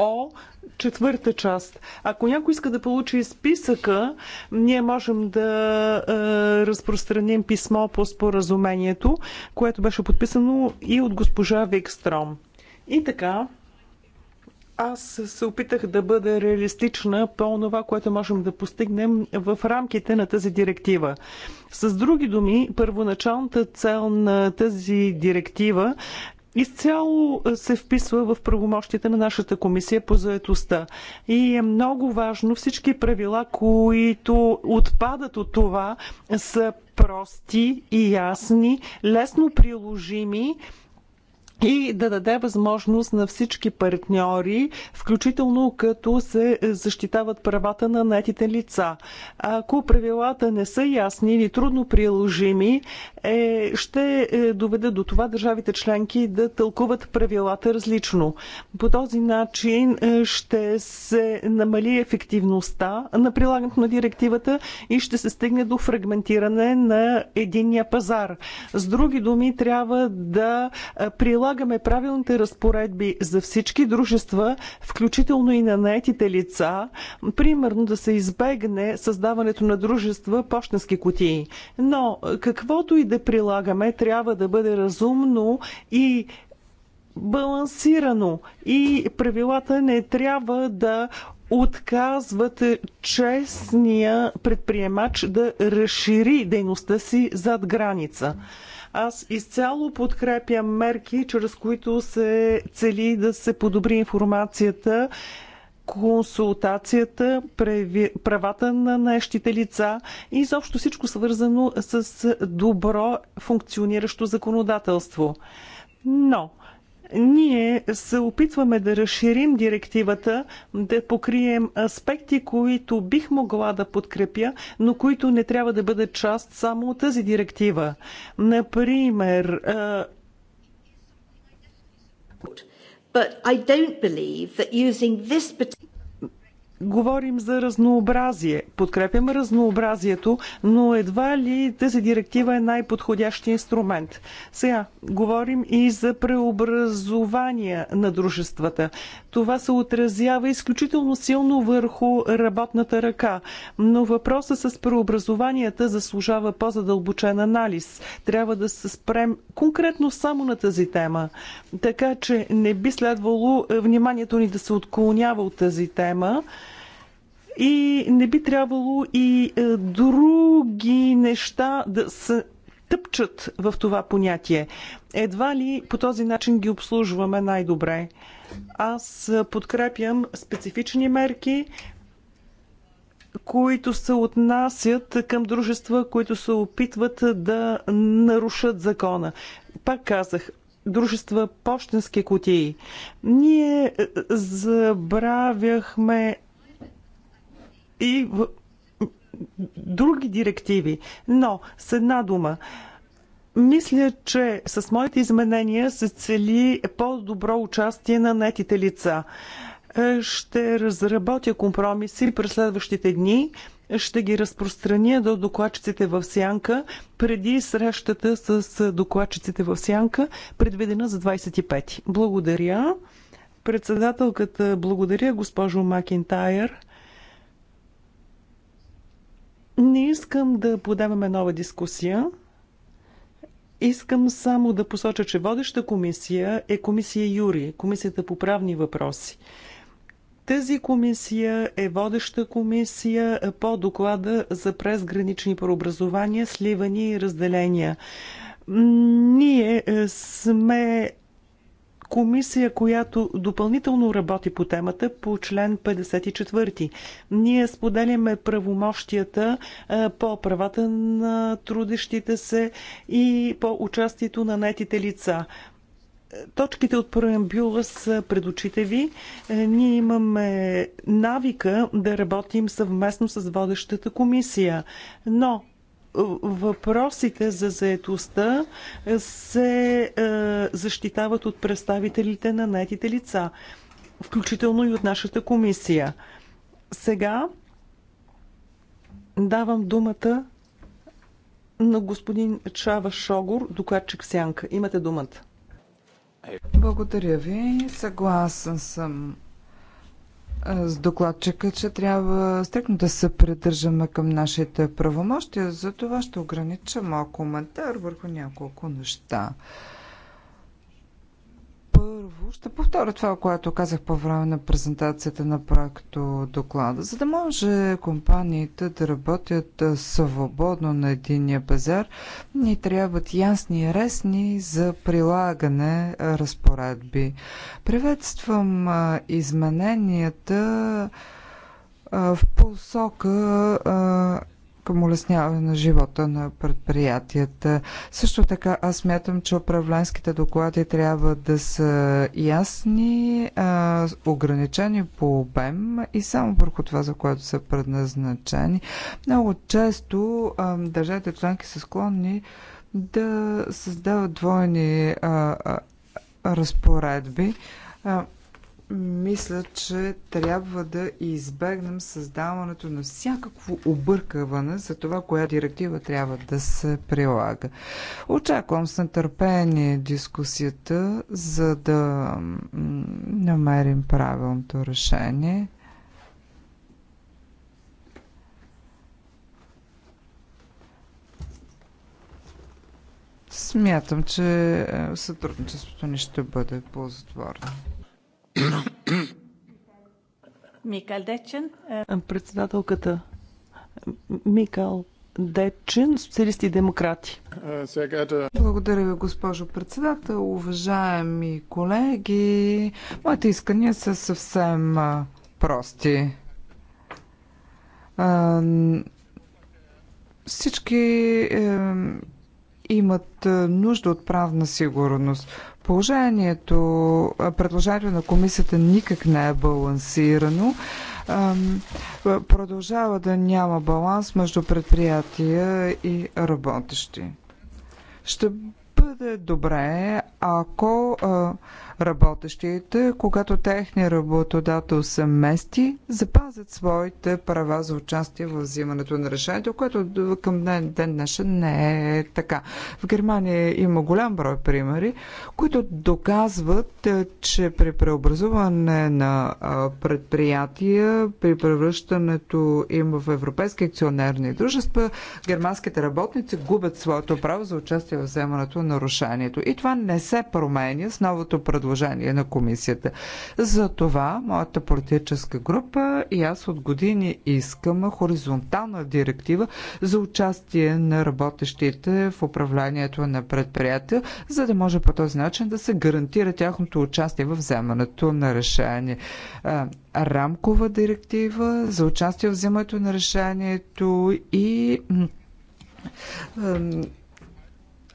О, четвърта част. Ако някой иска да получи списъка, ние можем да е, разпространим писмо по споразумението, което беше подписано и от госпожа Викстром. И така, аз се опитах да бъда реалистична по това, което можем да постигнем в рамките на тази директива. С други думи, първоначалната цел на тази директива изцяло е, се вписва в правомощите на нашата комисия по заетостта. И е много важно всички правила, които отпадат от това, са прости и ясни, лесно приложими и да даде възможност на всички партньори, включително като се защитават правата на наетите лица. Ако правилата не са ясни или трудно приложими, е, ще е, доведе до това държавите членки да тълкуват правилата различно. По този начин е, ще се намали ефективността на прилагането на директивата и ще се стигне до фрагментиране на единния пазар. С други думи, трябва да прилагаме прилагаме правилните разпоредби за всички дружества, включително и на наетите лица, примерно да се избегне създаването на дружества почтенски кутии. Но каквото и да прилагаме, трябва да бъде разумно и балансирано и правилата не трябва да отказват честния предприемач да разшири дейността си зад граница. Аз изцяло подкрепям мерки, чрез които се цели да се подобри информацията консултацията, правата на нещите лица и изобщо всичко свързано с добро функциониращо законодателство. Но ние се опитваме да разширим директивата, да покрием аспекти, които бих могла да подкрепя, но които не трябва да бъдат част само от тази директива. Например, But I don't believe that using this particular говорим за разнообразие. Подкрепям разнообразието, но едва ли тази директива е най-подходящ инструмент. Сега говорим и за преобразование на дружествата. Това се отразява изключително силно върху работната ръка. Но въпросът с преобразованията заслужава по-задълбочен анализ. Трябва да се спрем конкретно само на тази тема. Така че не би следвало е, вниманието ни да се отклонява от тази тема и не би трябвало и е, други неща да се тъпчат в това понятие. Едва ли по този начин ги обслужваме най-добре. Аз подкрепям специфични мерки, които се отнасят към дружества, които се опитват да нарушат закона. Пак казах, дружества почтенски кутии. Ние е, е, забравяхме и в други директиви, но с една дума – мисля, че с моите изменения се цели по-добро участие на нетите лица. Е, ще разработя компромиси през следващите дни. Ще ги разпространя до докладчиците в Сянка преди срещата с докладчиците в Сянка, предведена за 25. Благодаря. Председателката, благодаря госпожо Макинтайр. Не искам да подаваме нова дискусия. Искам само да посоча, че водеща комисия е комисия Юри, комисията по правни въпроси. Тази комисия е водеща комисия по доклада за презгранични преобразования, сливания и разделения. Ние е, сме комисия, която допълнително работи по темата по член 54. Ние споделяме правомощията по правата на трудещите се и по участието на нетите лица. Точките от преамбюла са пред очите ви. Е, ние имаме навика да работим съвместно с водещата комисия. Но Въпросите за заетостта се е, защитават от представителите на наетите лица, включително и от нашата комисия. Сега давам думата на господин Чава Шогор, докладчик Сянка. Имате думата. Благодаря ви. Съгласен съм с докладчика, че трябва стрикно да се придържаме към нашите правомощия. За това ще огранича моят коментар върху няколко неща. Първо, ще повторя това, което казах по време на презентацията на проекто доклада. За да може компаниите да работят свободно на единния пазар, ни трябват ясни и ресни за прилагане разпоредби. Приветствам измененията в посока към улесняване на живота на предприятията. Също така аз мятам, че управленските доклади трябва да са ясни, а, ограничени по обем и само върху това, за което са предназначени. Много често а, държавите членки са склонни да създават двойни а, а, разпоредби. А, мисля, че трябва да избегнем създаването на всякакво объркаване за това, коя директива трябва да се прилага. Очаквам с нетърпение дискусията, за да намерим правилното решение. Смятам, че е, сътрудничеството ни ще бъде ползотворно. Микал Дечен. Е, председателката Микал Дечен, социалисти и демократи. Е, Благодаря ви, госпожо председател. Уважаеми колеги, моите искания са съвсем прости. Всички имат е, нужда от правна сигурност. Положението, е, предложението на комисията никак не е балансирано. Е, продължава да няма баланс между предприятия и работещи. Ще бъде добре, ако работещите, когато техния работодател се мести, запазят своите права за участие в взимането на решението, което към ден, ден днешен не е така. В Германия има голям брой примери, които доказват, е, че при преобразуване на предприятия, при превръщането им в европейски акционерни дружества, германските работници губят своето право за участие в вземането на решението. И това не се променя с новото предложение предложение на комисията. За това моята политическа група и аз от години искам хоризонтална директива за участие на работещите в управлението на предприятия, за да може по този начин да се гарантира тяхното участие в вземането на решение. Рамкова директива за участие в вземането на решението и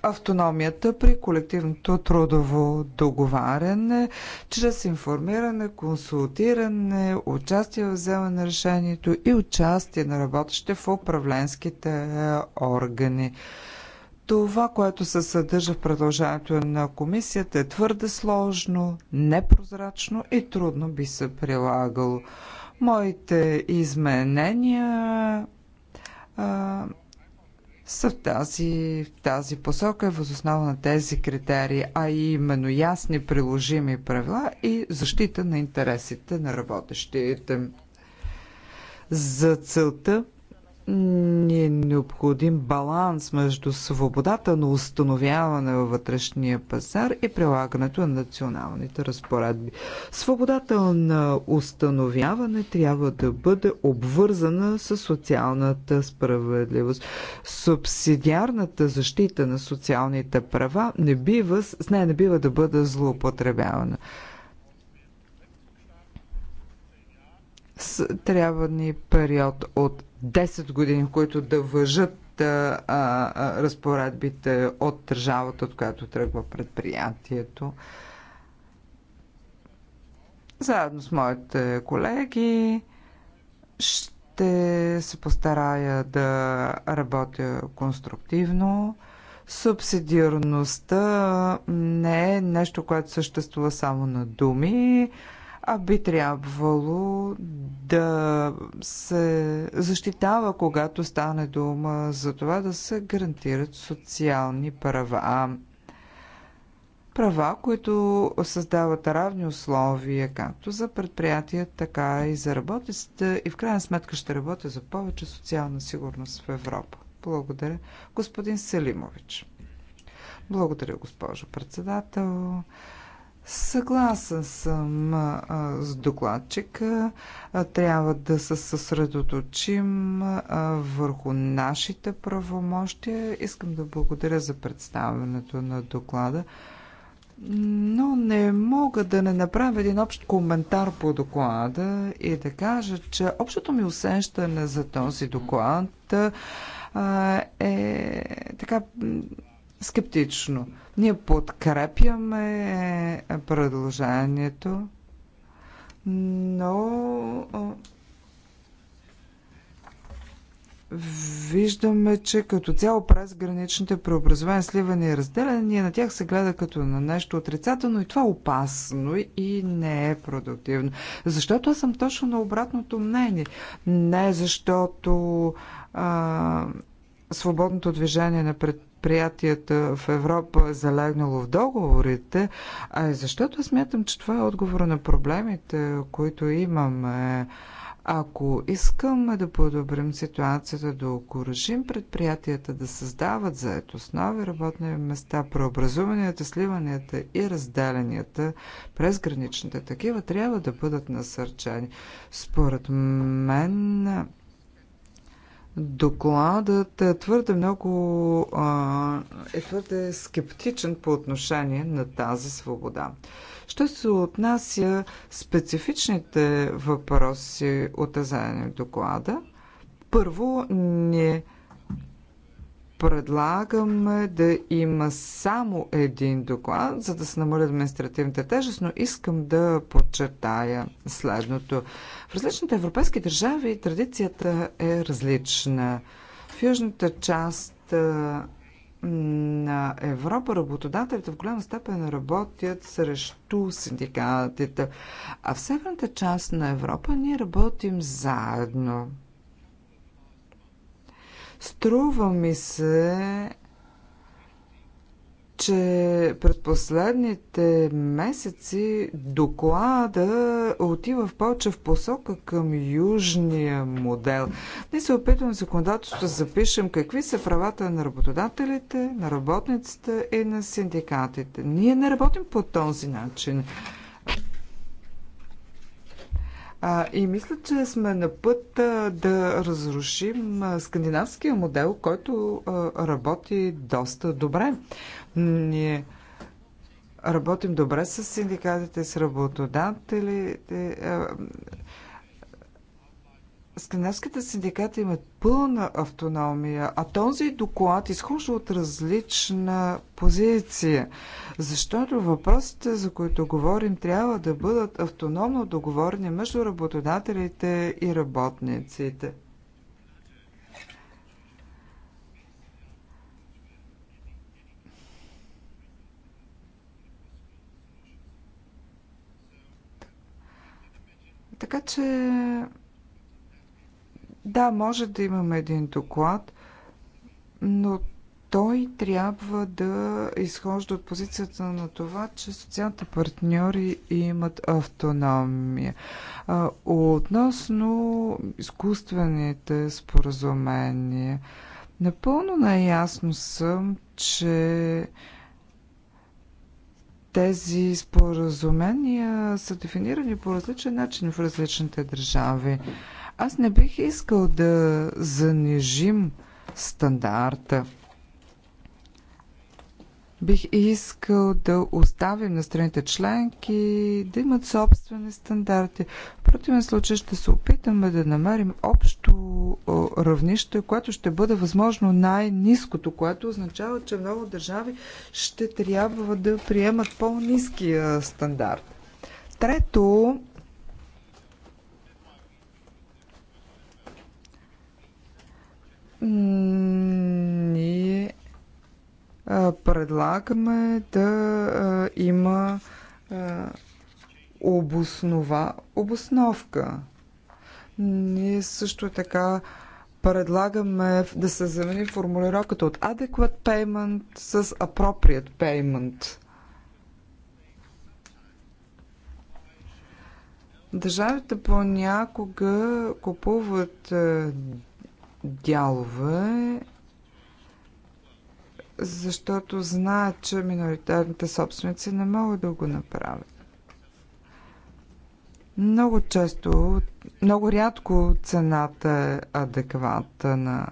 автономията при колективното трудово договаряне, чрез информиране, консултиране, участие в вземане на решението и участие на работещите в управленските е, органи. Това, което се съдържа в предложението на комисията е твърде сложно, непрозрачно и трудно би се прилагало. Моите изменения а, е, са в тази, в тази посока, възоснова на тези критерии, а именно ясни приложими правила и защита на интересите на работещите. За целта ни е необходим баланс между свободата на установяване във вътрешния пазар и прилагането на националните разпоредби. Свободата на установяване трябва да бъде обвързана с социалната справедливост. Субсидиарната защита на социалните права не бива, с нея не бива да бъде злоупотребявана. Трябва ни период от 10 години, в които да въжат а, а, разпоредбите от държавата, от която тръгва предприятието. Заедно с моите колеги ще се постарая да работя конструктивно. Субсидиарността не е нещо, което съществува само на думи а би трябвало да се защитава, когато стане дума за това да се гарантират социални права. Права, които създават равни условия както за предприятия, така и за работещите и в крайна сметка ще работя за повече социална сигурност в Европа. Благодаря. Господин Селимович. Благодаря, госпожо председател. Съгласен съм а, с докладчика. А, трябва да се съсредоточим а, върху нашите правомощия. Искам да благодаря за представянето на доклада. Но не мога да не направя един общ коментар по доклада и да кажа, че общото ми усещане за този доклад а, е така скептично. Ние подкрепяме предложението, но виждаме, че като цяло през граничните преобразования, сливане и ние на тях се гледа като на нещо отрицателно и това е опасно и не е продуктивно. Защото аз съм точно на обратното мнение. Не защото а, свободното движение на пред предприятията в Европа е залегнало в договорите, а и защото смятам, че това е отговор на проблемите, които имаме. Ако искаме да подобрим ситуацията, да окоръжим предприятията да създават заетост, нови работни места, преобразуванията, сливанията и разделенията през граничните такива трябва да бъдат насърчени. Според мен Докладът е твърде много е твърде скептичен по отношение на тази свобода. Що се отнася специфичните въпроси, отразени в доклада, първо не предлагаме да има само един доклад, за да се намали административната тежест, но искам да подчертая следното. В различните европейски държави традицията е различна. В южната част на Европа работодателите в голяма степен работят срещу синдикатите, а в северната част на Европа ние работим заедно. Струва ми се, че пред последните месеци доклада отива в повече в посока към южния модел. Ние се опитваме в законодателството да запишем какви са правата на работодателите, на работниците и на синдикатите. Ние не работим по този начин. А, и мисля, че сме на път а, да разрушим а, скандинавския модел, който а, работи доста добре. Ние работим добре с синдикатите, с работодателите. А, скандинавските синдикати имат пълна автономия, а този доклад изхожда от различна позиция, защото въпросите, за които говорим, трябва да бъдат автономно договорени между работодателите и работниците. Така че да, може да имаме един доклад, но той трябва да изхожда от позицията на това, че социалните партньори имат автономия. Относно изкуствените споразумения, напълно наясно съм, че тези споразумения са дефинирани по различен начин в различните държави. Аз не бих искал да занижим стандарта. Бих искал да оставим на страните членки да имат собствени стандарти. В противен случай ще се опитаме да намерим общо равнище, което ще бъде възможно най-низкото, което означава, че много държави ще трябва да приемат по-низкия стандарт. Трето, ние предлагаме да има обоснова, обосновка. Ние също така предлагаме да се замени формулировката от adequate payment с appropriate payment. Държавите понякога купуват дялове, защото знаят, че миноритарните собственици не могат да го направят. Много често, много рядко цената е адекватна на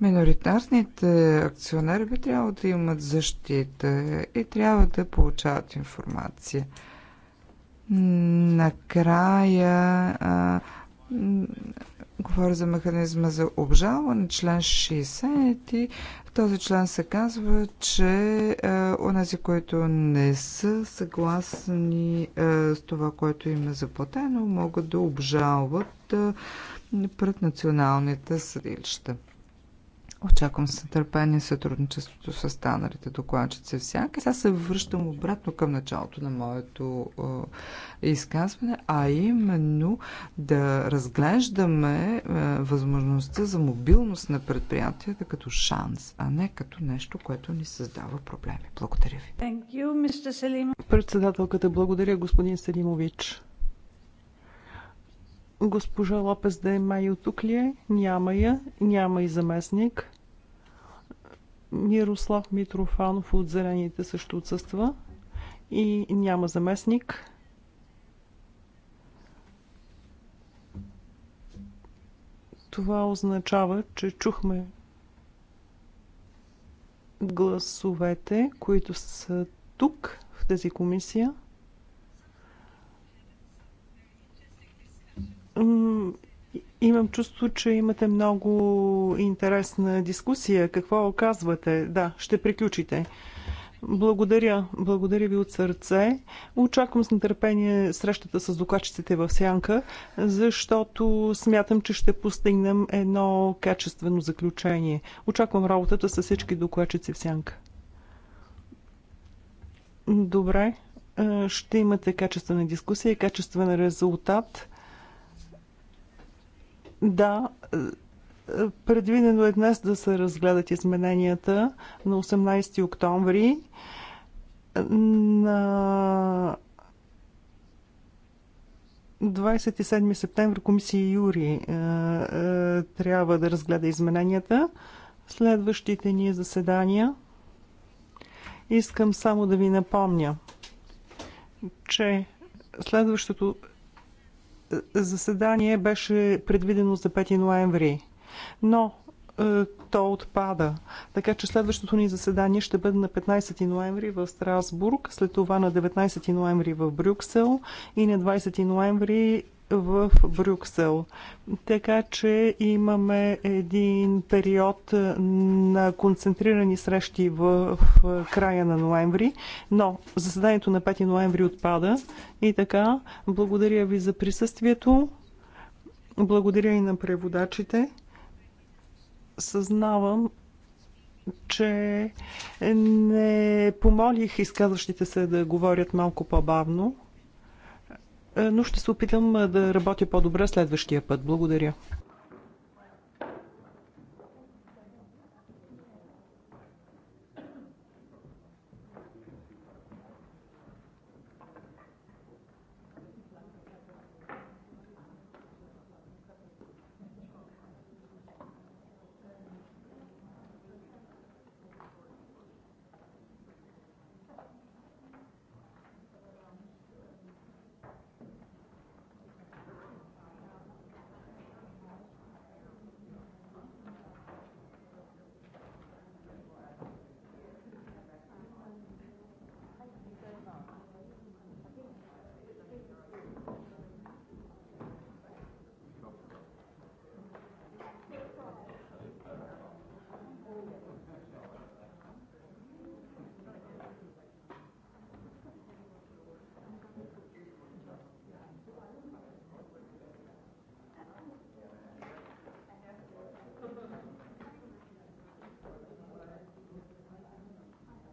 Миноритарните акционери би трябвало да имат защита и трябва да получават информация. Накрая а, говоря за механизма за обжалване, член 60 и в този член се казва, че а, онези, които не са съгласни а, с това, което им е заплатено, могат да обжалват а, пред националните съдилища. Очаквам с нетърпение сътрудничеството с останалите докладчици сянка. Сега се връщам обратно към началото на моето е, изказване, а именно да разглеждаме е, възможността за мобилност на предприятията като шанс, а не като нещо, което ни създава проблеми. Благодаря ви. Thank you, Mr. Председателката, благодаря господин Селимович. Госпожа Лопес де Майо тук ли е? Няма я. Няма и заместник. Мирослав Митрофанов от Зелените също отсъства. И няма заместник. Това означава, че чухме гласовете, които са тук в тази комисия. Имам чувство, че имате много интересна дискусия. Какво оказвате? Да, ще приключите. Благодаря. Благодаря ви от сърце. Очаквам с нетърпение срещата с докладчиците в Сянка, защото смятам, че ще постигнем едно качествено заключение. Очаквам работата с всички докладчици в Сянка. Добре. Е, ще имате качествена дискусия и качествен резултат – да, е, предвидено е днес да се разгледат измененията на 18 октомври на 27 септември комисия Юри е, е, трябва да разгледа измененията. Следващите ни заседания искам само да ви напомня, че следващото заседание беше предвидено за 5 ноември, но е, то отпада. Така че следващото ни заседание ще бъде на 15 ноември в Страсбург, след това на 19 ноември в Брюксел и на 20 ноември в Брюксел. Така че имаме един период на концентрирани срещи в края на ноември, но заседанието на 5 ноември отпада. И така, благодаря ви за присъствието. Благодаря и на преводачите. Съзнавам, че не помолих изказващите се да говорят малко по-бавно. Е, но ще се опитам да работя по-добре следващия път. Благодаря.